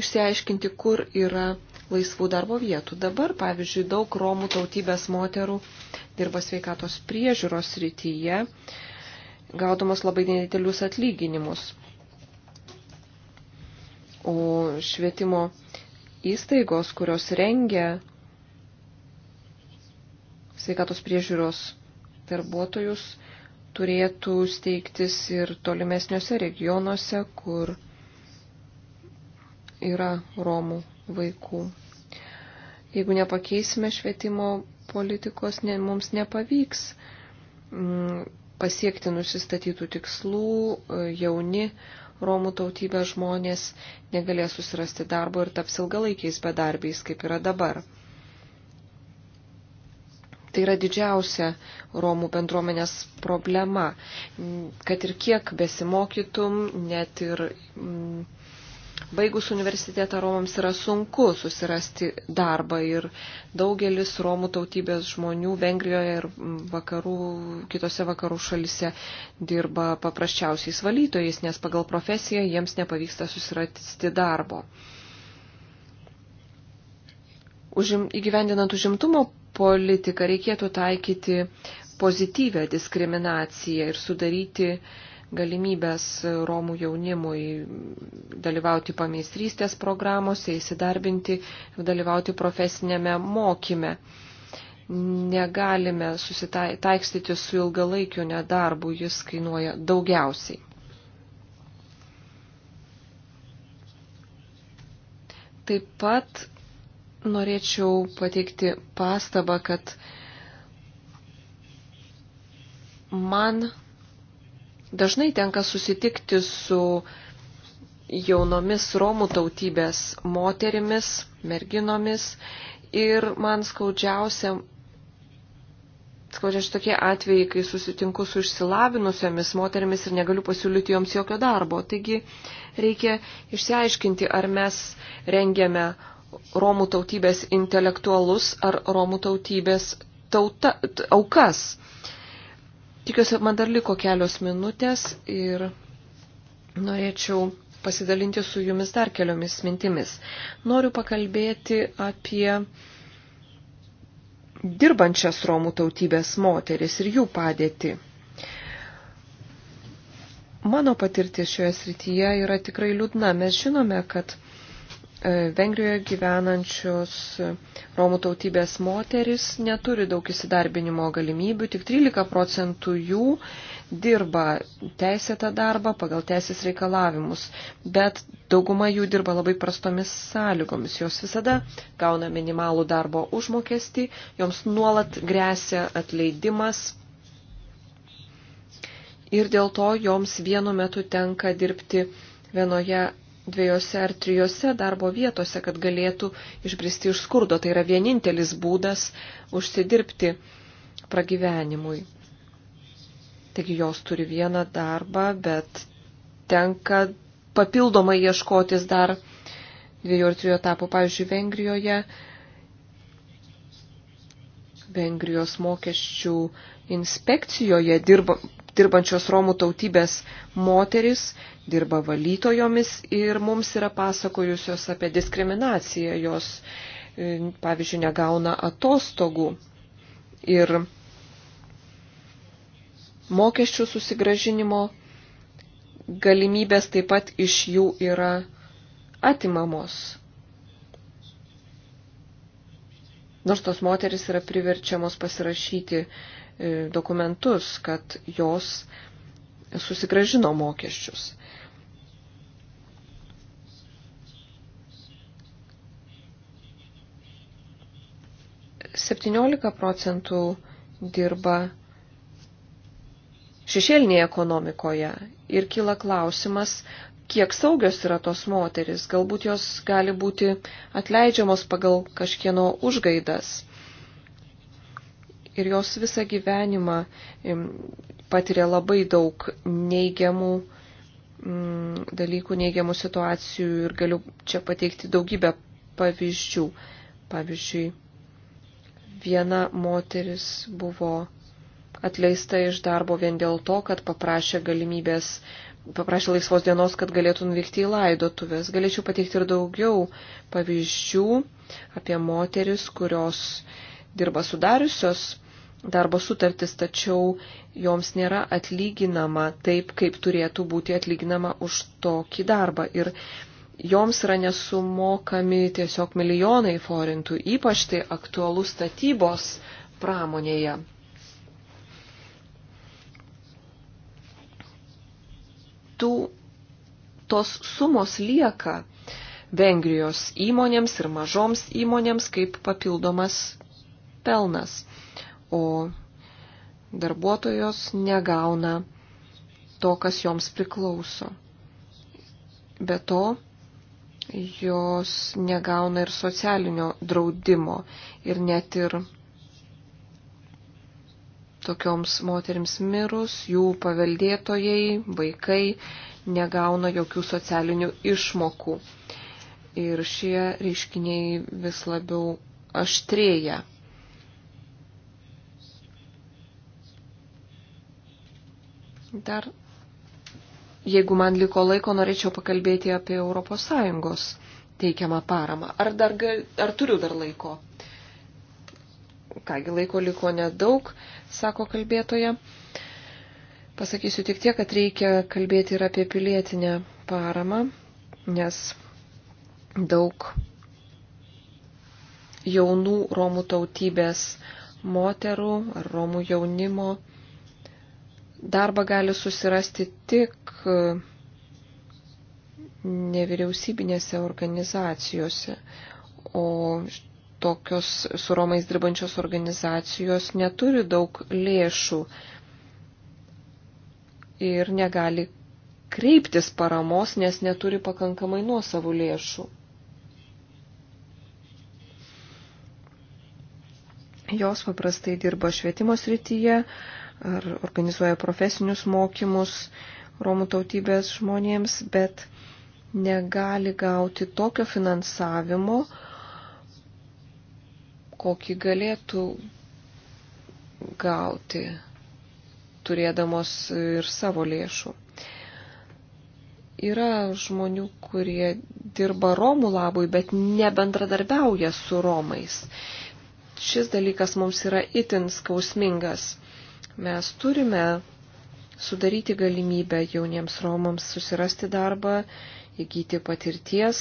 išsiaiškinti, kur yra laisvų darbo vietų. Dabar, pavyzdžiui, daug Romų tautybės moterų dirba sveikatos priežiūros rytyje, gaudamos labai nedidelius atlyginimus. O švietimo įstaigos, kurios rengia sveikatos priežiūros darbuotojus, turėtų steigtis ir tolimesniuose regionuose, kur yra Romų vaikų. Jeigu nepakeisime švietimo politikos, ne, mums nepavyks m, mm, pasiekti nusistatytų tikslų, e, jauni Romų tautybės žmonės negalės susirasti darbo ir taps ilgalaikiais bedarbiais, kaip yra dabar. Tai yra didžiausia Romų bendruomenės problema, kad ir kiek besimokytum, net ir. M, mm, Baigus universitetą Romams yra sunku susirasti darbą ir daugelis Romų tautybės žmonių Vengrijoje ir vakarų, kitose vakarų šalise dirba paprasčiausiais valytojais, nes pagal profesiją jiems nepavyksta susirasti darbo. Užim, įgyvendinant užimtumo politiką reikėtų taikyti pozityvę diskriminaciją ir sudaryti uh, galimybės Romų jaunimui dalyvauti pameistrystės programuose, įsidarbinti ir dalyvauti profesinėme mokyme. Negalime susitaikstyti su ilgalaikiu nedarbu, jis kainuoja daugiausiai. Taip pat norėčiau pateikti pastabą, kad man Dažnai tenka susitikti su jaunomis Romų tautybės moterimis, merginomis ir man skaudžiausia, skaudžiausia tokie atvejai, kai susitinku su išsilavinusiomis moterimis ir negaliu pasiūlyti joms jokio darbo. Taigi reikia išsiaiškinti, ar mes rengiame Romų tautybės intelektualus ar Romų tautybės tauta, aukas. Tikiuosi, man dar liko kelios minutės ir norėčiau pasidalinti su jumis dar keliomis mintimis. Noriu pakalbėti apie dirbančias Romų tautybės moteris ir jų padėtį. Mano patirtis šioje srityje yra tikrai liūdna. Mes žinome, kad E, Vengrijoje gyvenančios Romų tautybės moteris neturi daug įsidarbinimo galimybių, tik 13 procentų jų dirba teisėtą darbą pagal teisės reikalavimus, bet dauguma jų dirba labai prastomis sąlygomis. Jos visada gauna minimalų darbo užmokestį, joms nuolat grėsia atleidimas. Ir dėl to joms vienu metu tenka dirbti vienoje dviejose ar trijose darbo vietose, kad galėtų išbristi iš skurdo. Tai yra vienintelis būdas užsidirbti pragyvenimui. Taigi jos turi vieną darbą, bet tenka papildomai ieškotis dar dviejų ar trijų etapų. Pavyzdžiui, Vengrijoje Vengrijos mokesčių inspekcijoje dirba, dirbančios Romų tautybės moteris dirba valytojomis ir mums yra pasakojusios apie diskriminaciją. Jos, e, pavyzdžiui, negauna atostogų ir mokesčių susigražinimo galimybės taip pat iš jų yra atimamos. Nors tos moteris yra priverčiamos pasirašyti uh, E, dokumentus, kad jos susigražino mokesčius. Septyniolika procentų dirba šešėlinėje ekonomikoje ir kyla klausimas, kiek saugios yra tos moteris, galbūt jos gali būti atleidžiamos pagal kažkieno užgaidas ir jos visą gyvenimą patiria labai daug neigiamų mm, dalykų, neigiamų situacijų ir galiu čia pateikti daugybę pavyzdžių. Pavyzdžiui, viena moteris buvo atleista iš darbo vien dėl to, kad paprašė galimybės, paprašė laisvos dienos, kad galėtų nuvykti į laidotuvės. Galėčiau pateikti ir daugiau pavyzdžių apie moteris, kurios dirba sudariusios darbo sutartis, tačiau joms nėra atlyginama taip, kaip turėtų būti atlyginama už tokį darbą. Ir joms yra nesumokami tiesiog milijonai forintų, ypač tai aktualu statybos pramonėje. Tų, tos sumos lieka Vengrijos įmonėms ir mažoms įmonėms kaip papildomas pelnas o darbuotojos negauna to, kas joms priklauso. Be to, jos negauna ir socialinio draudimo ir net ir tokioms moteriams mirus, jų paveldėtojai, vaikai negauna jokių socialinių išmokų. Ir šie reiškiniai vis labiau aštrėja. Dar, jeigu man liko laiko, norėčiau pakalbėti apie ES teikiamą paramą. Ar, dar, ar turiu dar laiko? Kągi, laiko liko nedaug, sako kalbėtoja. Pasakysiu tik tiek, kad reikia kalbėti ir apie pilietinę paramą, nes daug jaunų Romų tautybės moterų ar Romų jaunimo darbą gali susirasti tik e, nevyriausybinėse organizacijose, o tokios su Romais dirbančios organizacijos neturi daug lėšų ir negali kreiptis paramos, nes neturi pakankamai nuosavų lėšų. Jos paprastai dirba švietimo srityje, ar organizuoja profesinius mokymus Romų tautybės žmonėms, bet negali gauti tokio finansavimo, kokį galėtų gauti, turėdamos ir savo lėšų. Yra žmonių, kurie dirba Romų labui, bet nebendradarbiauja su Romais. Šis dalykas mums yra itin skausmingas. Mes turime sudaryti galimybę jauniems Romams susirasti darbą, įgyti patirties.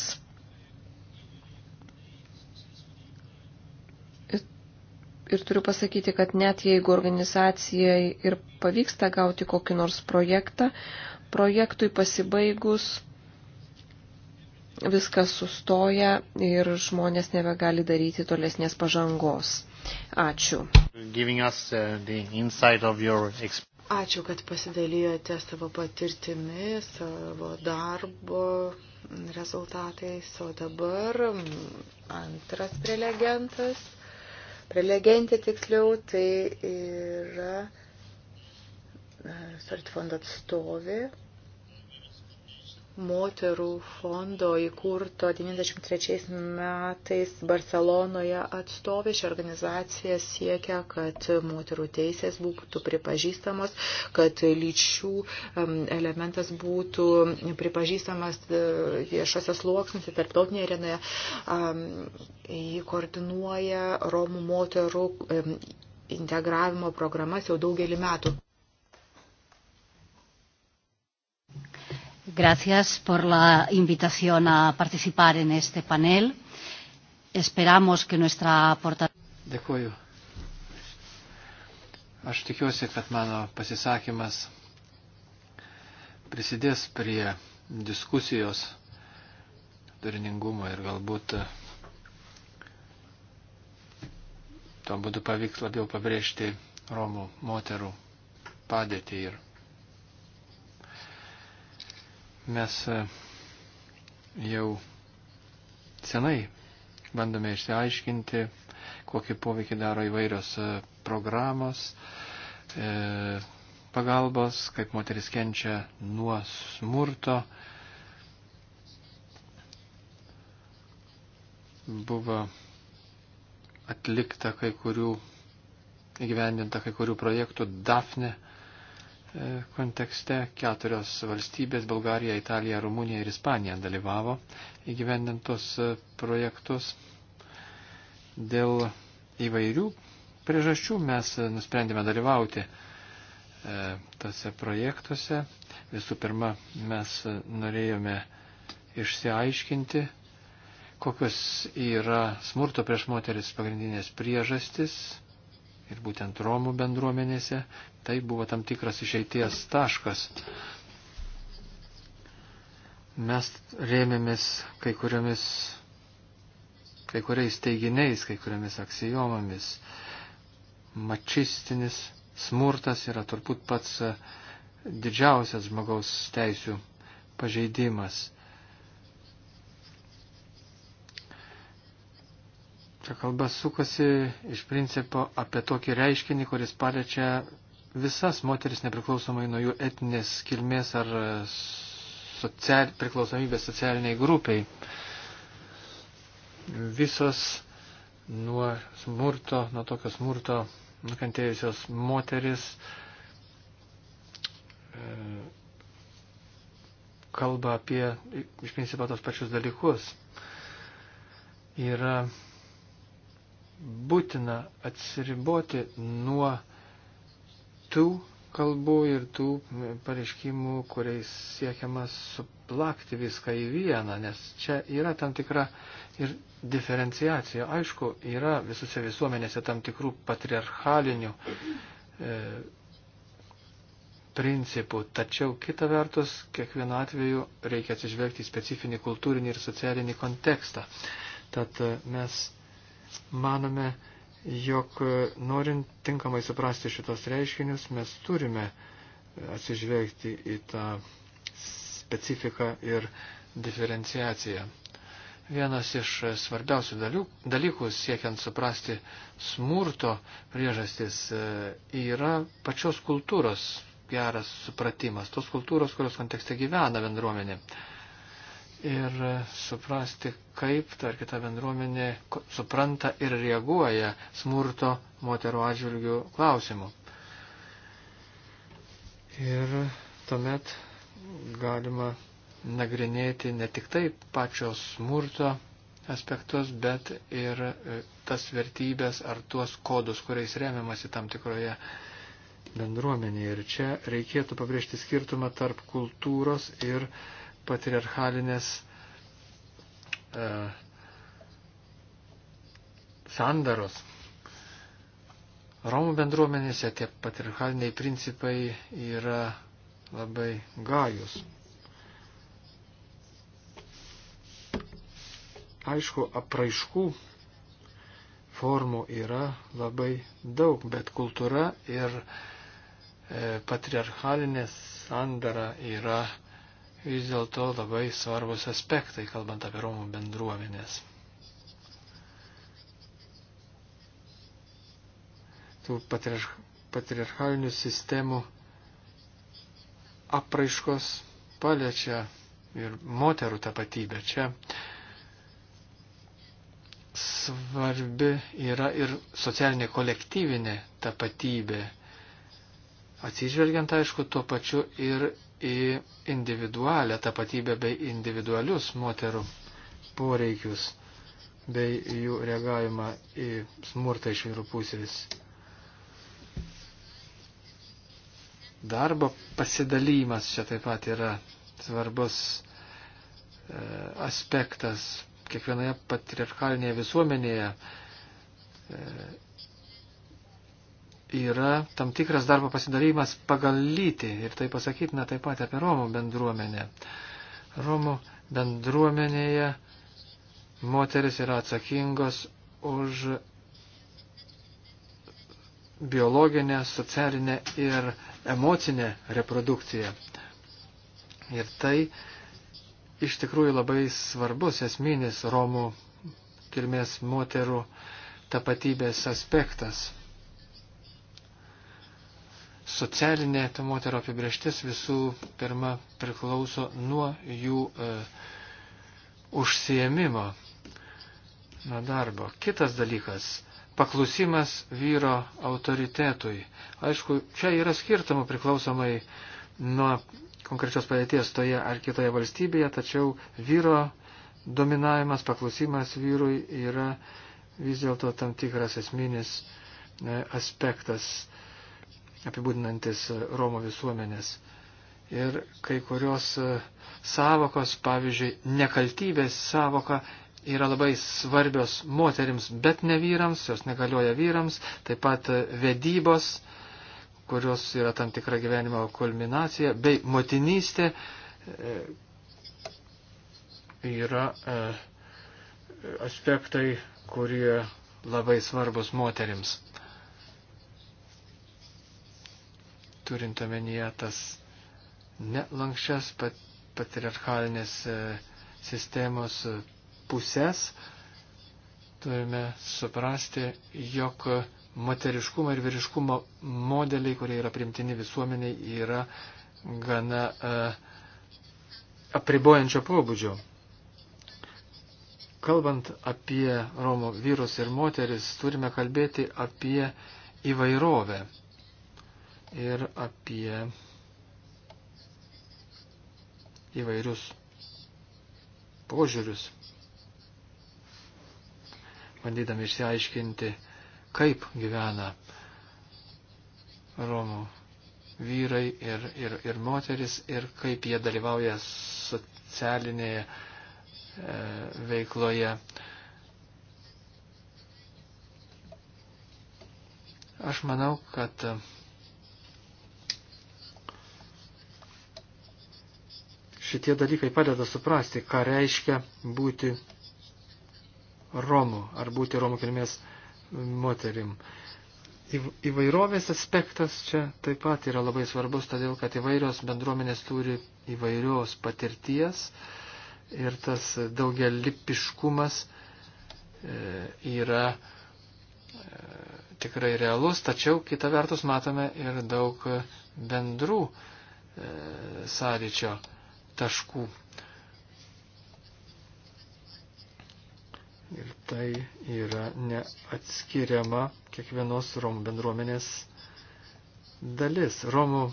Ir, ir turiu pasakyti, kad net jeigu organizacijai ir pavyksta gauti kokį nors projektą, projektui pasibaigus viskas sustoja ir žmonės nebegali daryti tolesnės pažangos. Ačiū. Uh, Ačiū, kad pasidalijote savo patirtimi, savo darbo rezultatais. O dabar antras prelegentas, prelegentė tiksliau, tai yra e, Sart fondo atstovė moterų fondo įkurto 93 metais Barcelonoje atstovė. Ši organizacija siekia, kad moterų teisės būtų pripažįstamos, kad lyčių elementas būtų pripažįstamas e, viešosios sluoksniuose, tarptautinėje arenoje. Jį koordinuoja Romų moterų integravimo programas jau daugelį metų. Gracias por la invitación a participar en este panel. Esperamos que nuestra aportación. Dėkuoju. Aš tikiuosi, kad mano pasisakymas prisidės prie diskusijos turiningumo ir galbūt tuo būdu pavyks labiau pabrėžti Romų moterų padėtį ir Mes e, jau senai bandome išsiaiškinti, kokį poveikį daro įvairios e, programos, e, pagalbos, kaip moteris kenčia nuo smurto. Buvo atlikta kai kurių, įgyvendinta kai kurių projektų DAFNE E, kontekste keturios valstybės - Bulgarija, Italija, Rumunija ir Ispanija - dalyvavo įgyvendintus e, projektus. Dėl įvairių priežasčių mes nusprendėme dalyvauti e, tose projektuose. Visų pirma, mes norėjome išsiaiškinti, kokios yra smurto prieš moteris pagrindinės priežastis ir būtent Romų bendruomenėse, tai buvo tam tikras išeities taškas. Mes rėmėmės kai, kuriomis, kai kuriais teiginiais, kai kuriamis aksijomomis. Mačistinis smurtas yra turbūt pats didžiausias žmogaus teisių pažeidimas. Čia kalba sukasi iš principo apie tokį reiškinį, kuris paliečia visas moteris nepriklausomai nuo jų etinės kilmės ar social, priklausomybės socialiniai grupiai. Visos nuo smurto, nuo tokio smurto nukentėjusios moteris e, kalba apie iš principo tos pačius dalykus. Yra būtina atsiriboti nuo tų kalbų ir tų pareiškimų, kuriais siekiama suplakti viską į vieną, nes čia yra tam tikra ir diferenciacija. Aišku, yra visose visuomenėse tam tikrų patriarchalinių e, principų, tačiau kita vertus, kiekvienu atveju reikia atsižvelgti į specifinį kultūrinį ir socialinį kontekstą. Tad e, mes manome, jog norint tinkamai suprasti šitos reiškinius, mes turime atsižvelgti į tą specifiką ir diferenciaciją. Vienas iš svarbiausių dalykų siekiant suprasti smurto priežastis e, yra pačios kultūros geras supratimas, tos kultūros, kurios kontekste gyvena bendruomenė ir suprasti, kaip ta ar kita bendruomenė supranta ir reaguoja smurto moterų atžvilgių klausimų. Ir tuomet galima nagrinėti ne tik tai pačios smurto aspektus, bet ir e, tas vertybės ar tuos kodus, kuriais remiamasi tam tikroje bendruomenėje. Ir čia reikėtų pabrėžti skirtumą tarp kultūros ir e, patriarchalinės e, sandaros. Romų bendruomenėse tie patriarchaliniai principai yra labai gajus. Aišku, apraiškų formų yra labai daug, bet kultūra ir e, patriarchalinė sandara yra e, vis dėlto labai svarbus aspektai, kalbant apie Romų bendruomenės. Tų patriarch, patriarchalinių sistemų apraiškos paliečia ir moterų tapatybę. Čia svarbi yra ir socialinė kolektyvinė tapatybė. Atsižvelgiant, aišku, tuo pačiu ir į individualią tapatybę bei individualius moterų poreikius bei jų reagavimą į smurtą iš vyrų pusės. Darbo pasidalymas čia taip pat yra svarbus e, aspektas. Kiekvienoje patriarchalinėje visuomenėje e, yra tam tikras darbo pasidalymas pagal lytį ir tai pasakytina taip pat apie Romų bendruomenę. Romų bendruomenėje moteris yra atsakingos už biologinę, socialinę ir emocinę reprodukciją. Ir tai iš tikrųjų labai svarbus esminis Romų kilmės moterų tapatybės aspektas socialinė ta moterio apibrieštis visų pirma priklauso nuo jų e, užsiemimo, nuo darbo. Kitas dalykas - paklusimas vyro autoritetui. Aišku, čia yra skirtumų priklausomai nuo konkrečios padėties toje ar kitoje valstybėje, tačiau vyro dominavimas, paklusimas vyrui yra vis dėlto tam tikras esminis e, aspektas apibūdinantis e, Romo visuomenės. Ir kai kurios e, savokos, pavyzdžiui, nekaltybės savoka yra labai svarbios moterims, bet ne vyrams, jos negalioja vyrams, taip pat e, vedybos, kurios yra tam tikra gyvenimo kulminacija, bei motinystė yra aspektai, kurie labai svarbus moterims. turint omenyje tas nelankščias pat, patriarchalinės e, sistemos e, pusės, turime suprasti, jog moteriškumo ir vyriškumo modeliai, kurie yra primtini visuomeniai, yra gana uh, apribojančio pobūdžio. Kalbant apie Romo vyrus ir moteris, turime kalbėti apie įvairovę ir apie įvairius požiūrius, bandydami išsiaiškinti, kaip gyvena Romų vyrai ir, ir, ir moteris ir kaip jie dalyvauja socialinėje e, veikloje. Aš manau, kad e, šitie dalykai padeda suprasti, ką reiškia būti Romu ar būti Romų kilmės moterim. Įvairovės aspektas čia taip pat yra labai svarbus, todėl kad įvairios bendruomenės turi įvairios patirties ir tas daugelipiškumas e, yra e, tikrai realus, tačiau kita vertus matome ir daug bendrų e, sąryčio taškų. Ir tai yra neatskiriama kiekvienos Romų bendruomenės dalis. Romų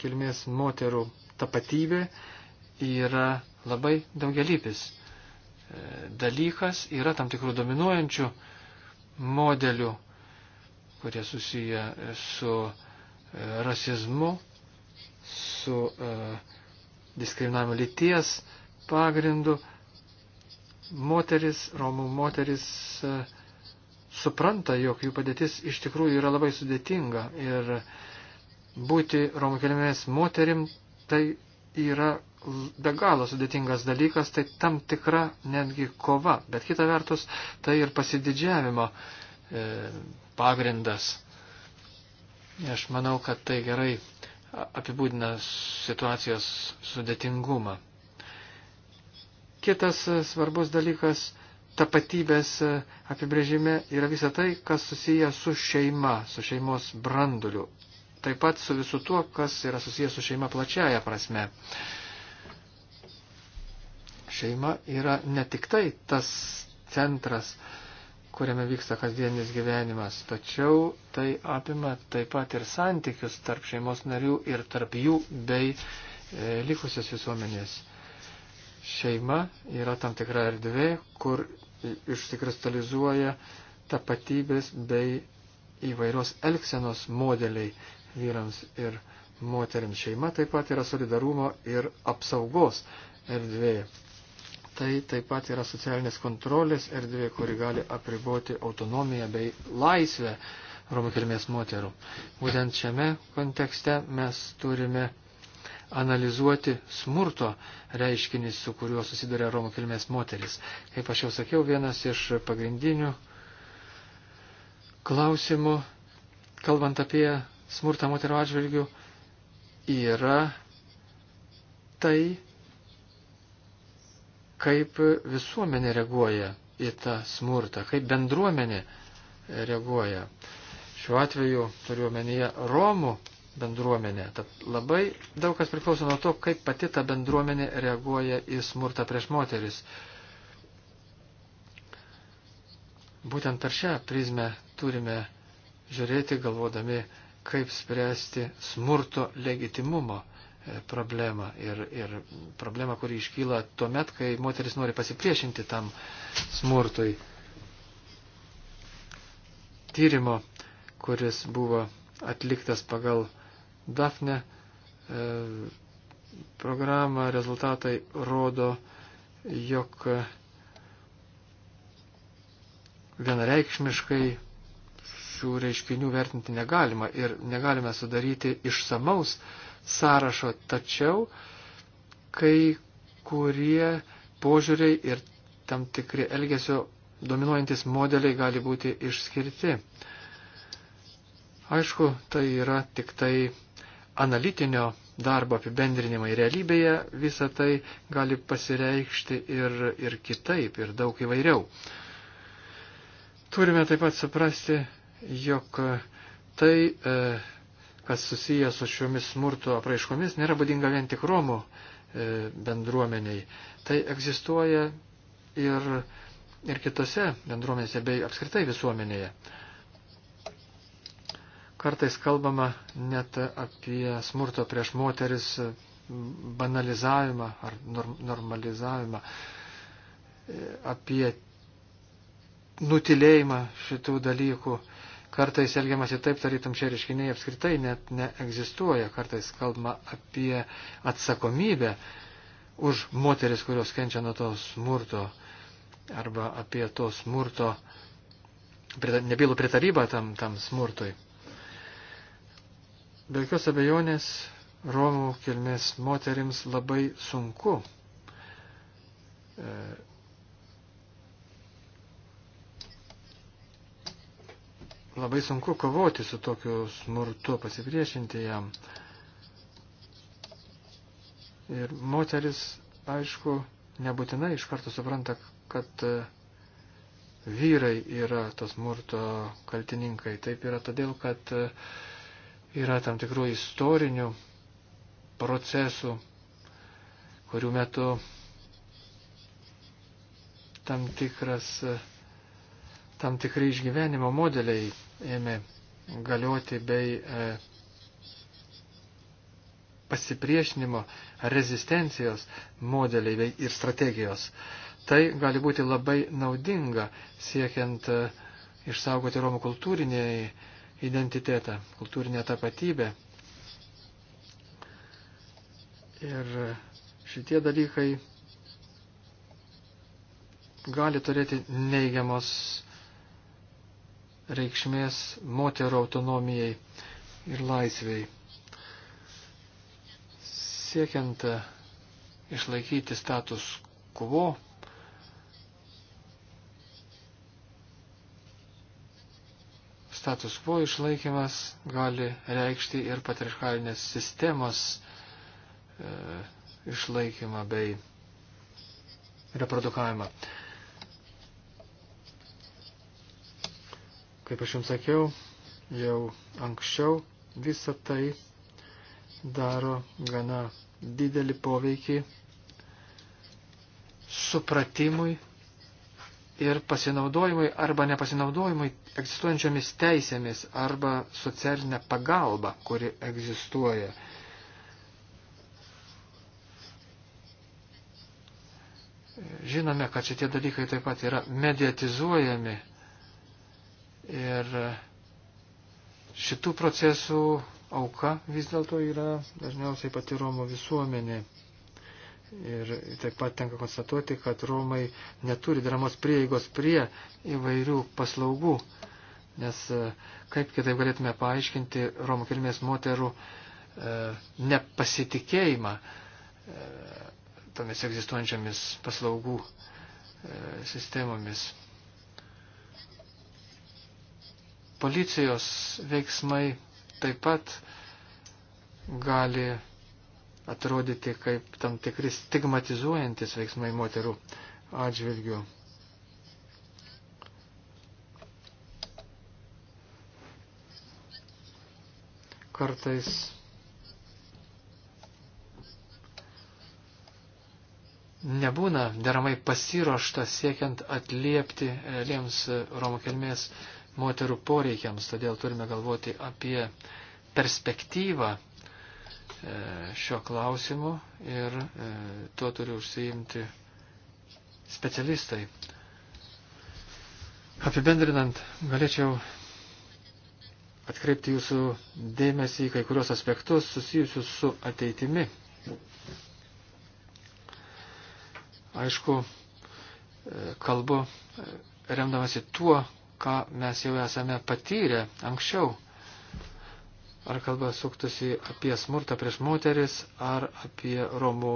kilmės moterų tapatybė yra labai daugialypis e, dalykas, yra tam tikrų dominuojančių modelių, kurie susiję su e, rasizmu, su uh, diskriminavimo lyties pagrindų. Moteris, Romų moteris e, supranta, jog jų padėtis iš tikrųjų yra labai sudėtinga ir būti Romų kilmės moterim tai yra be galo sudėtingas dalykas, tai tam tikra netgi kova, bet kita vertus tai ir pasididžiavimo e, pagrindas. Aš manau, kad tai gerai apibūdina situacijos sudėtingumą. Kitas svarbus dalykas tapatybės apibrėžime yra visa tai, kas susiję su šeima, su šeimos branduliu. Taip pat su visu tuo, kas yra susiję su šeima plačiaja prasme. Šeima yra ne tik tai tas centras, kuriame vyksta kasdienis gyvenimas, tačiau tai apima taip pat ir santykius tarp šeimos narių ir tarp jų bei e, likusios visuomenės. Šeima yra tam tikra erdvė, kur išsikristalizuoja tapatybės bei įvairios elgsenos modeliai vyrams ir moteriams. Šeima taip pat yra solidarumo ir apsaugos erdvė. Tai taip pat yra socialinės kontrolės erdvė, kuri gali apriboti autonomiją bei laisvę romų kilmės moterų. Būtent šiame kontekste mes turime analizuoti smurto reiškinį, su kuriuo susiduria romų kilmės moteris. Kaip aš jau sakiau, vienas iš pagrindinių klausimų, kalbant apie smurtą moterų atžvilgių, yra tai, kaip visuomenė reaguoja į tą smurtą, kaip bendruomenė reaguoja. Šiuo atveju turiu omenyje Romų bendruomenė. Tad labai daug kas priklauso nuo to, kaip pati ta bendruomenė reaguoja į smurtą prieš moteris. Būtent per šią prizmę turime žiūrėti galvodami, kaip spręsti smurto legitimumo problemą. Ir, ir problemą, kuri iškyla tuo met, kai moteris nori pasipriešinti tam smurtui. Tyrimo, kuris buvo atliktas pagal Dafne e, programą, rezultatai rodo, jog vienareikšmiškai šių reiškinių vertinti negalima ir negalime sudaryti išsamaus sąrašo, tačiau kai kurie požiūriai ir tam tikri elgesio dominuojantis modeliai gali būti išskirti. Aišku, tai yra tik tai analitinio darbo apibendrinimai. Realybėje visa tai gali pasireikšti ir, ir kitaip, ir daug įvairiau. Turime taip pat suprasti, jog tai e, kas susijęs su šiomis smurto apraiškomis, nėra būdinga vien tik Romų e, bendruomeniai. Tai egzistuoja ir, ir kitose bendruomenėse bei apskritai visuomenėje. Kartais kalbama net apie smurto prieš moteris banalizavimą ar normalizavimą, e, apie nutilėjimą šitų dalykų. Kartais elgiamasi taip, tarytum šie reiškiniai apskritai net neegzistuoja. Kartais kalbama apie atsakomybę už moteris, kurios kenčia nuo to smurto arba apie to smurto nebylų pritarybą tam, tam smurtui. Be jokios abejonės Romų kilmės moterims labai sunku e, labai sunku kovoti su tokiu smurtu, pasipriešinti jam. Ir moteris, aišku, nebūtinai iš karto supranta, kad e, vyrai yra to smurto kaltininkai. Taip yra todėl, kad e, yra tam tikrų istorinių procesų, kurių metu tam tikras uh, tam tikrai išgyvenimo modeliai ėmė galioti bei e, pasipriešinimo, rezistencijos modeliai bei ir strategijos. Tai gali būti labai naudinga siekiant e, išsaugoti Romų kultūrinį identitetą, kultūrinę tapatybę. Ir e, šitie dalykai gali turėti neigiamos reikšmės moterų autonomijai ir laisviai. Siekiant išlaikyti status quo, status quo išlaikymas gali reikšti ir patriarchalinės sistemos e, išlaikymą bei reprodukavimą. E, Kaip aš jums sakiau, jau anksčiau visą tai daro gana didelį poveikį supratimui ir pasinaudojimui arba nepasinaudojimui egzistuojančiomis teisėmis arba socialinė pagalba, kuri egzistuoja. Žinome, kad šitie dalykai taip pat yra mediatizuojami Ir e, šitų procesų auka vis dėlto yra dažniausiai pati Romų visuomenė. Ir taip pat tenka konstatuoti, kad Romai neturi dramos prieigos prie įvairių paslaugų, nes e, kaip kitaip galėtume paaiškinti Romų kilmės moterų e, nepasitikėjimą e, tomis egzistuojančiamis paslaugų e, sistemomis. policijos veiksmai taip pat gali atrodyti kaip tam tikri stigmatizuojantis veiksmai moterų atžvilgių. Kartais nebūna deramai pasiruošta siekiant atliepti realiems e, Romų kilmės moterų poreikiams, todėl turime galvoti apie perspektyvą e, šio klausimu ir e, tuo turi užsiimti specialistai. Apibendrinant, galėčiau atkreipti jūsų dėmesį į kai kurios aspektus susijusius su ateitimi. Aišku, e, kalbu remdamasi tuo, ką mes jau esame patyrę anksčiau. Ar kalba suktusi apie smurtą prieš moteris, ar apie romų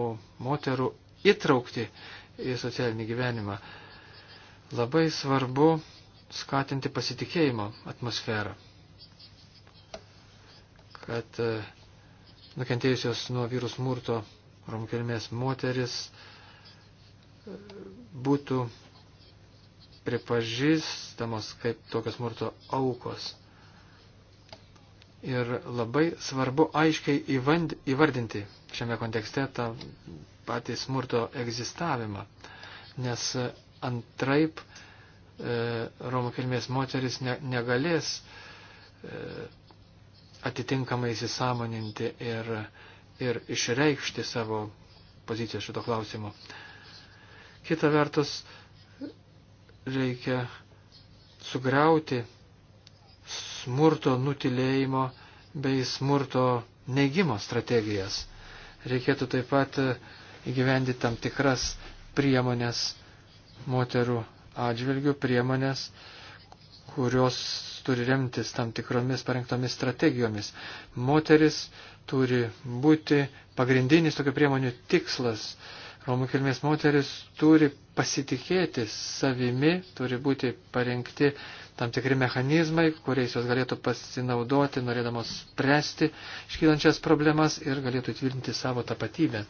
moterų įtraukti į socialinį gyvenimą. Labai svarbu skatinti pasitikėjimo atmosferą, kad e, nukentėjusios nuo vyrų smurto romų kilmės moteris e, būtų pripažįstamos kaip tokios smurto aukos. Ir labai svarbu aiškiai įvardinti šiame kontekste tą patį smurto egzistavimą, nes antraip e, Romų kilmės moteris ne, negalės e, atitinkamai įsisamoninti ir, ir išreikšti savo poziciją šito klausimu. Kita vertus, e, reikia sugriauti smurto nutilėjimo bei smurto neigimo strategijas. Reikėtų taip pat įgyvendi tam tikras priemonės moterų atžvilgių, priemonės, kurios turi remtis tam tikromis parengtomis strategijomis. Moteris turi būti pagrindinis tokių priemonių tikslas Romų kilmės moteris turi pasitikėti savimi, turi būti parengti tam tikri mechanizmai, kuriais jos galėtų pasinaudoti, norėdamos spręsti iškylančias problemas ir galėtų tvirtinti savo tapatybę.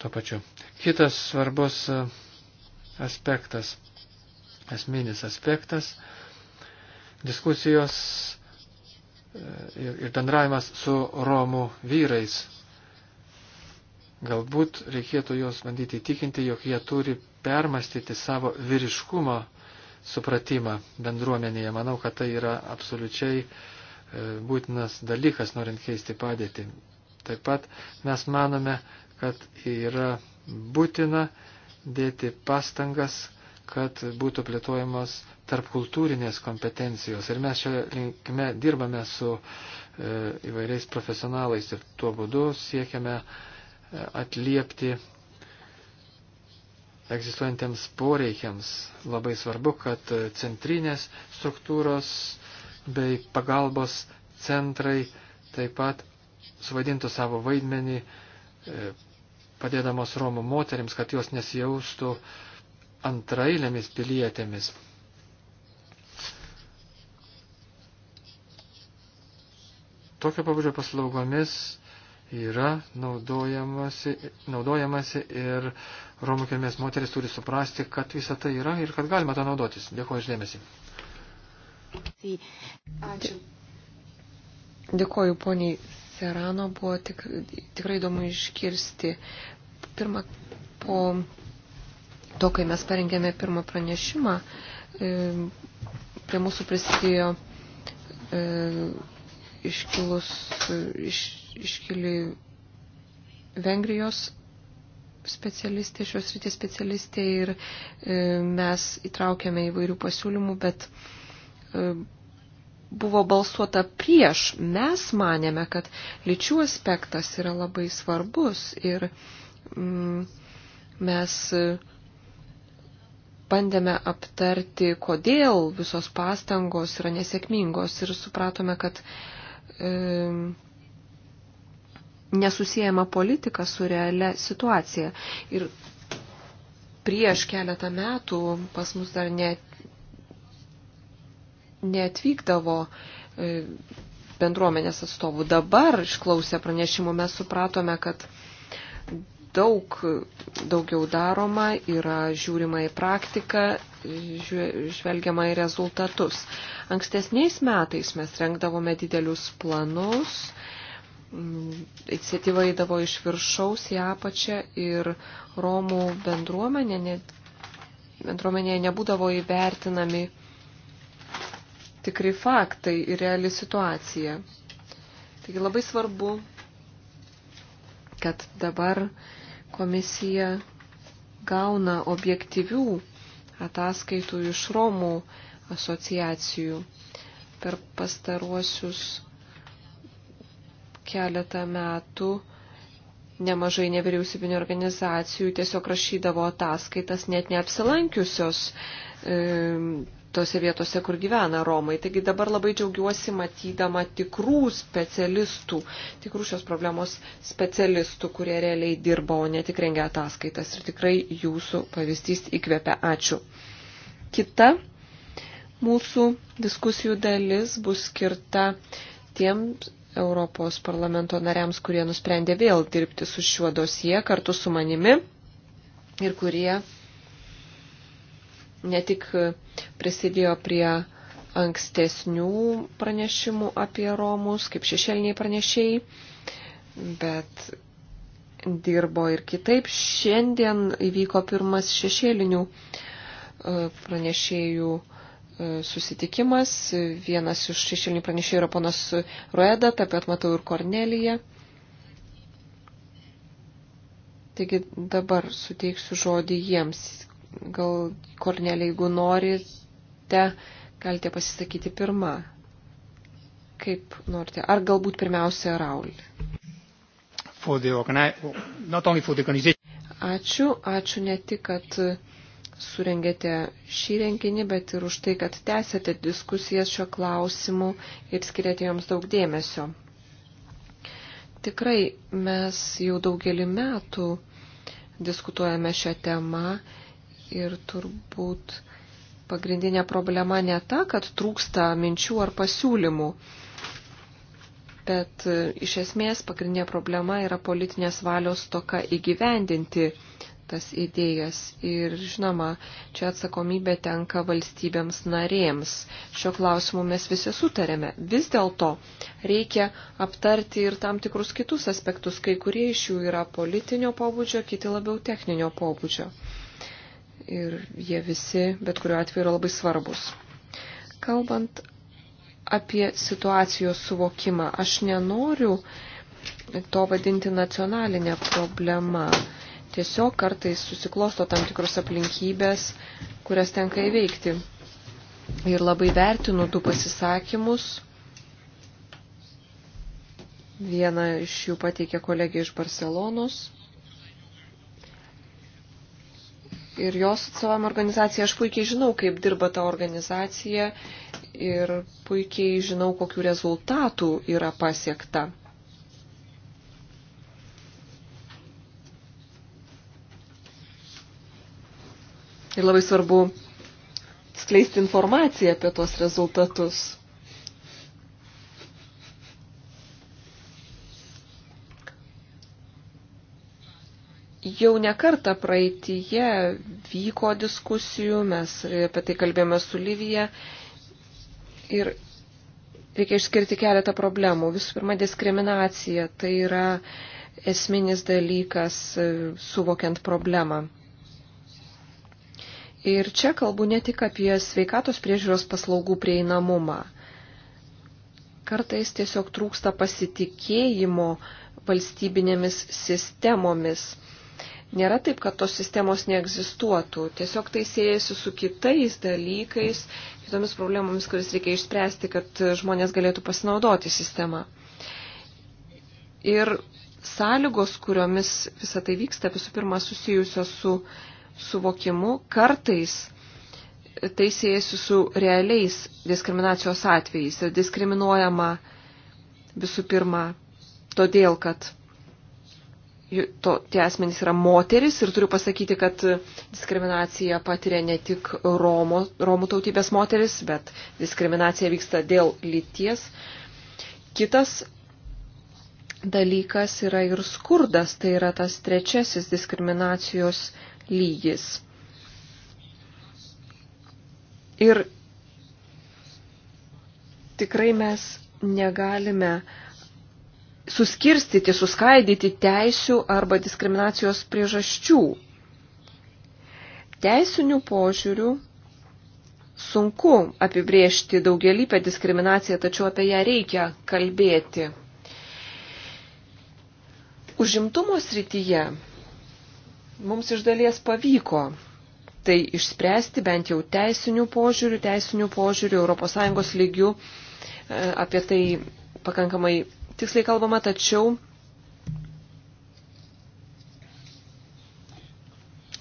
Tuo pačiu. Kitas svarbus e, aspektas, asmeninis aspektas, diskusijos e, ir bendravimas su Romų vyrais Galbūt reikėtų juos bandyti įtikinti, jog jie turi permastyti savo vyriškumo supratimą bendruomenėje. Manau, kad tai yra absoliučiai e, būtinas dalykas, norint keisti padėtį. Taip pat mes manome, kad yra būtina dėti pastangas, kad būtų plėtojamos tarpkultūrinės kompetencijos. Ir mes čia linkme dirbame su e, įvairiais profesionalais ir tuo būdu siekiame e, atliepti egzistuojantiems poreikiams. Labai svarbu, kad centrinės struktūros bei pagalbos centrai taip pat suvadintų savo vaidmenį, e, padėdamos Romų moteriams, kad jos nesijaustų antrailėmis pilietėmis. Tokio pabudžio paslaugomis yra naudojamasi, naudojamasi ir Romų kilmės moteris turi suprasti, kad visa tai yra ir kad galima tą naudotis. Dėkuoju išdėmesi. Ačiū. Dėkuoju poniai Serano, buvo tik, tikrai įdomu iškirsti. Pirma, po to, kai mes parengėme pirmą pranešimą, e, prie mūsų prisidėjo e, iškilus, iš, iškili Vengrijos specialistė, šios rytės specialistė ir e, mes įtraukėme įvairių pasiūlymų, bet e, buvo balsuota prieš. Mes manėme, kad lyčių aspektas yra labai svarbus ir mm, mes e, bandėme aptarti, kodėl visos pastangos yra nesėkmingos ir supratome, kad e, nesusijama politika su realia situacija. Ir prieš keletą metų pas mus dar net, neatvykdavo e, bendruomenės atstovų. Dabar išklausę pranešimų mes supratome, kad daug daugiau daroma, yra žiūrima į praktiką, žvelgiama į rezultatus. Ankstesniais metais mes rengdavome didelius planus, mm, iniciatyva įdavo iš viršaus į apačią ir Romų bendruomenė, ne, bendruomenėje nebūdavo įvertinami tikri faktai ir reali situacija. Taigi labai svarbu, kad dabar Komisija gauna objektyvių ataskaitų iš Romų asociacijų. Per pastaruosius keletą metų nemažai nevyriausybinio organizacijų tiesiog rašydavo ataskaitas net neapsilankiusios e, tose vietose, kur gyvena Romai. Taigi dabar labai džiaugiuosi matydama tikrų specialistų, tikrų šios problemos specialistų, kurie realiai dirba, o ne tik rengia ataskaitas. Ir tikrai jūsų pavyzdys įkvepia. Ačiū. Kita mūsų diskusijų dalis bus skirta tiems Europos parlamento nariams, kurie nusprendė vėl dirbti su šiuo dosie kartu su manimi ir kurie ne tik prisidėjo prie ankstesnių pranešimų apie Romus, kaip šešėliniai pranešėjai, bet dirbo ir kitaip. Šiandien įvyko pirmas šešėlinių e, pranešėjų e, susitikimas. Vienas iš šešėlinių pranešėjų yra ponas Rueda, taip pat matau ir Kornelija. Taigi dabar suteiksiu žodį jiems. Gal, Kornelė, jeigu norite, galite pasisakyti pirmą. Kaip norite. Ar galbūt pirmiausia Raulį. Ačiū, ačiū ne tik, kad surengėte šį renginį, bet ir už tai, kad tęsėte diskusijas šio klausimu ir skiriate joms daug dėmesio. Tikrai mes jau daugelį metų diskutuojame šią temą ir turbūt pagrindinė problema ne ta, kad trūksta minčių ar pasiūlymų, bet e, iš esmės pagrindinė problema yra politinės valios toka įgyvendinti tas idėjas. Ir žinoma, čia atsakomybė tenka valstybėms narėms. Šio klausimu mes visi sutarėme. Vis dėlto reikia aptarti ir tam tikrus kitus aspektus, kai kurie iš jų yra politinio pobūdžio, kiti labiau techninio pobūdžio ir jie visi, bet kuriuo atveju, yra labai svarbus. Kalbant apie situacijos suvokimą, aš nenoriu to vadinti nacionalinė problema. Tiesiog kartais susiklosto tam tikros aplinkybės, kurias tenka įveikti. Ir labai vertinu du pasisakymus. Vieną iš jų pateikė kolegė iš Barcelonos. ir jos atstovavimo organizacija. Aš puikiai žinau, kaip dirba ta organizacija ir puikiai žinau, kokiu rezultatu yra pasiekta. Ir labai svarbu skleisti informaciją apie tuos rezultatus. Jau nekarta praeitįje vyko diskusijų, mes apie tai kalbėjome su Livija ir reikia išskirti keletą problemų. Visų pirma, diskriminacija tai yra esminis dalykas e, suvokiant problemą. Ir čia kalbu ne tik apie sveikatos priežiūros paslaugų prieinamumą. Kartais tiesiog trūksta pasitikėjimo valstybinėmis sistemomis. Nėra taip, kad tos sistemos neegzistuotų. Tiesiog tai siejasi su kitais dalykais, kitomis problemomis, kuris reikia išspręsti, kad žmonės galėtų pasinaudoti sistemą. Ir sąlygos, kuriomis visą tai vyksta, visų pirma, susijusios su suvokimu, kartais tai siejasi su realiais diskriminacijos atvejais. Ir diskriminuojama visų pirma todėl, kad to, tie asmenys yra moteris ir turiu pasakyti, kad diskriminacija patiria ne tik Romo, Romų tautybės moteris, bet diskriminacija vyksta dėl lyties. Kitas dalykas yra ir skurdas, tai yra tas trečiasis diskriminacijos lygis. Ir tikrai mes negalime uh, suskirstyti, suskaidyti teisių arba diskriminacijos priežasčių. Teisinių požiūrių sunku apibriežti daugelįpę diskriminaciją, tačiau apie ją reikia kalbėti. Užimtumo srityje mums iš dalies pavyko tai išspręsti bent jau teisinių požiūrių, teisinių požiūrių ES lygių e, apie tai pakankamai tiksliai kalbama, tačiau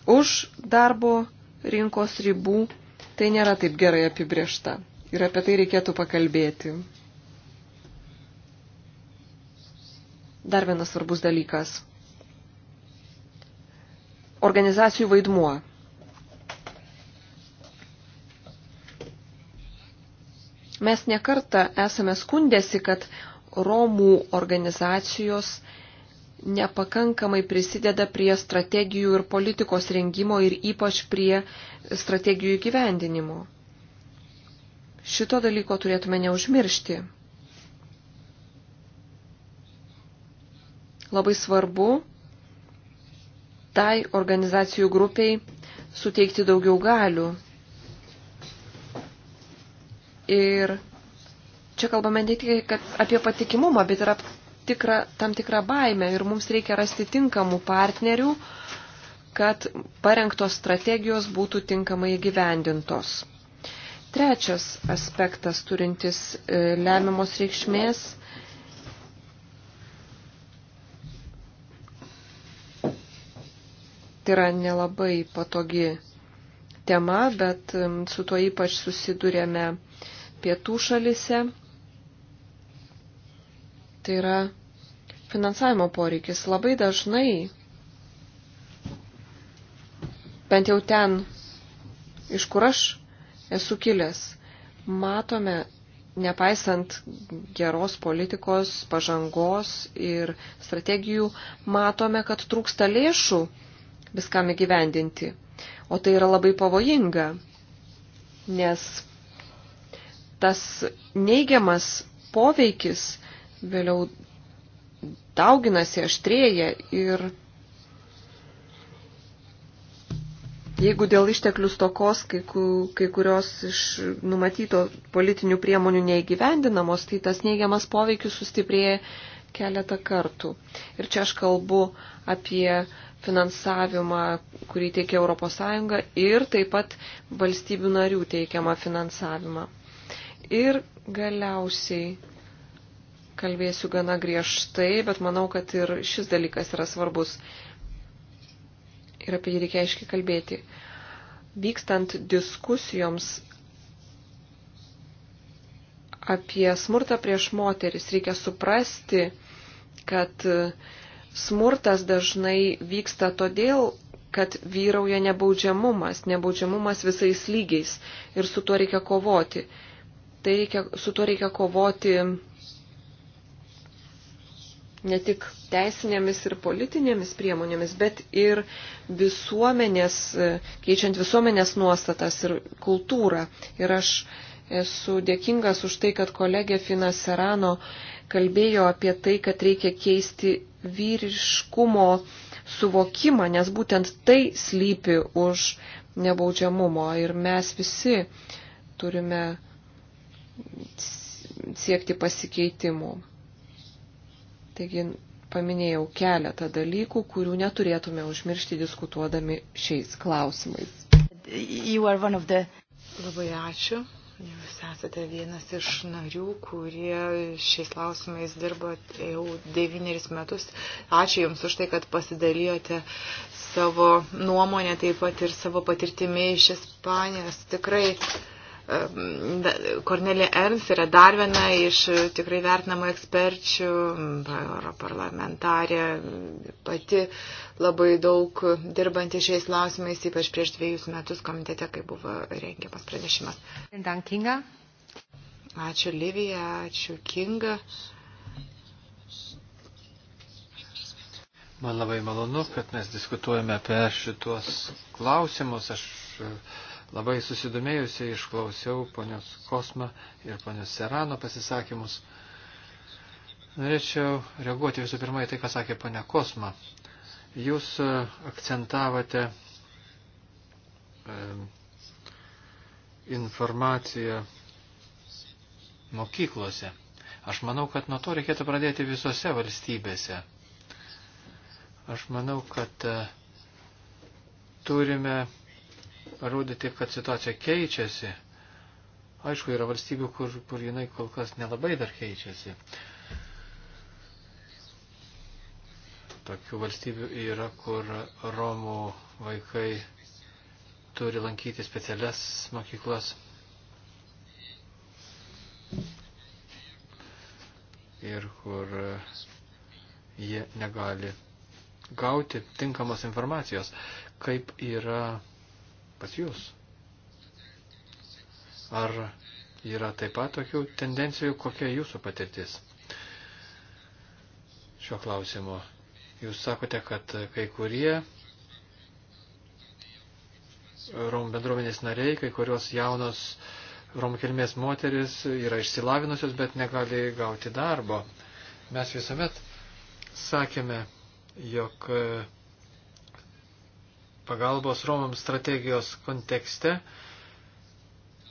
už darbo rinkos ribų tai nėra taip gerai apibriešta. Ir apie tai reikėtų pakalbėti. Dar vienas svarbus dalykas. Organizacijų vaidmuo. Mes nekarta esame skundėsi, kad Romų organizacijos nepakankamai prisideda prie strategijų ir politikos rengimo ir ypač prie strategijų gyvendinimo. Šito dalyko turėtume neužmiršti. Labai svarbu tai organizacijų grupiai suteikti daugiau galių. Ir čia kalbame ne tik apie patikimumą, bet ir tikrą, tam tikrą baimę. Ir mums reikia rasti tinkamų partnerių, kad parengtos strategijos būtų tinkamai gyvendintos. Trečias aspektas turintis e, lemiamos reikšmės tai yra nelabai patogi tema, bet su tuo ypač susidurėme pietų šalise tai yra finansavimo poreikis. Labai dažnai, bent jau ten, iš kur aš esu kilęs, matome, nepaisant geros politikos, pažangos ir strategijų, matome, kad trūksta lėšų viskam įgyvendinti. O tai yra labai pavojinga, nes tas neigiamas poveikis vėliau dauginasi, aštrėja ir jeigu dėl išteklių stokos kai, ku, kai kurios iš numatyto politinių priemonių neįgyvendinamos, tai tas neigiamas poveikis sustiprėja keletą kartų. Ir čia aš kalbu apie finansavimą, kurį teikia ES ir taip pat valstybių narių teikiamą finansavimą. Ir galiausiai kalbėsiu gana griežtai, bet manau, kad ir šis dalykas yra svarbus ir apie jį reikia aiškiai kalbėti. Vykstant diskusijoms apie smurtą prieš moteris, reikia suprasti, kad smurtas dažnai vyksta todėl, kad vyrauja nebaudžiamumas, nebaudžiamumas visais lygiais ir su tuo reikia kovoti. Tai reikia, su tuo reikia kovoti ne tik teisinėmis ir politinėmis priemonėmis, bet ir visuomenės, e, keičiant visuomenės nuostatas ir kultūrą. Ir aš esu dėkingas už tai, kad kolegė Fina Serano kalbėjo apie tai, kad reikia keisti vyriškumo suvokimą, nes būtent tai slypi už nebaudžiamumo. Ir mes visi turime siekti pasikeitimų. Taigi paminėjau keletą dalykų, kurių neturėtume užmiršti diskutuodami šiais klausimais. The... Labai ačiū. Jūs esate vienas iš narių, kurie šiais klausimais dirba jau devyneris metus. Ačiū Jums už tai, kad pasidalijote savo nuomonę, taip pat ir savo patirtimi iš Ispanijos. Tikrai Kornelė Ernst yra dar viena iš tikrai vertinamų eksperčių, europarlamentarė, pati labai daug dirbanti šiais klausimais, ypač prieš dviejus metus komitete, kai buvo rengiamas pranešimas. Ačiū Livija, ačiū Kinga. Man labai malonu, kad mes diskutuojame apie šituos klausimus. Aš Labai susidomėjusiai išklausiau ponios Kosma ir ponios Serano pasisakymus. Norėčiau reaguoti visų pirma į tai, ką sakė ponia Kosma. Jūs e, akcentavote e, informaciją mokyklose. Aš manau, kad nuo to reikėtų pradėti visose valstybėse. Aš manau, kad e, turime parodyti, kad situacija keičiasi. Aišku, yra valstybių, kur, kur jinai kol kas nelabai dar keičiasi. Tokių valstybių yra, kur Romų vaikai turi lankyti specialias mokyklas. Ir kur jie negali gauti tinkamos informacijos, kaip yra pas jūs? Ar yra taip pat tokių tendencijų, kokia jūsų patirtis šio klausimo? Jūs sakote, kad kai kurie Romų bendruomenės nariai, kai kurios jaunos Romų kilmės moteris yra išsilavinusios, bet negali gauti darbo. Mes visuomet sakėme, jog pagalbos Romams strategijos kontekste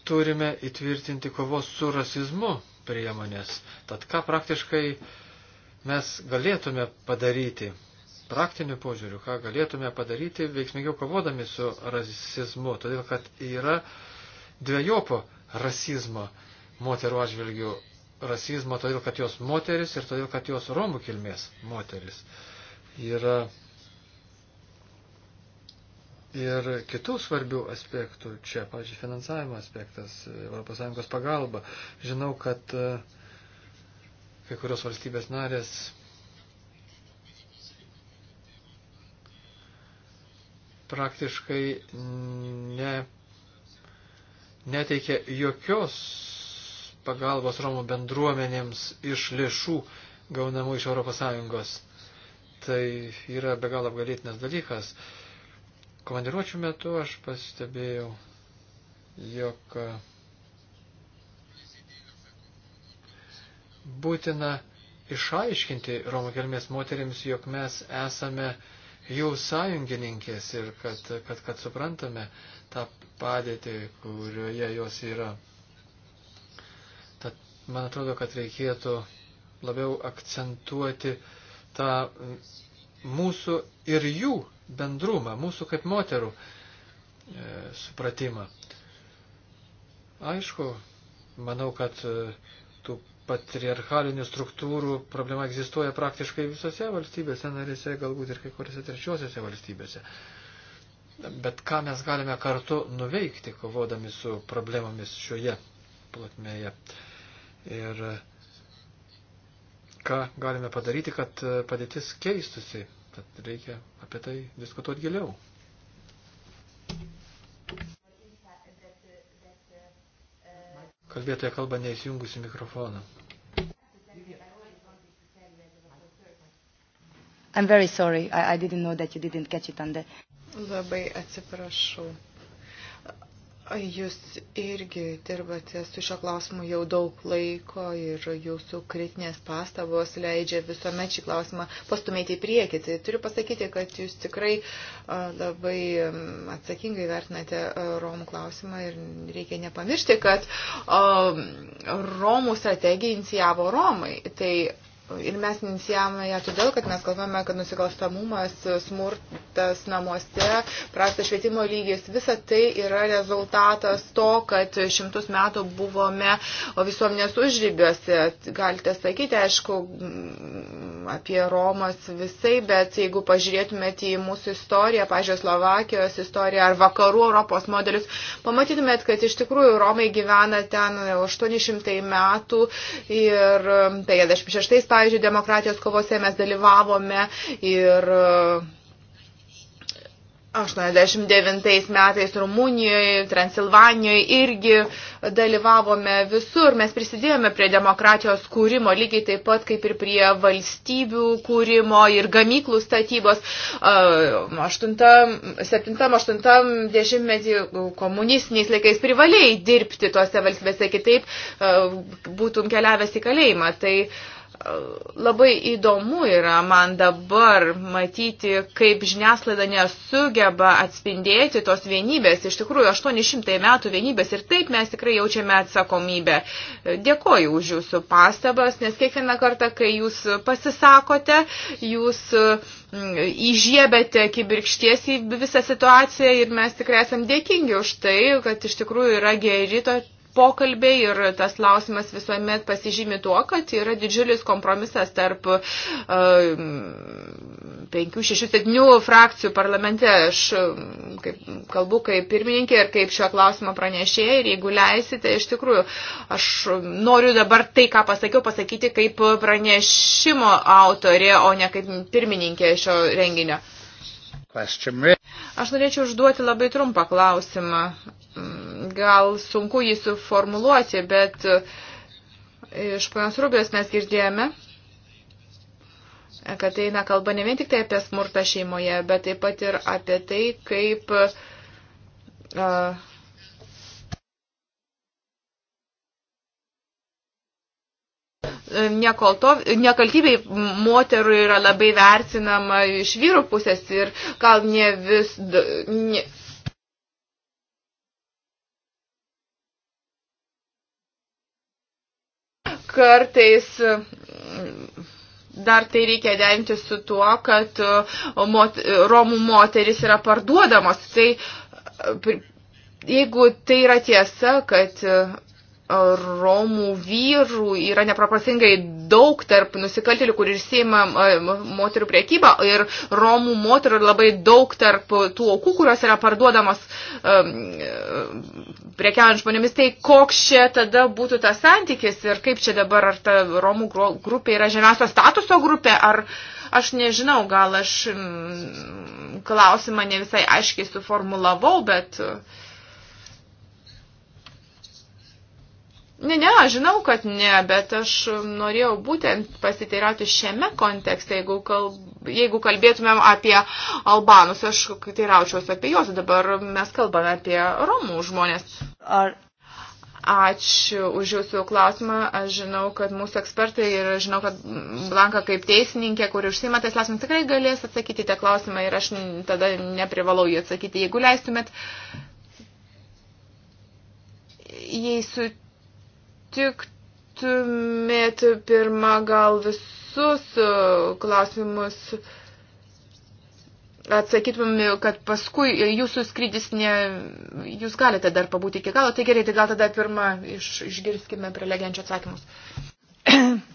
turime įtvirtinti kovos su rasizmu priemonės. Tad ką praktiškai mes galėtume padaryti, praktiniu požiūriu, ką galėtume padaryti veiksmingiau kovodami su rasizmu, todėl kad yra dviejopo rasizmo moterų atžvilgių rasizmo, todėl kad jos moteris ir todėl kad jos romų kilmės moteris. Yra ir kitų svarbių aspektų. Čia, pažiūrėjau, finansavimo aspektas, ES pagalba. Žinau, kad e, kai kurios valstybės narės praktiškai ne, neteikia jokios pagalbos Romų bendruomenėms iš lėšų gaunamų iš ES. Tai yra be galo apgalėtinas dalykas. Uh, Komandiruočių metu aš pastebėjau, jog būtina išaiškinti Romų kilmės moteriams, jog mes esame jų sąjungininkės ir kad, kad, kad suprantame tą padėtį, kurioje jos yra. Tad man atrodo, kad reikėtų labiau akcentuoti tą mūsų ir jų bendrumą, mūsų kaip moterų e, supratimą. Aišku, manau, kad e, tų patriarchalinių struktūrų problema egzistuoja praktiškai visose valstybėse narėse, galbūt ir kai kuriuose trečiosiuose valstybėse. Bet ką mes galime kartu nuveikti, kovodami su problemomis šioje plotmėje. Ir e, ką galime padaryti, kad e, padėtis keistusi. Tad reikia apie tai diskutuoti giliau. Kalbėtoja kalba neįsijungusi mikrofoną. I'm very sorry. I, I didn't know that you didn't catch it on the... Labai atsiprašau. Jūs irgi dirbate su šio klausimu jau daug laiko ir jūsų kritinės pastabos leidžia visuomet šį klausimą pastumėti į priekį. Tai turiu pasakyti, kad jūs tikrai labai atsakingai vertinate Romų klausimą ir reikia nepamiršti, kad Romų strategiją inicijavo Romai. Tai Ir mes inicijavome ją todėl, kad mes galvojame, kad nusikalstamumas, smurtas namuose, prastas švietimo lygis, visa tai yra rezultatas to, kad šimtus metų buvome visuomenės užrybiuose. Galite sakyti, aišku, apie Romas visai, bet jeigu pažiūrėtumėte į mūsų istoriją, pažiūrėjau, Slovakijos istoriją ar vakarų Europos modelius, pamatytumėt, kad iš tikrųjų Romai gyvena ten 800 metų ir 56 e, metų pavyzdžiui, demokratijos kovose mes dalyvavome ir 89 e, metais Rumunijoje, Transilvanijoje irgi dalyvavome visur. Mes prisidėjome prie demokratijos kūrimo, lygiai taip pat kaip ir prie valstybių kūrimo ir gamyklų statybos. 7-8 e, dešimtmetį komunistiniais laikais privalėjai dirbti tose valstybėse, kitaip e, būtum keliavęs į kalėjimą. Tai, uh, labai įdomu yra man dabar matyti, kaip žiniasklaida nesugeba atspindėti tos vienybės. Iš tikrųjų, 800 metų vienybės ir taip mes tikrai jaučiame atsakomybę. Dėkoju už jūsų pastabas, nes kiekvieną kartą, kai jūs pasisakote, jūs mm, įžiebėte kibirkšties į visą situaciją ir mes tikrai esam dėkingi už tai, kad iš tikrųjų yra geri to pokalbiai ir tas klausimas visuomet pasižymi tuo, kad yra didžiulis kompromisas tarp uh, 5, 6, 7 frakcijų parlamente. Aš um, kaip, kalbu kaip pirmininkė ir kaip šio klausimo pranešėja ir jeigu leisite, iš tikrųjų, aš noriu dabar tai, ką pasakiau, pasakyti kaip pranešimo autorė, o ne kaip pirmininkė šio renginio. Aš norėčiau užduoti labai trumpą klausimą mm gal sunku jį suformuluoti, bet e, iš ponios Rubijos mes girdėjome, kad eina kalba ne vien tik tai apie smurtą šeimoje, bet taip pat ir apie tai, kaip uh, e, nekalto, nekaltybei moterų yra labai vertinama iš vyrų pusės ir gal ne vis, ne, kartais dar tai reikia derinti su tuo, kad mot, romų moteris yra parduodamos. Tai jeigu tai yra tiesa, kad Romų vyrų yra neproporcingai daug tarp nusikaltėlių, kur ir seima moterų priekybą, ir Romų moterų labai daug tarp tų aukų, kurios yra parduodamos um, prekiaujant žmonėmis. Tai koks čia tada būtų tas santykis ir kaip čia dabar, ar ta Romų grupė yra žemiausio statuso grupė, ar aš nežinau, gal aš mm, klausimą ne visai aiškiai suformulavau, bet. Uh, Ne, ne, aš žinau, kad ne, bet aš norėjau būtent pasiteirauti šiame kontekste, jeigu, kalb, jeigu kalbėtumėm apie albanus, aš teiraučiausi apie juos, dabar mes kalbame apie romų žmonės. Ar... Ačiū už jūsų klausimą. Aš žinau, kad mūsų ekspertai ir žinau, kad Blanka kaip teisininkė, kuri užsima tais klausimais, tikrai galės atsakyti tą klausimą ir aš tada neprivalau jį atsakyti. Jeigu leistumėt, jei su sutiktumėt pirmą gal visus e, klausimus atsakytumėm, kad paskui jūsų skrydis ne, jūs galite dar pabūti iki galo, tai gerai, tai gal tada pirmą iš, išgirskime prelegenčio atsakymus.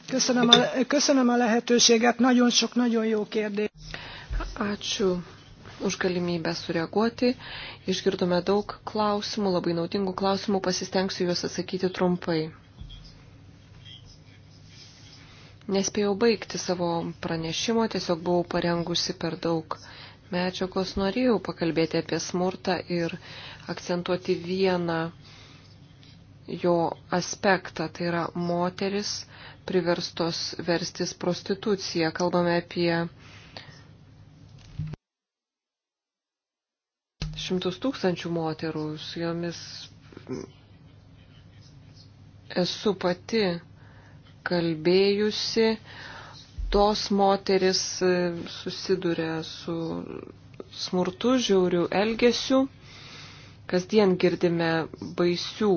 Köszönöm a, köszönöm a lehetőséget, nagyon sok, nagyon jó kérdés. Ačiū už galimybę sureaguoti. Išgirdome daug klausimų, labai naudingų klausimų, pasistengsiu juos atsakyti trumpai. Nespėjau baigti savo pranešimo, tiesiog buvau parengusi per daug medžiagos, norėjau pakalbėti apie smurtą ir akcentuoti vieną jo aspektą, tai yra moteris priverstos verstis prostituciją. Kalbame apie šimtus tūkstančių moterų, su jomis esu pati kalbėjusi, tos moteris e, susiduria su smurtu, žiaurių elgesių. Kasdien girdime baisių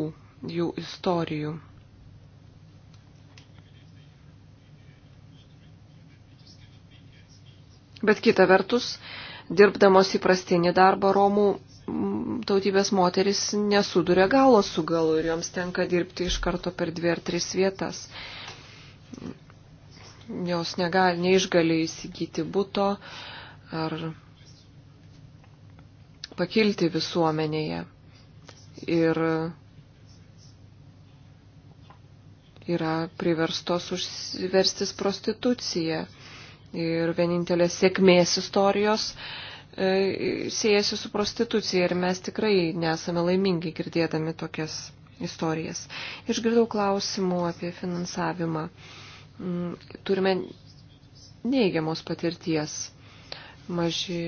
jų istorijų. Bet kita vertus, dirbdamos įprastinį darbą Romų tautybės moteris nesuduria galo su galu ir joms tenka dirbti iš karto per dvi ar tris vietas jos negali, neišgali įsigyti būto ar pakilti visuomenėje. Ir yra priverstos užsiverstis prostitucija. Ir vienintelės sėkmės istorijos e, siejasi su prostitucija ir mes tikrai nesame laimingi girdėdami tokias istorijas. Išgirdau klausimų apie finansavimą. E, Mm, turime neigiamos patirties. Maži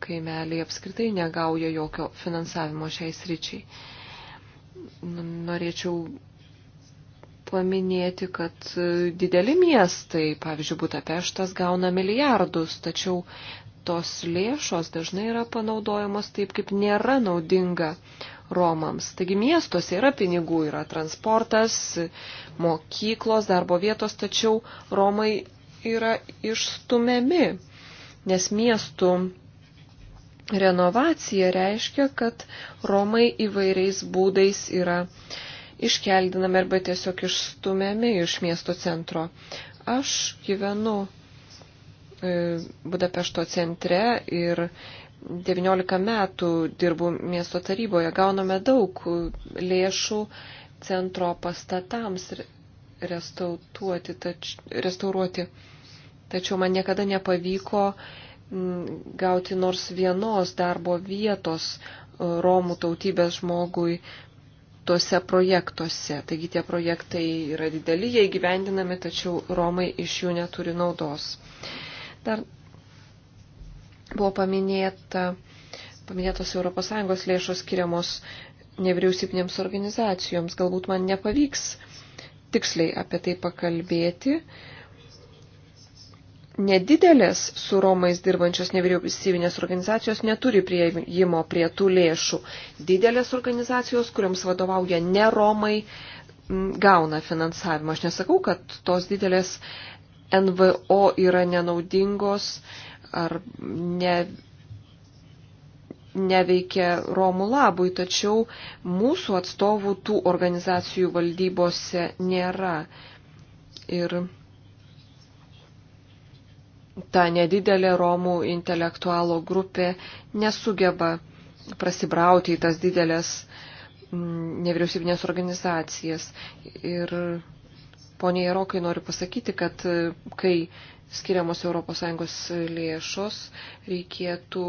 kaimeliai apskritai negauja jokio finansavimo šiai sričiai. Norėčiau paminėti, kad e, dideli miestai, pavyzdžiui, Budapeštas gauna milijardus, tačiau tos lėšos dažnai yra panaudojamos taip, kaip nėra naudinga Romams. Taigi miestuose yra pinigų, yra transportas, mokyklos, darbo vietos, tačiau Romai yra išstumiami, nes miestų renovacija reiškia, kad Romai įvairiais būdais yra iškeldinami arba tiesiog išstumiami iš miesto centro. Aš gyvenu E, Budapešto centre ir 19 metų dirbu miesto taryboje. Gauname daug lėšų centro pastatams tač, restauruoti. Tačiau man niekada nepavyko gauti nors vienos darbo vietos e, Romų tautybės žmogui tuose projektuose. Taigi tie projektai yra dideli, jie įgyvendinami, tačiau Romai iš jų neturi naudos. Dar buvo paminėta, paminėtos ES lėšos skiriamos nevyriausybinėms organizacijoms. Galbūt man nepavyks tiksliai apie tai pakalbėti. Nedidelės su Romais dirbančios nevyriausybinės organizacijos neturi prieimimo prie tų lėšų. Didelės organizacijos, kuriams vadovauja ne Romai, gauna finansavimą. Aš nesakau, kad tos didelės NVO yra nenaudingos ar ne, neveikia Romų labui, tačiau mūsų atstovų tų organizacijų valdybose nėra. Ir ta nedidelė Romų intelektualo grupė nesugeba prasibrauti į tas didelės mm, nevyriausybinės organizacijas. Ir Pone Jarokai, noriu pasakyti, kad e, kai skiriamos ES lėšos, reikėtų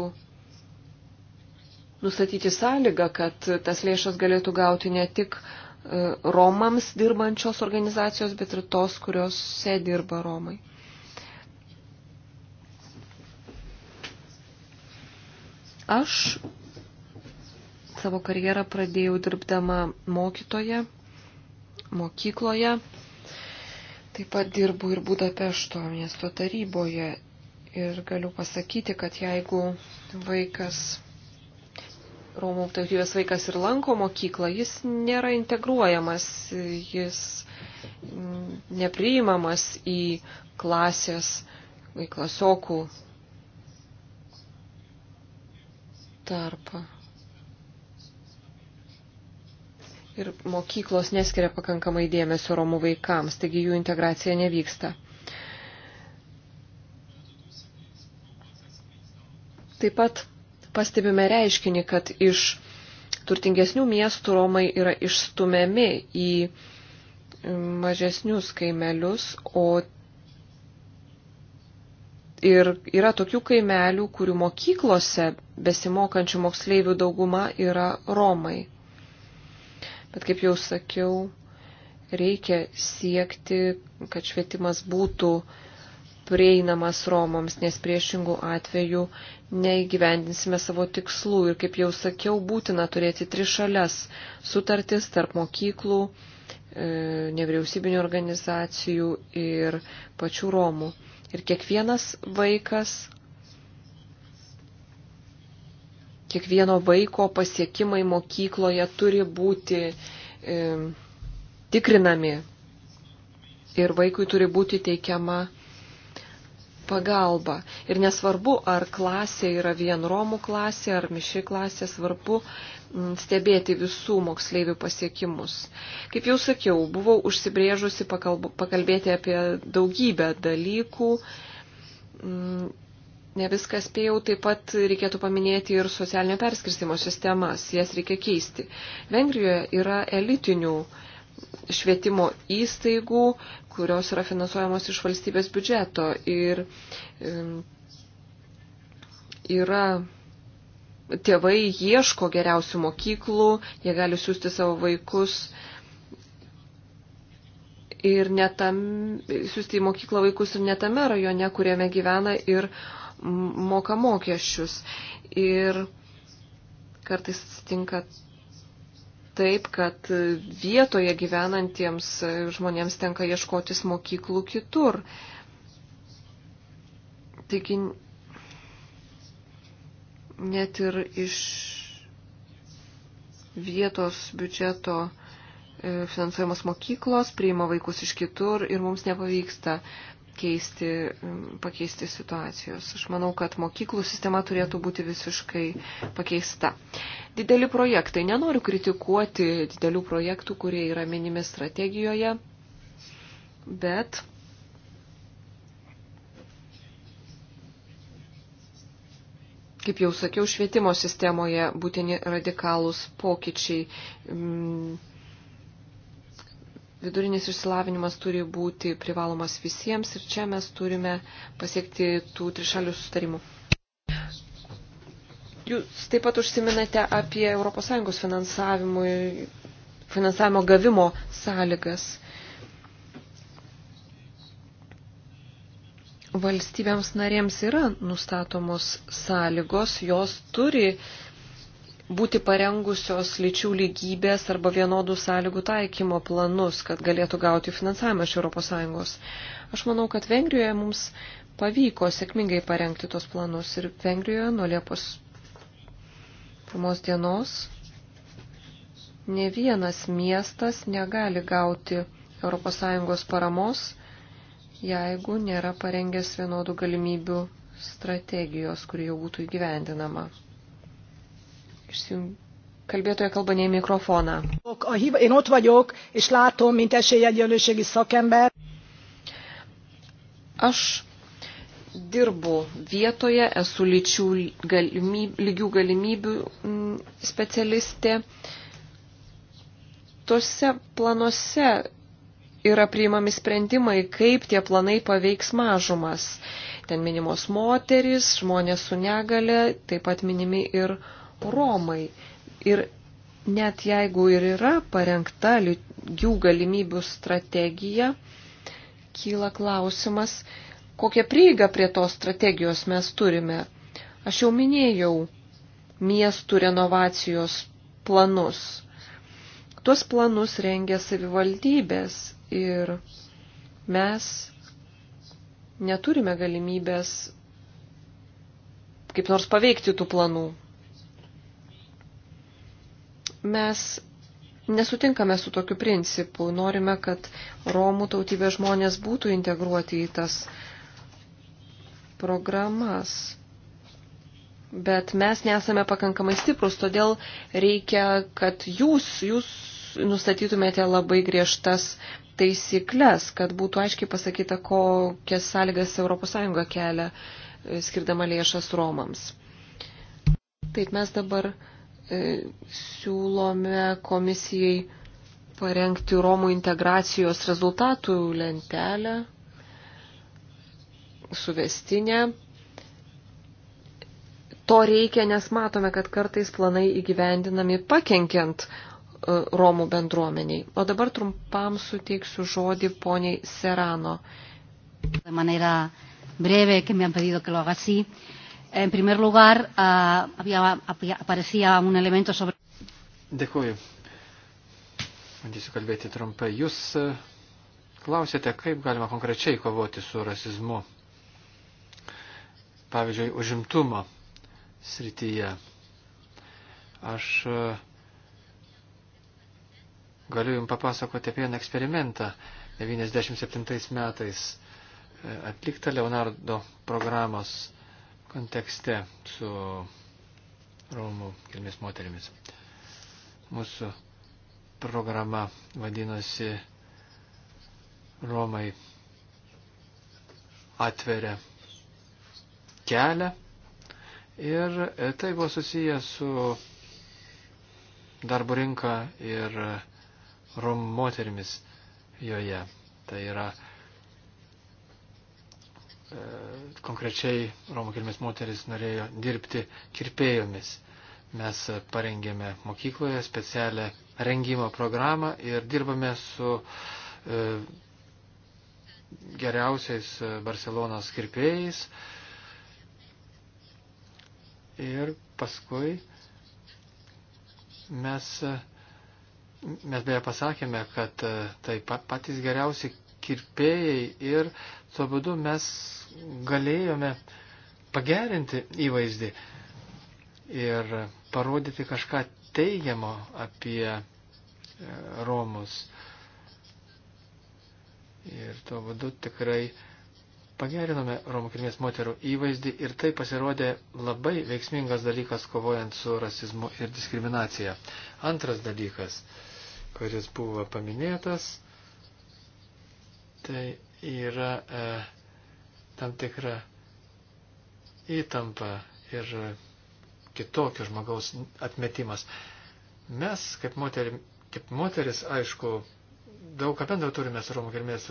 nustatyti sąlygą, kad tas lėšas galėtų gauti ne tik e, Romams dirbančios organizacijos, bet ir tos, kuriuose dirba Romai. Aš savo karjerą pradėjau dirbdama mokytoje, mokykloje, Taip pat dirbu ir Budapešto miesto taryboje ir galiu pasakyti, kad jeigu vaikas, Romų tautybės vaikas ir lanko mokyklą, jis nėra integruojamas, jis nepriimamas į klasės, į klasiokų tarpą. ir mokyklos neskiria pakankamai dėmesio romų vaikams, taigi jų integracija nevyksta. Taip pat pastebime reiškinį, kad iš turtingesnių miestų Romai yra išstumiami į mm, mažesnius kaimelius, o ir yra tokių kaimelių, kurių mokyklose besimokančių moksleivių dauguma yra Romai. Bet kaip jau sakiau, reikia siekti, kad švietimas būtų prieinamas Romoms, nes priešingų atveju neįgyvendinsime savo tikslų ir, kaip jau sakiau, būtina turėti trišalės sutartis tarp mokyklų, e, nevyriausybinių organizacijų ir pačių Romų. Ir kiekvienas vaikas kiekvieno vaiko pasiekimai mokykloje turi būti e, tikrinami ir vaikui turi būti teikiama pagalba. Ir nesvarbu, ar klasė yra vien romų klasė, ar mišri klasė, svarbu mm, stebėti visų moksleivių pasiekimus. Kaip jau sakiau, buvau užsibrėžusi pakalbėti apie daugybę dalykų mm, ne viską spėjau, taip pat reikėtų paminėti ir socialinio perskirstimo sistemas, jas reikia keisti. Vengrijoje yra elitinių švietimo įstaigų, kurios yra finansuojamos iš valstybės biudžeto ir yra tėvai ieško geriausių mokyklų, jie gali siūsti savo vaikus ir netam, siūsti į mokyklą vaikus ir netame rajone, kuriame gyvena ir moka mokesčius. Ir kartais atsitinka taip, kad vietoje gyvenantiems žmonėms tenka ieškotis mokyklų kitur. Taigi net ir iš vietos biudžeto e, finansuojamos mokyklos priima vaikus iš kitur ir mums nepavyksta pakeisti, pakeisti situacijos. Aš manau, kad mokyklų sistema turėtų būti visiškai pakeista. Dideli projektai. Nenoriu kritikuoti didelių projektų, kurie yra minimi strategijoje, bet. Kaip jau sakiau, švietimo sistemoje būtini radikalūs pokyčiai. Mm, vidurinis išsilavinimas turi būti privalomas visiems ir čia mes turime pasiekti tų trišalių sustarimų. Jūs taip pat užsiminate apie ES finansavimo gavimo sąlygas. Valstybėms narėms yra nustatomos sąlygos, jos turi uh, būti parengusios lyčių lygybės arba vienodų sąlygų taikymo planus, kad galėtų gauti finansavimą iš ES. Aš manau, kad Vengrijoje mums pavyko sėkmingai parengti tos planus ir Vengrijoje nuo Liepos pirmos dienos ne vienas miestas negali gauti ES paramos, jeigu nėra parengęs vienodų galimybių strategijos, kuri jau būtų įgyvendinama. Išsijung... Kalbėtoja kalba ne į mikrofoną. Én ott vagyok, és látom, mint esélyegyenlőségi szakember. Aš dirbu vietoje, esu lyčių galimyb, lygių galimybių mm, specialistė. Tuose planuose yra priimami sprendimai, kaip tie planai paveiks mažumas. Ten minimos moteris, žmonės su negale, taip pat minimi ir Romai. Ir net jeigu ir yra parengta jų galimybių strategija, kyla klausimas, kokią prieigą prie tos strategijos mes turime. Aš jau minėjau miestų renovacijos planus. Tuos planus rengia savivaldybės ir mes neturime galimybės kaip nors paveikti tų planų. Mes nesutinkame su tokiu principu. Norime, kad Romų tautybės žmonės būtų integruoti į tas programas. Bet mes nesame pakankamai stiprus, todėl reikia, kad jūs, jūs nustatytumėte labai griežtas taisyklės, kad būtų aiškiai pasakyta, kokias sąlygas ES kelia e, skirdama lėšas Romams. Taip mes dabar E, siūlome komisijai parengti Romų integracijos rezultatų lentelę, suvestinę. To reikia, nes matome, kad kartais planai įgyvendinami pakenkiant e, Romų bendruomeniai. O dabar trumpam suteiksiu žodį poniai Serano. De manera breve, que me han pedido que lo haga así. En primer lugar, uh, había, aparecía un elemento sobre. Dėkuoju. Bandysiu kalbėti trumpai. Jūs e, klausėte, kaip galima konkrečiai kovoti su rasizmu. Pavyzdžiui, užimtumo srityje. Aš e, galiu Jums papasakoti apie vieną eksperimentą 97 metais e, atliktą Leonardo programos kontekste su Romų kilmės moterimis. Mūsų programa vadinosi Romai atveria kelią ir tai buvo susiję su darbo rinka ir Romų moterimis joje. Tai yra E, konkrečiai Romų kilmės moteris norėjo dirbti kirpėjomis. Mes parengėme mokykloje specialią rengimo programą ir dirbame su e, geriausiais Barcelonos kirpėjais. Ir paskui mes, mes beje pasakėme, kad e, tai patys geriausi kirpėjai ir Tuo būdu mes galėjome pagerinti įvaizdį ir parodyti kažką teigiamo apie e, Romus. Ir tuo būdu tikrai pagerinome Romų kilmės moterų įvaizdį ir tai pasirodė labai veiksmingas dalykas kovojant su rasizmu ir diskriminacija. Antras dalykas, kuris buvo paminėtas, tai yra e, tam tikra įtampa ir kitokio žmogaus atmetimas. Mes, kaip, moteri, kaip moteris, aišku, daug ką bendro turime su Romų kilmės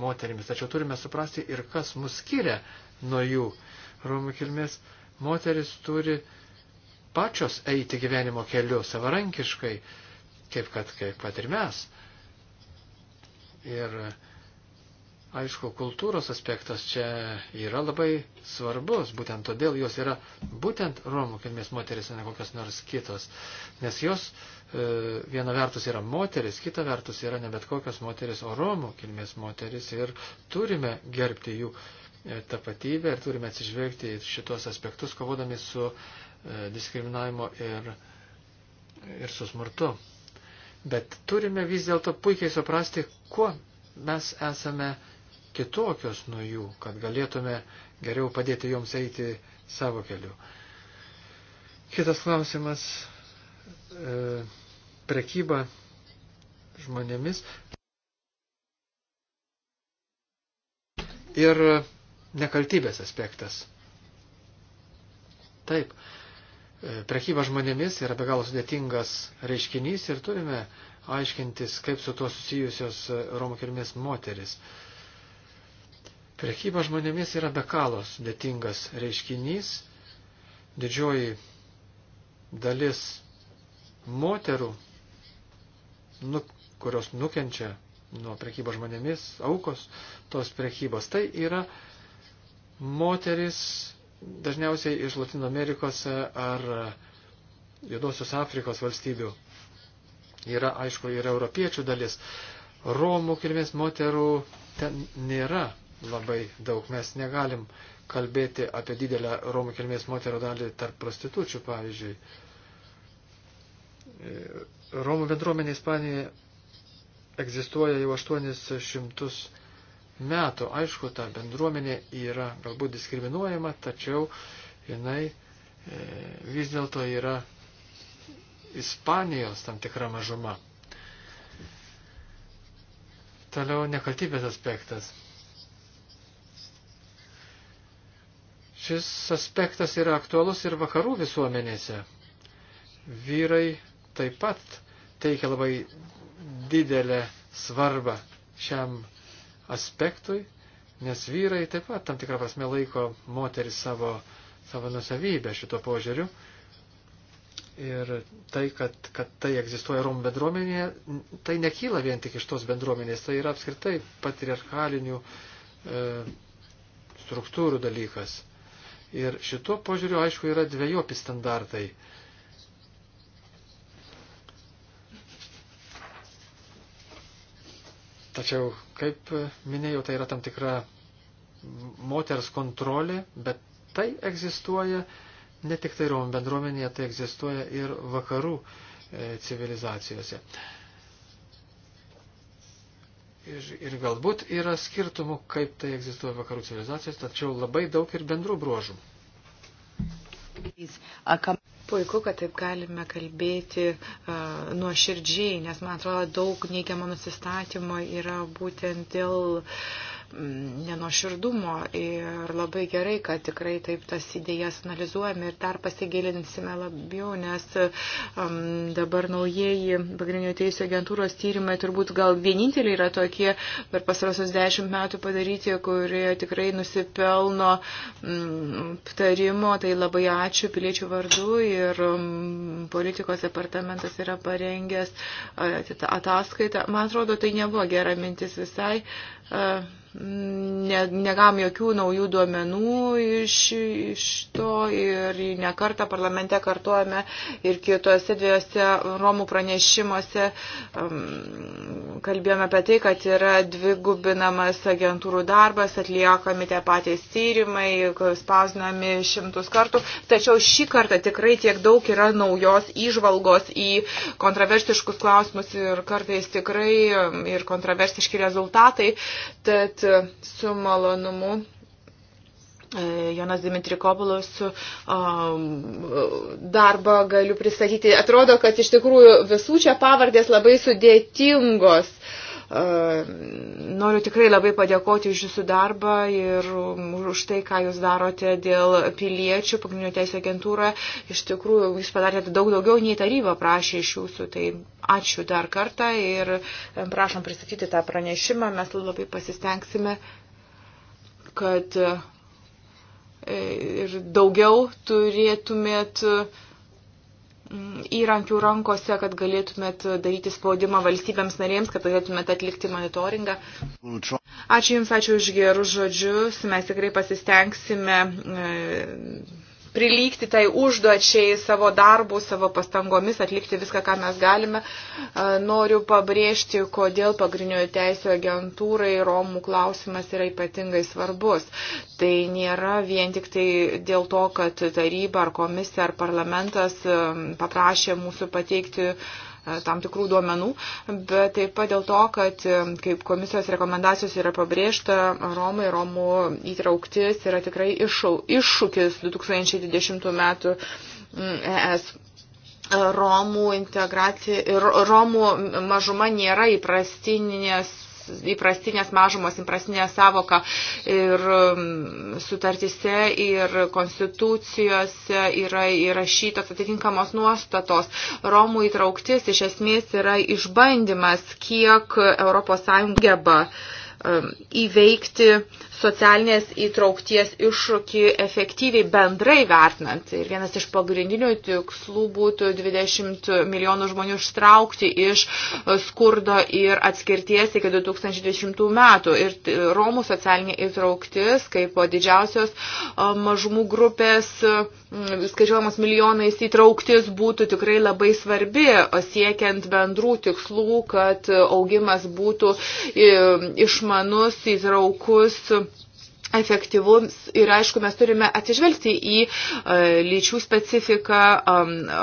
moterimis, tačiau turime suprasti ir kas mus skiria nuo jų. Romų kilmės moteris turi pačios eiti gyvenimo keliu savarankiškai, kaip kad, kaip kad ir mes. Ir Aišku, kultūros aspektas čia yra labai svarbus, būtent todėl jos yra būtent Romų kilmės moteris, ne kokios nors kitos. Nes jos e, viena vertus yra moteris, kita vertus yra ne bet kokios moteris, o Romų kilmės moteris ir turime gerbti jų e, tapatybę ir turime atsižvelgti į šitos aspektus, kovodami su e, diskriminavimo ir, ir su smurtu. Bet turime vis dėlto puikiai suprasti, kuo mes esame kitokios nuo jų, kad galėtume geriau padėti joms eiti savo keliu. Kitas klausimas. E, prekyba žmonėmis. Ir nekaltybės aspektas. Taip, e, prekyba žmonėmis yra be galo sudėtingas reiškinys ir turime aiškintis, kaip su tuo susijusios Romų kilmės moteris. E, Prekyba žmonėmis yra be galo sudėtingas reiškinys. Didžioji dalis moterų, nu, kurios nukenčia nuo prekybos žmonėmis, aukos tos prekybos, tai yra moteris dažniausiai iš Latino Amerikos ar Juodosios Afrikos valstybių. Yra, aišku, yra europiečių dalis. Romų kilmės moterų ten nėra, labai daug. Mes negalim kalbėti apie didelę Romų kilmės moterų dalį tarp prostitučių, pavyzdžiui. Romų bendruomenė Ispanijoje egzistuoja jau 800 metų. Aišku, ta bendruomenė yra galbūt diskriminuojama, tačiau jinai e, vis dėlto yra Ispanijos tam tikra mažuma. Toliau nekaltybės aspektas. Šis aspektas yra aktualus ir vakarų visuomenėse. Vyrai taip pat teikia labai didelę svarbą šiam aspektui, nes vyrai taip pat tam tikrą prasme laiko moterį savo, savo nusavybę šito požiūriu. Ir tai, kad, kad tai egzistuoja Romų bendruomenėje, tai nekyla vien tik iš tos bendruomenės, tai yra apskritai patriarchalinių e, struktūrų dalykas. Ir šituo požiūriu, aišku, yra dviejopi standartai. Tačiau, kaip minėjau, tai yra tam tikra moters kontrolė, bet tai egzistuoja ne tik tai Romų bendruomenėje, tai egzistuoja ir vakarų e, civilizacijose ir, ir galbūt yra skirtumų, kaip tai egzistuoja vakarų civilizacijos, tačiau labai daug ir bendrų bruožų. Puiku, kad taip galime kalbėti uh, nuo širdžiai, nes man atrodo daug neigiamo nusistatymo yra būtent dėl uh, nenoširdumo ir labai gerai, kad tikrai taip tas idėjas analizuojame ir dar pasigilinsime labiau, nes um, dabar naujieji pagrindinio teisų agentūros tyrimai turbūt gal vieninteliai yra tokie per pasarosius dešimt metų padaryti, kurie tikrai nusipelno um, mm, tarimo. Tai labai ačiū piliečių vardu ir um, politikos departamentas yra parengęs uh, ataskaitą. Man atrodo, tai nebuvo gera mintis visai. Uh, E, ne, negavom jokių naujų duomenų iš, iš to ir nekartą parlamente kartuojame ir kitose dviejose Romų pranešimuose um, kalbėjome apie tai, kad yra dvigubinamas agentūrų darbas, atliekami tie patys tyrimai, spausinami šimtus kartų, tačiau šį kartą tikrai tiek daug yra naujos įžvalgos į kontroversiškus klausimus ir kartais tikrai ir kontroversiški rezultatai. Uh, Tad e, su malonumu e, Jonas Dimitrikopulos e, darbą galiu pristatyti. Atrodo, kad iš tikrųjų visų čia pavardės labai sudėtingos. Uh, E, noriu tikrai labai padėkoti už jūsų darbą ir už tai, ką jūs darote dėl piliečių, pagrindinio teisų agentūra. Iš tikrųjų, jūs padarėte daug daugiau, nei taryba prašė iš jūsų. Tai ačiū dar kartą ir prašom pristatyti tą pranešimą. Mes labai pasistengsime, kad e, ir daugiau turėtumėt. Uh, Mm, įrankių rankose, kad galėtumėt daryti spaudimą valstybėms narėms, kad galėtumėt atlikti monitoringą. Ačiū Jums, ačiū už gerus žodžius. Mes tikrai pasistengsime e, prilygti tai užduočiai savo darbų, savo pastangomis, atlikti viską, ką mes galime. Noriu pabrėžti, kodėl pagrindinių teisų agentūrai Romų klausimas yra ypatingai svarbus. Tai nėra vien tik tai dėl to, kad taryba ar komisija ar parlamentas paprašė mūsų pateikti tam tikrų duomenų, bet taip pat dėl to, kad kaip komisijos rekomendacijos yra pabrėžta, Romai, Romų įtrauktis yra tikrai iššau, iššūkis 2020 metų ES Romų integracija ir Romų mažuma nėra įprastinės įprastinės mažumos, įprastinė savoka ir um, sutartise ir konstitucijose yra įrašytos atitinkamos nuostatos. Romų įtrauktis iš esmės yra išbandymas, kiek ES geba um, įveikti socialinės įtraukties iššūkį efektyviai bendrai vertinant. Ir vienas iš pagrindinių tikslų būtų 20 milijonų žmonių ištraukti iš skurdo ir atskirties iki 2020 metų. Ir Romų socialinė įtrauktis, kaip po didžiausios mažumų grupės skaičiuojamos milijonais įtrauktis, būtų tikrai labai svarbi, siekiant bendrų tikslų, kad augimas būtų išmanus, įtraukus efektyvus ir aišku, mes turime atsižvelgti į e, lyčių specifiką.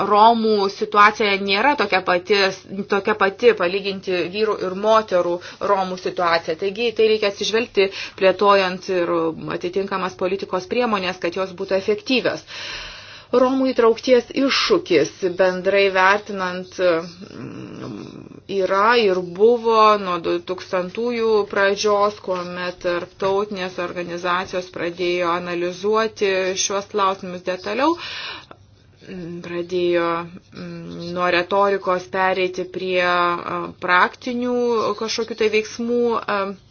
Romų situacija nėra tokia pati, tokia pati palyginti vyrų ir moterų Romų situacija. Taigi tai reikia atsižvelgti plėtojant ir atitinkamas politikos priemonės, kad jos būtų efektyvios. Uh, Romų įtraukties iššūkis bendrai vertinant mm, yra ir buvo nuo 2000 pradžios, kuomet tarptautinės organizacijos pradėjo analizuoti šiuos klausimus detaliau pradėjo mm, nuo retorikos pereiti prie praktinių kažkokių tai veiksmų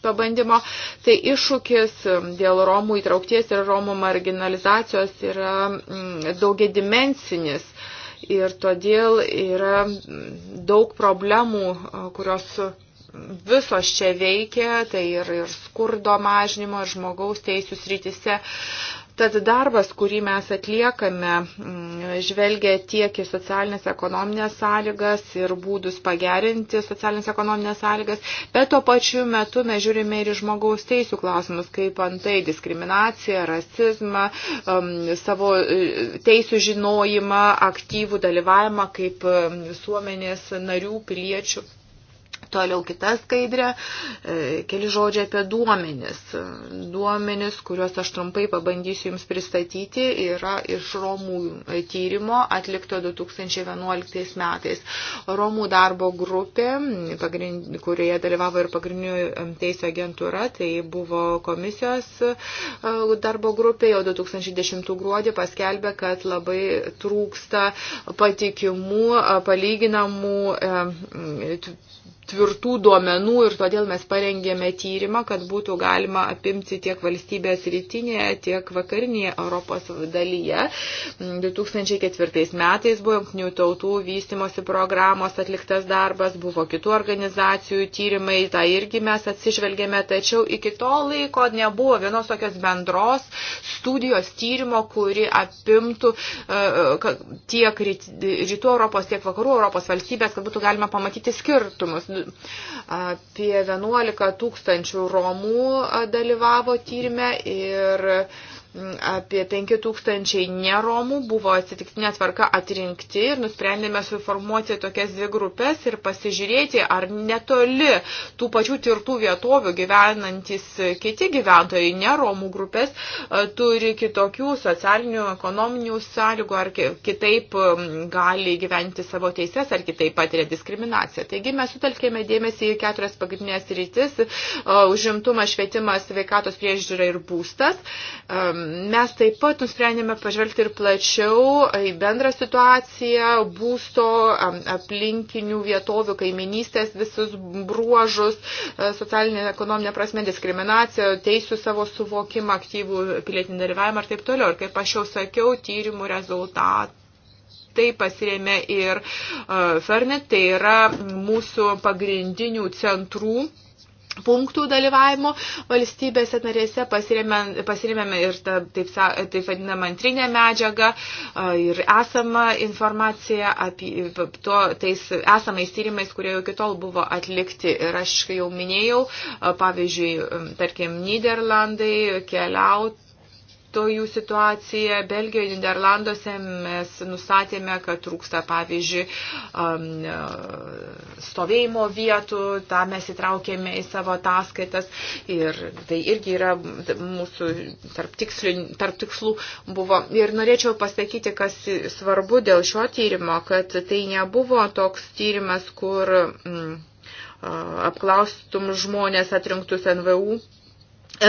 pabandymo. Tai iššūkis dėl Romų įtraukties ir Romų marginalizacijos yra mm, daugiadimensinis. Ir todėl yra mm, daug problemų, kurios visos čia veikia, tai ir, ir skurdo mažnymo, ir žmogaus teisų srityse. Uh, Tas darbas, kurį mes atliekame, mm, žvelgia tiek į socialinės ekonominės sąlygas ir būdus pagerinti socialinės ekonominės sąlygas, bet tuo pačiu metu mes žiūrime ir į žmogaus teisų klausimus, kaip antai diskriminacija, rasizmą, mm, savo e, teisų žinojimą, aktyvų dalyvavimą kaip mm, visuomenės narių, piliečių. Toliau kita skaidrė, e, keli žodžiai apie duomenis. Duomenis, kuriuos aš trumpai pabandysiu Jums pristatyti, yra iš Romų e, tyrimo atlikto 2011 metais. Romų darbo grupė, kurioje dalyvavo ir pagrindinių e, teisų agentūra, tai buvo komisijos darbo grupė, jau 2010 gruodį paskelbė, kad labai trūksta patikimų, palyginamų tvirtų duomenų ir todėl mes parengėme tyrimą, kad būtų galima apimti tiek valstybės rytinėje, tiek vakarinėje Europos dalyje. 2004 mm, metais buvo jungtinių tautų vystimosi programos atliktas darbas, buvo kitų organizacijų tyrimai, tą irgi mes atsižvelgėme, tačiau iki to laiko nebuvo vienos tokios bendros studijos tyrimo, kuri apimtų e, e, tiek rytų Europos, tiek vakarų Europos valstybės, kad būtų galima pamatyti skirtumus. Apie 11 tūkstančių Romų dalyvavo tyrimė ir apie 5000 neromų buvo atsitiktinė tvarka atrinkti ir nusprendėme suformuoti tokias dvi grupės ir pasižiūrėti, ar netoli tų pačių tirtų vietovių gyvenantis kiti gyventojai, neromų grupės, e, turi kitokių socialinių, ekonominių sąlygų, ar kitaip gali gyventi savo teises, ar kitaip patiria diskriminaciją. Taigi mes sutelkėme dėmesį į keturias pagrindinės rytis e, - užimtumas, švietimas, sveikatos priežiūra ir būstas. Um, mes taip pat nusprendėme pažvelgti ir plačiau į bendrą situaciją, būsto, aplinkinių vietovių, kaiminystės visus bruožus, e, socialinė, ekonominė prasme, diskriminacija, teisų savo suvokimą, aktyvų pilietinį dalyvavimą ir taip toliau. Ir kaip aš jau sakiau, tyrimų rezultatų tai pasirėmė ir e, Fernet, tai yra mūsų pagrindinių centrų punktų dalyvavimo valstybėse narėse pasirėmėme ir ta, taip, taip vadinamą antrinę medžiagą ir esamą informaciją apie to, tais esamais tyrimais, kurie jau kitol buvo atlikti. Ir aš jau minėjau, pavyzdžiui, tarkim, Niderlandai keliauti darbuotojų situacija Belgijoje, Niderlanduose mes nustatėme, kad trūksta, pavyzdžiui, um, stovėjimo vietų, tą mes įtraukėme į savo ataskaitas ir tai irgi yra mūsų tarp, tikslių, tarp tikslų buvo. Ir norėčiau pasakyti, kas svarbu dėl šio tyrimo, kad tai nebuvo toks tyrimas, kur mm, apklaustum žmonės atrinktus NVU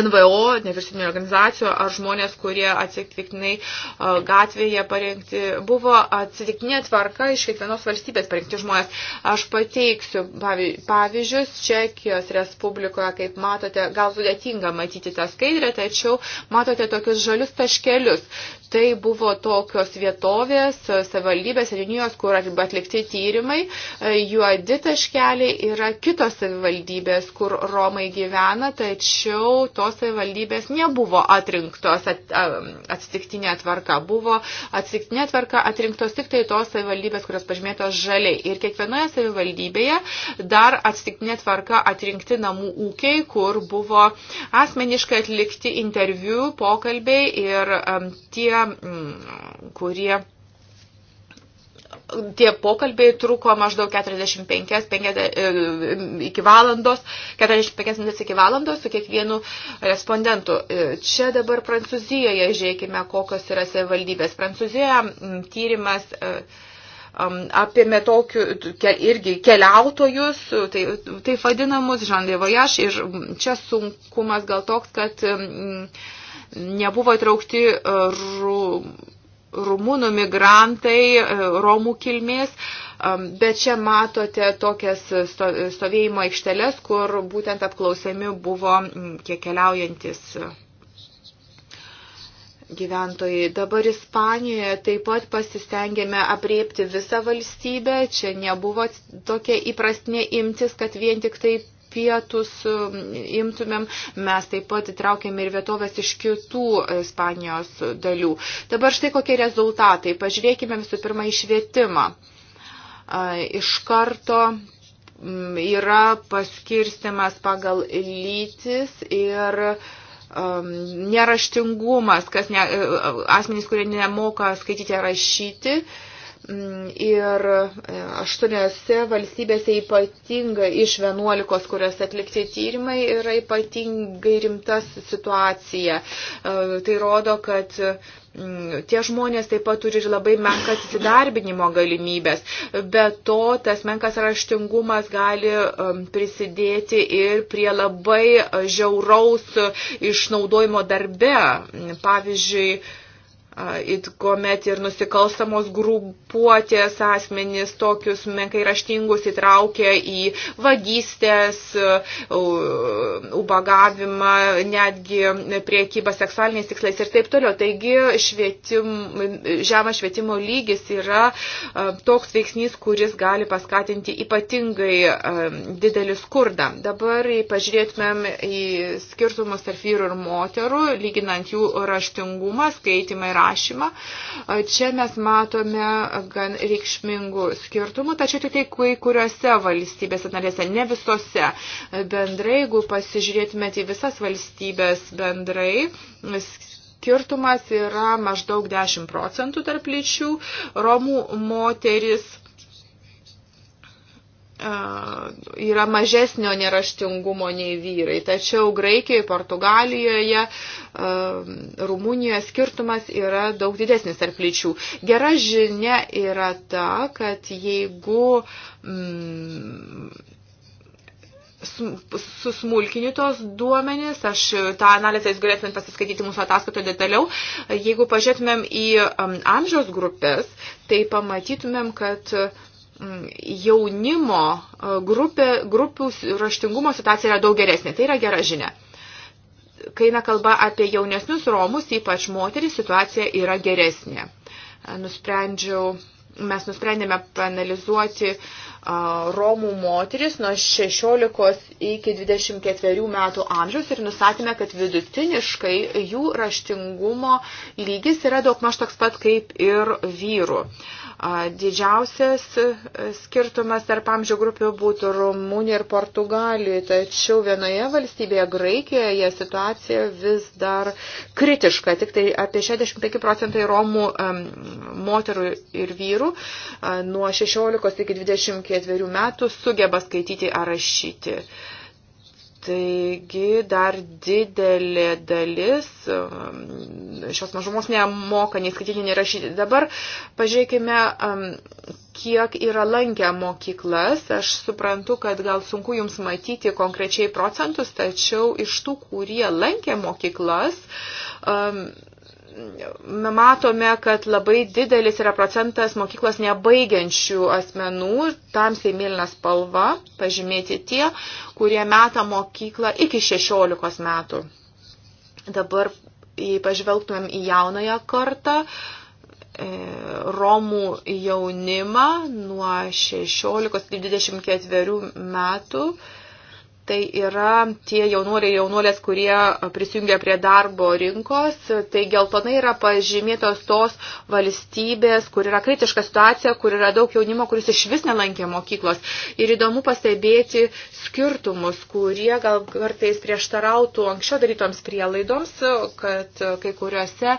NVO, nevyriausybinio organizacijų ar žmonės, kurie atsitiktinai gatvėje parengti, buvo atsitiktinė tvarka iš kiekvienos valstybės parengti žmonės. Aš pateiksiu pavyzdžius Čekijos Respublikoje, kaip matote, gal sudėtinga matyti tą skaidrę, tačiau matote tokius žalius taškelius tai buvo tokios vietovės, savivaldybės, linijos, kur atlikti tyrimai. Juodi taškeliai yra kitos savivaldybės, kur Romai gyvena, tačiau tos savivaldybės nebuvo atrinktos at, atsitiktinė tvarka. Buvo atsitiktinė tvarka atrinktos tik tai tos savivaldybės, kurios pažymėtos žaliai. Ir kiekvienoje savivaldybėje dar atsitiktinė tvarka atrinkti namų ūkiai, kur buvo asmeniškai atlikti interviu, pokalbiai ir um, tie Mm, kurie tie pokalbiai truko maždaug 45 50, e, iki valandos, 45 minutės iki valandos su kiekvienu respondentu. E, čia dabar Prancūzijoje, žiūrėkime, kokios yra savivaldybės. Prancūzijoje tyrimas e, apėmė tokių irgi keliautojus, tai, tai vadinamus, žandėvojaš, ir čia sunkumas gal toks, kad mm, nebuvo įtraukti e, rumunų migrantai, e, romų kilmės, bet čia matote tokias stovėjimo aikšteles, kur būtent apklausiami buvo kiek keliaujantis e, gyventojai. Dabar Ispanijoje taip pat pasistengėme apriepti visą valstybę. Čia nebuvo tokia įprastinė imtis, kad vien tik tai pietus um, imtumėm, mes taip pat įtraukėm ir vietovės iš kitų e, Ispanijos dalių. Dabar štai kokie rezultatai. Pažiūrėkime visų pirma į švietimą. Iš karto mm, yra paskirstimas pagal lytis ir um, neraštingumas, kas ne, e, e, asmenys, kurie nemoka skaityti ar rašyti. Uh, Mm, ir e, aštuoniuose valstybėse ypatinga iš vienuolikos, kuriuose atlikti tyrimai, yra ypatingai rimta situacija. E, tai rodo, kad mm, tie žmonės taip pat turi ir labai menkas įsidarbinimo galimybės. Be to, tas menkas raštingumas gali e, prisidėti ir prie labai žiauraus išnaudojimo darbe. Pavyzdžiui, it kuomet ir nusikalstamos grupuotės asmenys tokius menkai raštingus įtraukia į vagystės, ubagavimą, netgi priekybą seksualiniais tikslais ir taip toliau. Taigi švietim, žemas švietimo lygis yra toks veiksnys, kuris gali paskatinti ypatingai didelį skurdą. Dabar pažiūrėtumėm į skirtumus tarp vyrų ir moterų, lyginant jų raštingumą, skaitimą ir prašymą. Čia mes matome gan reikšmingų skirtumų, tačiau tik tai kai kuriuose valstybės narėse, ne visose. Bendrai, jeigu pasižiūrėtumėte į visas valstybės bendrai, skirtumas yra maždaug 10 procentų tarp lyčių. Romų moteris yra mažesnio neraštingumo nei vyrai. Tačiau Graikijoje, Portugalijoje, Rumunijoje skirtumas yra daug didesnis tarp lyčių. Gera žinia yra ta, kad jeigu mm, susmulkini tos duomenys, aš tą analizę jūs galėtumėt pasiskaityti mūsų ataskaitoje detaliau. Jeigu pažiūrėtumėm į amžiaus grupės, tai pamatytumėm, kad uh, Mm, jaunimo e, grupė, grupių raštingumo situacija yra daug geresnė. Tai yra gera žinia. Kai eina kalba apie jaunesnius romus, ypač moterį, situacija yra geresnė. E, nusprendžiau, mes nusprendėme panalizuoti e, romų moteris nuo 16 iki 24 metų amžiaus ir nustatėme, kad vidutiniškai jų raštingumo lygis yra daugmaž toks pat kaip ir vyrų. Uh, Didžiausias e, skirtumas tarp amžių grupių būtų Rumunija ir Portugalija, tačiau vienoje valstybėje, Graikijoje, situacija vis dar kritiška. Tik tai apie 65 procentai Romų moterų ir vyrų nuo 16 iki 24 metų sugeba skaityti ar rašyti. Uh, Taigi dar didelė dalis um, šios mažumos nemoka nei skaityti, nei rašyti. Dabar pažiūrėkime, um, kiek yra lankę mokyklas. Aš suprantu, kad gal sunku jums matyti konkrečiai procentus, tačiau iš tų, kurie lankė mokyklas, um, matome, kad labai didelis yra procentas mokyklos nebaigiančių asmenų, tamsiai mėlyna spalva, pažymėti tie, kurie meta mokyklą iki 16 metų. Dabar, jei pažvelgtumėm į jaunąją kartą, e, Romų jaunimą nuo 16 iki 24 metų, Tai yra tie jaunuoliai ir jaunuolės, kurie prisijungia prie darbo rinkos. Tai geltonai yra pažymėtos tos valstybės, kur yra kritiška situacija, kur yra daug jaunimo, kuris iš vis nelankė mokyklos. Ir įdomu pastebėti skirtumus, kurie gal kartais prieštarautų anksčiau darytoms prielaidoms, kad kai kuriuose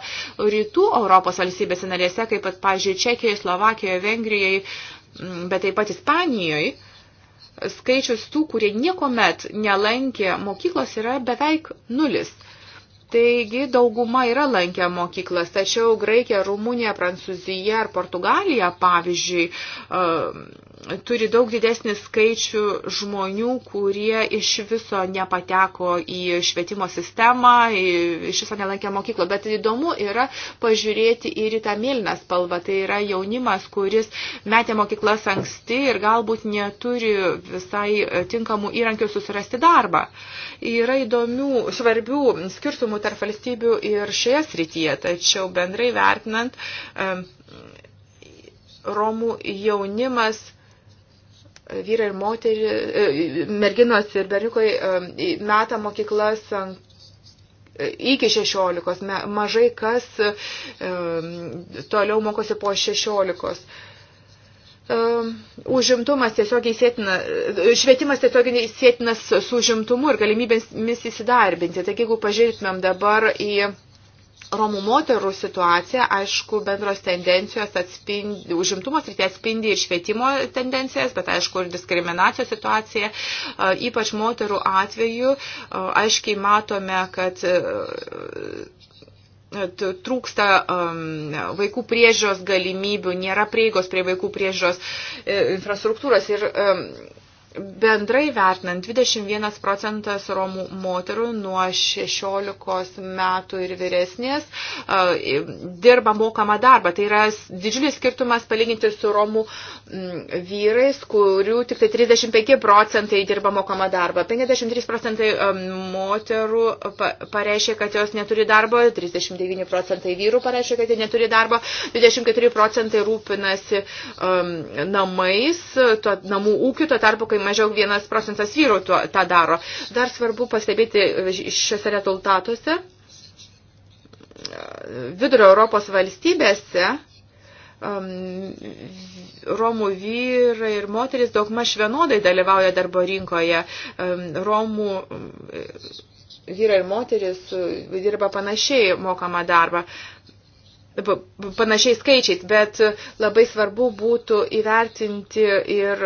rytų Europos valstybėse narėse, kaip pat, pavyzdžiui, Čekijoje, Slovakijoje, Vengrijoje, bet taip pat Ispanijoje, skaičius tų, kurie niekuomet nelankė mokyklos, yra beveik nulis. Taigi dauguma yra lankę mokyklas, tačiau Graikija, Rumunija, Prancūzija ar Portugalija, pavyzdžiui, uh, turi daug didesnį skaičių žmonių, kurie iš viso nepateko į švietimo sistemą, iš viso nelankė mokyklą. Bet įdomu yra pažiūrėti ir į tą mėlyną spalvą. Tai yra jaunimas, kuris metė mokyklas anksti ir galbūt neturi visai tinkamų įrankių susirasti darbą. Yra įdomių, svarbių skirtumų tarp valstybių ir šioje srityje, tačiau bendrai vertinant, Romų jaunimas vyrai ir moterį, e, merginos ir berniukai e, meta mokyklas e, iki 16, mažai kas toliau mokosi po 16 užimtumas tiesiog įsėtina, švietimas tiesiog įsėtinas su užimtumu ir galimybėmis įsidarbinti. Taigi, jeigu pažiūrėtumėm dabar į Romų moterų situacija, aišku, bendros tendencijos atspindi, užimtumo srityje atspindi ir švietimo tendencijas, bet aišku, ir diskriminacijos situacija, ypač moterų atveju, aiškiai matome, kad trūksta vaikų priežios galimybių, nėra prieigos prie vaikų priežios e, infrastruktūros ir Bendrai vertinant, 21 procentas romų moterų nuo 16 metų ir vyresnės e, dirba mokamą darbą. Tai yra didžiulis skirtumas palyginti su romų Mm, vyrais, kurių tik tai 35 procentai dirba mokamą darbą. 53 procentai moterų pareiškia, kad jos neturi darbo, 39 procentai vyrų pareiškia, kad jie neturi darbo, 24 procentai rūpinasi um, namais, tuo, namų ūkiu, tuo tarpu, kai mažiau 1 procentas vyrų tuo, tą daro. Dar svarbu pastebėti e, šiuose rezultatuose. E, Vidurio Europos valstybėse um, Romų vyrai ir moteris daugmaž vienodai dalyvauja darbo rinkoje. Romų vyrai ir moteris e, dirba panašiai mokamą darbą panašiais skaičiais, bet labai svarbu būtų įvertinti ir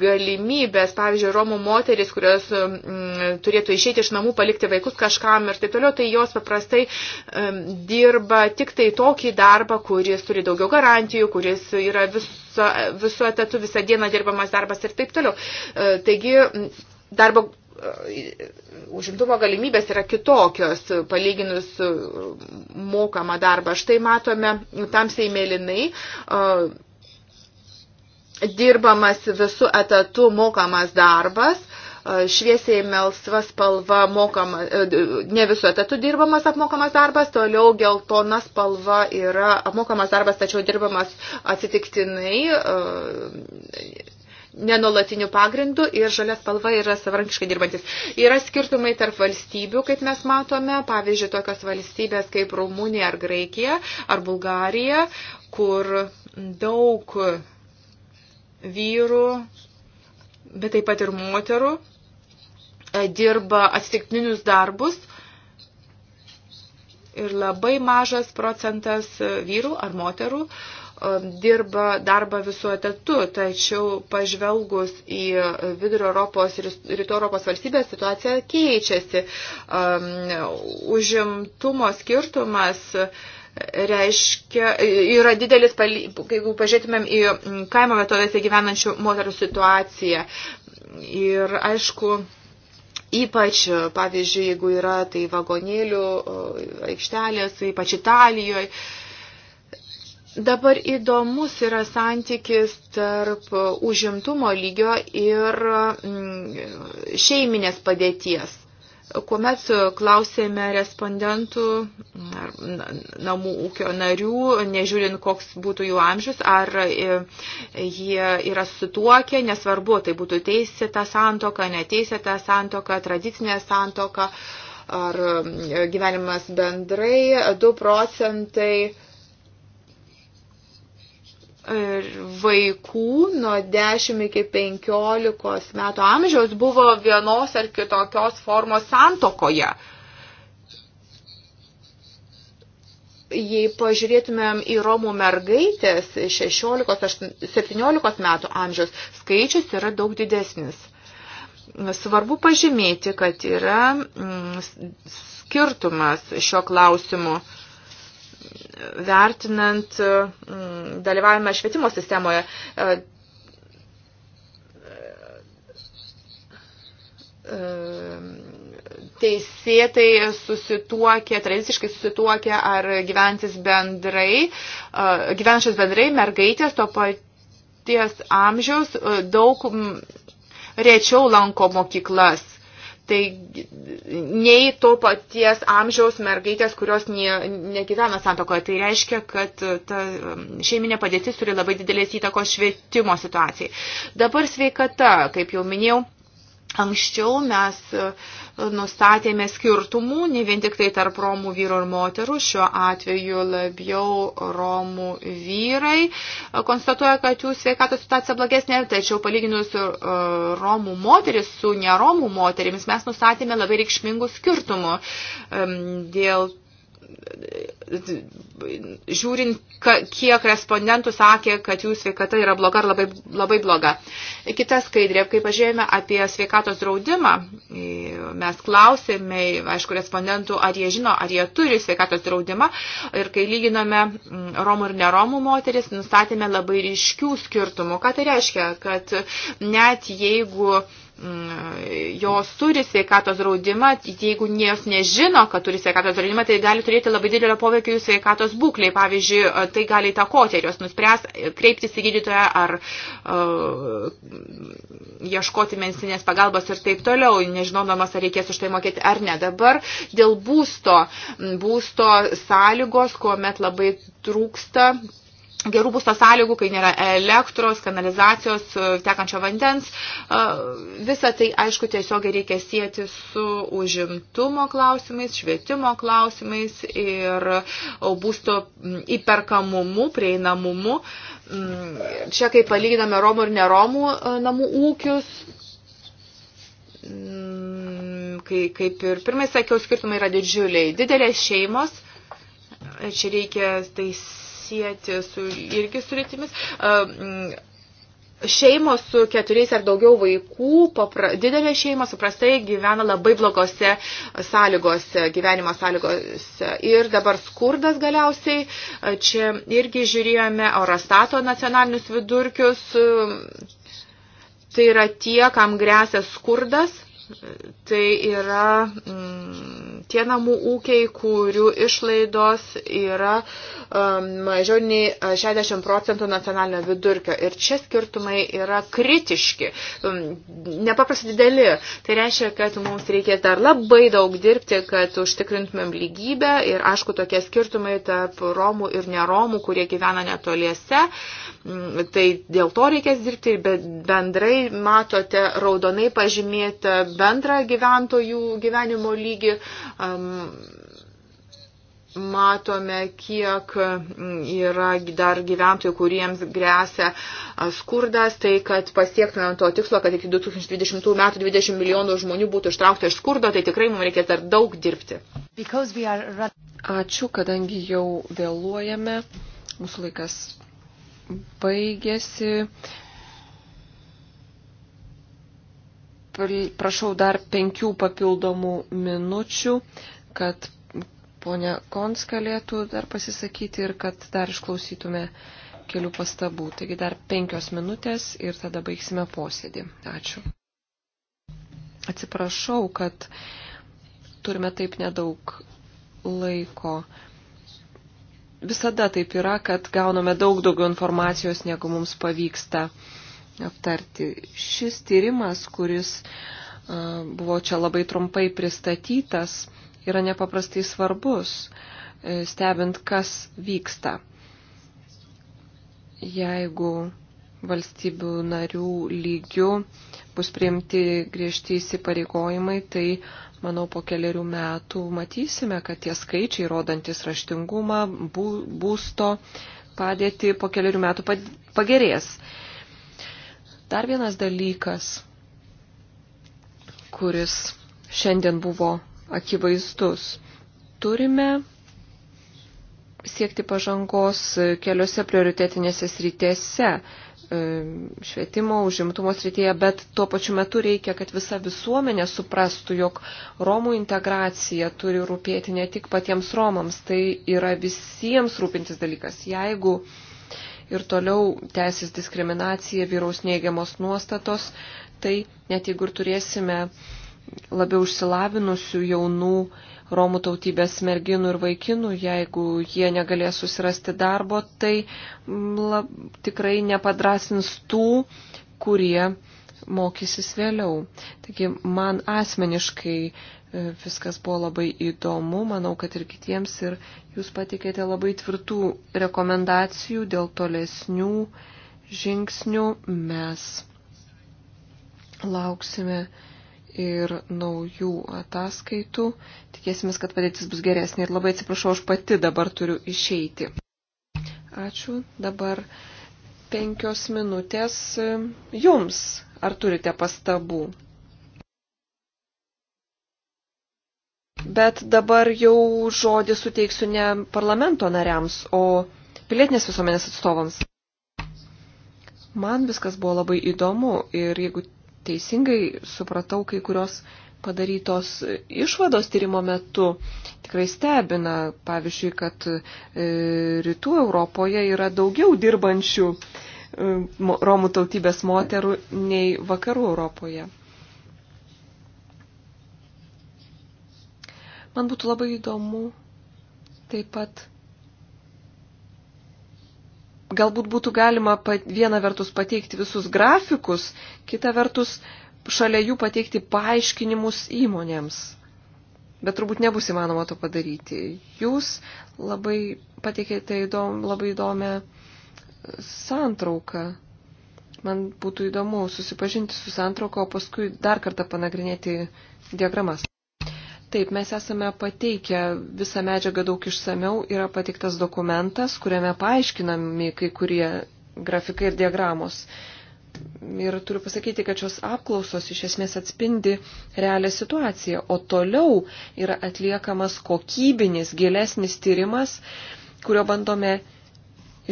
galimybės, pavyzdžiui, Romų moteris, kurios m, turėtų išeiti iš namų, palikti vaikus kažkam ir taip toliau, tai jos paprastai m, dirba tik tai tokį darbą, kuris turi daugiau garantijų, kuris yra viso, viso etatu, visą dieną dirbamas darbas ir taip toliau. E, taigi, darbo E, užimtumo galimybės yra kitokios palyginus mokamą darbą. Štai matome tamsiai mėlynai e, dirbamas visų etatų mokamas darbas, e, šviesiai melsva spalva mokama, ne visų etatų dirbamas apmokamas darbas, toliau geltona spalva yra apmokamas darbas, tačiau dirbamas atsitiktinai nenolatiniu pagrindu ir žalia spalva yra savarankiškai dirbantis. Yra skirtumai tarp valstybių, kaip mes matome, pavyzdžiui, tokios valstybės kaip Rumunija ar Graikija ar Bulgarija, kur daug vyrų, bet taip pat ir moterų e, dirba atsitiktinius darbus ir labai mažas procentas vyrų ar moterų uh, Um, dirba darbą visų atetu, tačiau pažvelgus į vidurio Europos ir rytų Europos valstybės situacija keičiasi. Um, užimtumo skirtumas reiškia, yra didelis, jeigu pažiūrėtumėm į kaimo vietovėse gyvenančių moterų situaciją. Ir aišku, Ypač, pavyzdžiui, jeigu yra tai vagonėlių uh, aikštelės, ypač Italijoje, Dabar įdomus yra santykis tarp užimtumo lygio ir mm, šeiminės padėties. Kuomet klausėme respondentų ar namų ūkio narių, nežiūrint, koks būtų jų amžius, ar e, jie yra sutuokę, nesvarbu, tai būtų teisėta santoka, neteisėta santoka, tradicinė santoka ar mm, gyvenimas bendrai, 2 procentai vaikų nuo 10 iki 15 metų amžiaus buvo vienos ar kitokios formos santokoje. Jei pažiūrėtumėm į Romų mergaitės 16-17 metų amžiaus, skaičius yra daug didesnis. Svarbu pažymėti, kad yra mm, skirtumas šio klausimu vertinant e, dalyvavimą švietimo sistemoje. E, e, teisėtai susituokė, tradiciškai susituokė ar gyventis bendrai, gyvenančios bendrai mergaitės to paties amžiaus daug rečiau lanko mokyklas tai nei to paties amžiaus mergaitės, kurios ne, negyvena santokoje. Tai reiškia, kad ta um, šeiminė padėtis turi labai didelės įtakos švietimo situacijai. Dabar sveikata, kaip jau minėjau, Anksčiau mes e, nustatėme skirtumų, ne vien tik tai tarp romų vyro ir moterų, šiuo atveju labiau romų vyrai e, konstatuoja, kad jų sveikatos situacija blogesnė, tačiau palyginus e, romų moteris su neromų moterimis mes nustatėme labai reikšmingų skirtumų. Dėl žiūrint, kiek respondentų sakė, kad jų sveikata yra bloga ar labai, labai bloga. Kita skaidrė, kai pažiūrėjome apie sveikatos draudimą, mes klausėme, aišku, respondentų, ar jie žino, ar jie turi sveikatos draudimą. Ir kai lyginome mm, romų ir neromų moteris, nustatėme labai ryškių skirtumų. Ką tai reiškia? Kad net jeigu Mm, jos turi sveikatos draudimą, jeigu jos nežino, kad turi sveikatos draudimą, tai gali turėti labai didelio poveikio jų sveikatos būklei. Pavyzdžiui, e, tai gali įtakoti, ar jos nuspręs kreiptis į gydytoją, ar uh, ieškoti medicinės pagalbos ir taip toliau, nežinodamas, ar reikės už tai mokėti ar ne. Dabar dėl būsto, būsto sąlygos, kuomet labai trūksta gerų būsto sąlygų, kai nėra elektros, kanalizacijos, e, tekančio vandens. E, Visą tai, aišku, tiesiog reikia sieti su užimtumo klausimais, švietimo klausimais ir e, būsto įperkamumu, prieinamumu. Čia, kai palyginame Romų ir neromų namų ūkius, kai, kaip ir pirmai sakiau, skirtumai yra didžiuliai. Didelės šeimos, čia reikia tais sieti su, irgi su rytimis. Šeimos su keturiais ar daugiau vaikų, papra, didelė šeima, suprastai gyvena labai blogose sąlygose, gyvenimo sąlygose. Ir dabar skurdas galiausiai, čia irgi žiūrėjome Eurostato nacionalinius vidurkius, tai yra tie, kam grėsia skurdas, tai yra. Mm, tie namų ūkiai, kurių išlaidos yra um, mažiau nei 60 uh, procentų nacionalinio vidurkio. Ir čia skirtumai yra kritiški, um, nepaprastai dideli. Tai reiškia, kad mums reikės dar labai daug dirbti, kad užtikrintumėm lygybę ir, aišku, tokie skirtumai tarp Romų ir neromų, kurie gyvena netoliese. Um, tai dėl to reikės dirbti ir bendrai matote raudonai pažymėtą bendrą gyventojų gyvenimo lygį um, matome, kiek yra dar gyventojų, kuriems grėsia skurdas, tai kad pasiektumėm to tikslo, kad iki 2020 metų 20 milijonų žmonių būtų ištraukta iš skurdo, tai tikrai mums reikės dar daug dirbti. Are... Ačiū, kadangi jau vėluojame, mūsų laikas baigėsi. prašau dar penkių papildomų minučių, kad ponia Kons galėtų dar pasisakyti ir kad dar išklausytume kelių pastabų. Taigi dar penkios minutės ir tada baigsime posėdį. Ačiū. Atsiprašau, kad turime taip nedaug laiko. Visada taip yra, kad gauname daug daugiau informacijos, negu mums pavyksta uh, aptarti. Šis tyrimas, kuris buvo čia labai trumpai pristatytas, yra nepaprastai svarbus, e, stebint, kas vyksta. Jeigu valstybių narių lygių bus priimti griežti įsipareigojimai, tai manau po keliarių metų matysime, kad tie skaičiai, rodantis raštingumą, bū, būsto padėti po keliarių metų pagerės. Dar vienas dalykas, kuris šiandien buvo akivaizdus. Turime siekti pažangos keliose prioritetinėse srityse e, švietimo, užimtumo srityje, bet tuo pačiu metu reikia, kad visa visuomenė suprastų, jog Romų integracija turi rūpėti ne tik patiems Romams, tai yra visiems rūpintis dalykas. Jeigu uh, ir toliau tęsis diskriminacija, vyraus neigiamos nuostatos, tai net jeigu ir turėsime labiau išsilavinusių jaunų Romų tautybės merginų ir vaikinų, jeigu jie negalės susirasti darbo, tai mm, lab, tikrai nepadrasins tų, kurie mokysis vėliau. Taigi man asmeniškai e, viskas buvo labai įdomu, manau, kad ir kitiems ir jūs patikėte labai tvirtų rekomendacijų dėl tolesnių žingsnių. Mes lauksime ir naujų ataskaitų. Tikėsimės, kad padėtis bus geresnė ir labai atsiprašau, aš pati dabar turiu išeiti. Ačiū. Dabar penkios minutės e, jums. Ar turite pastabų? Bet dabar jau žodį suteiksiu ne parlamento nariams, o pilietinės visuomenės atstovams. Man viskas buvo labai įdomu ir jeigu teisingai supratau kai kurios padarytos išvados tyrimo metu tikrai stebina. Pavyzdžiui, kad e, rytų Europoje yra daugiau dirbančių e, Romų tautybės moterų nei vakarų Europoje. Man būtų labai įdomu taip pat galbūt būtų galima pat, viena vertus pateikti visus grafikus, kita vertus šalia jų pateikti paaiškinimus įmonėms. Bet turbūt nebus įmanoma to padaryti. Jūs labai pateikėte įdom, labai įdomią santrauką. Man būtų įdomu susipažinti su santrauko, o paskui dar kartą panagrinėti diagramas. Taip, mes esame pateikę visą medžiagą daug išsameu, yra pateiktas dokumentas, kuriame paaiškinami kai kurie grafikai ir diagramos. Ir turiu pasakyti, kad šios apklausos iš esmės atspindi realią situaciją, o toliau yra atliekamas kokybinis, gilesnis tyrimas, kurio bandome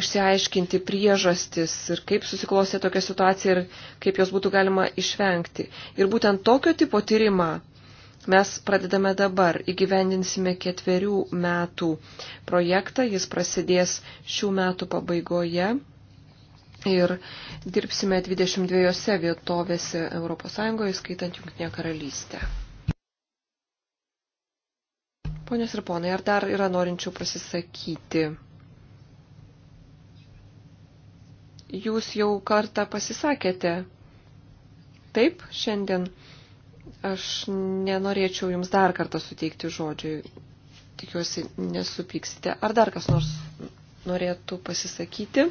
išsiaiškinti priežastis ir kaip susiklostė tokia situacija ir kaip jos būtų galima išvengti. Ir būtent tokio tipo tyrimą mes pradedame dabar, įgyvendinsime ketverių metų projektą, jis prasidės šių metų pabaigoje ir dirbsime 22 vietovėse ES, skaitant Junktinę karalystę. Ponios ir ponai, ar dar yra norinčių pasisakyti? Jūs jau kartą pasisakėte. Taip, šiandien aš nenorėčiau jums dar kartą suteikti žodžiui. Tikiuosi, nesupyksite. Ar dar kas nors norėtų pasisakyti?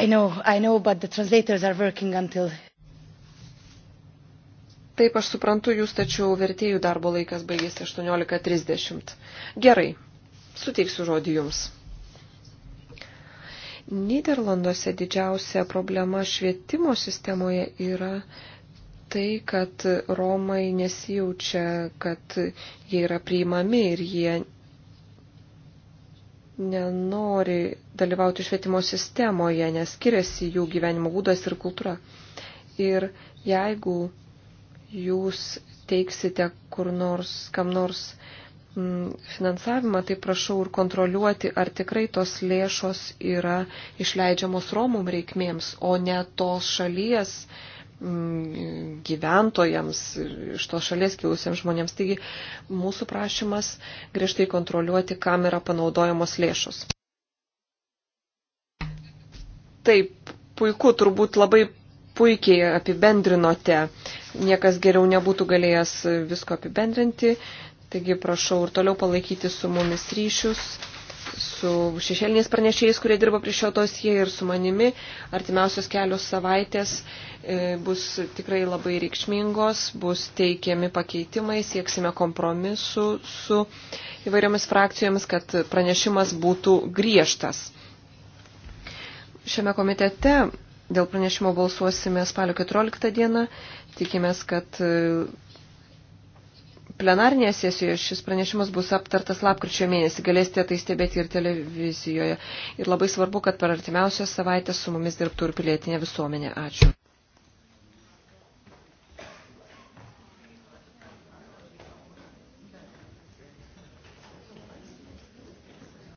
I know, I know, but the translators are working until. Taip, aš suprantu, jūs tačiau vertėjų darbo laikas baigėsi 18.30. Gerai, suteiksiu žodį jums. Niderlanduose didžiausia problema švietimo sistemoje yra tai, kad Romai nesijaučia, kad jie yra priimami ir jie nenori dalyvauti švietimo sistemoje, nes skiriasi jų gyvenimo būdas ir kultūra. Ir jeigu jūs teiksite kur nors, kam nors m, mm, finansavimą, tai prašau ir kontroliuoti, ar tikrai tos lėšos yra išleidžiamos Romum reikmėms, o ne tos šalies uh, Mm, gyventojams, iš tos šalies kilusiems žmonėms. Taigi mūsų prašymas griežtai kontroliuoti, kam yra panaudojamos lėšos. Taip, puiku, turbūt labai puikiai apibendrinote. Niekas geriau nebūtų galėjęs visko apibendrinti. Taigi prašau ir toliau palaikyti su mumis ryšius su šešėliniais pranešėjais, kurie dirba prie šio dosie ir su manimi. Artimiausios kelios savaitės e, bus tikrai labai reikšmingos, bus teikiami pakeitimai, sieksime kompromisu su įvairiomis frakcijomis, kad pranešimas būtų griežtas. Šiame komitete dėl pranešimo balsuosime spalio 14 dieną. Tikimės, kad e, plenarnėje sesijoje šis pranešimas bus aptartas lapkričio mėnesį, galėsite tai stebėti ir televizijoje. Ir labai svarbu, kad per artimiausią savaitę su mumis dirbtų ir pilietinė visuomenė. Ačiū.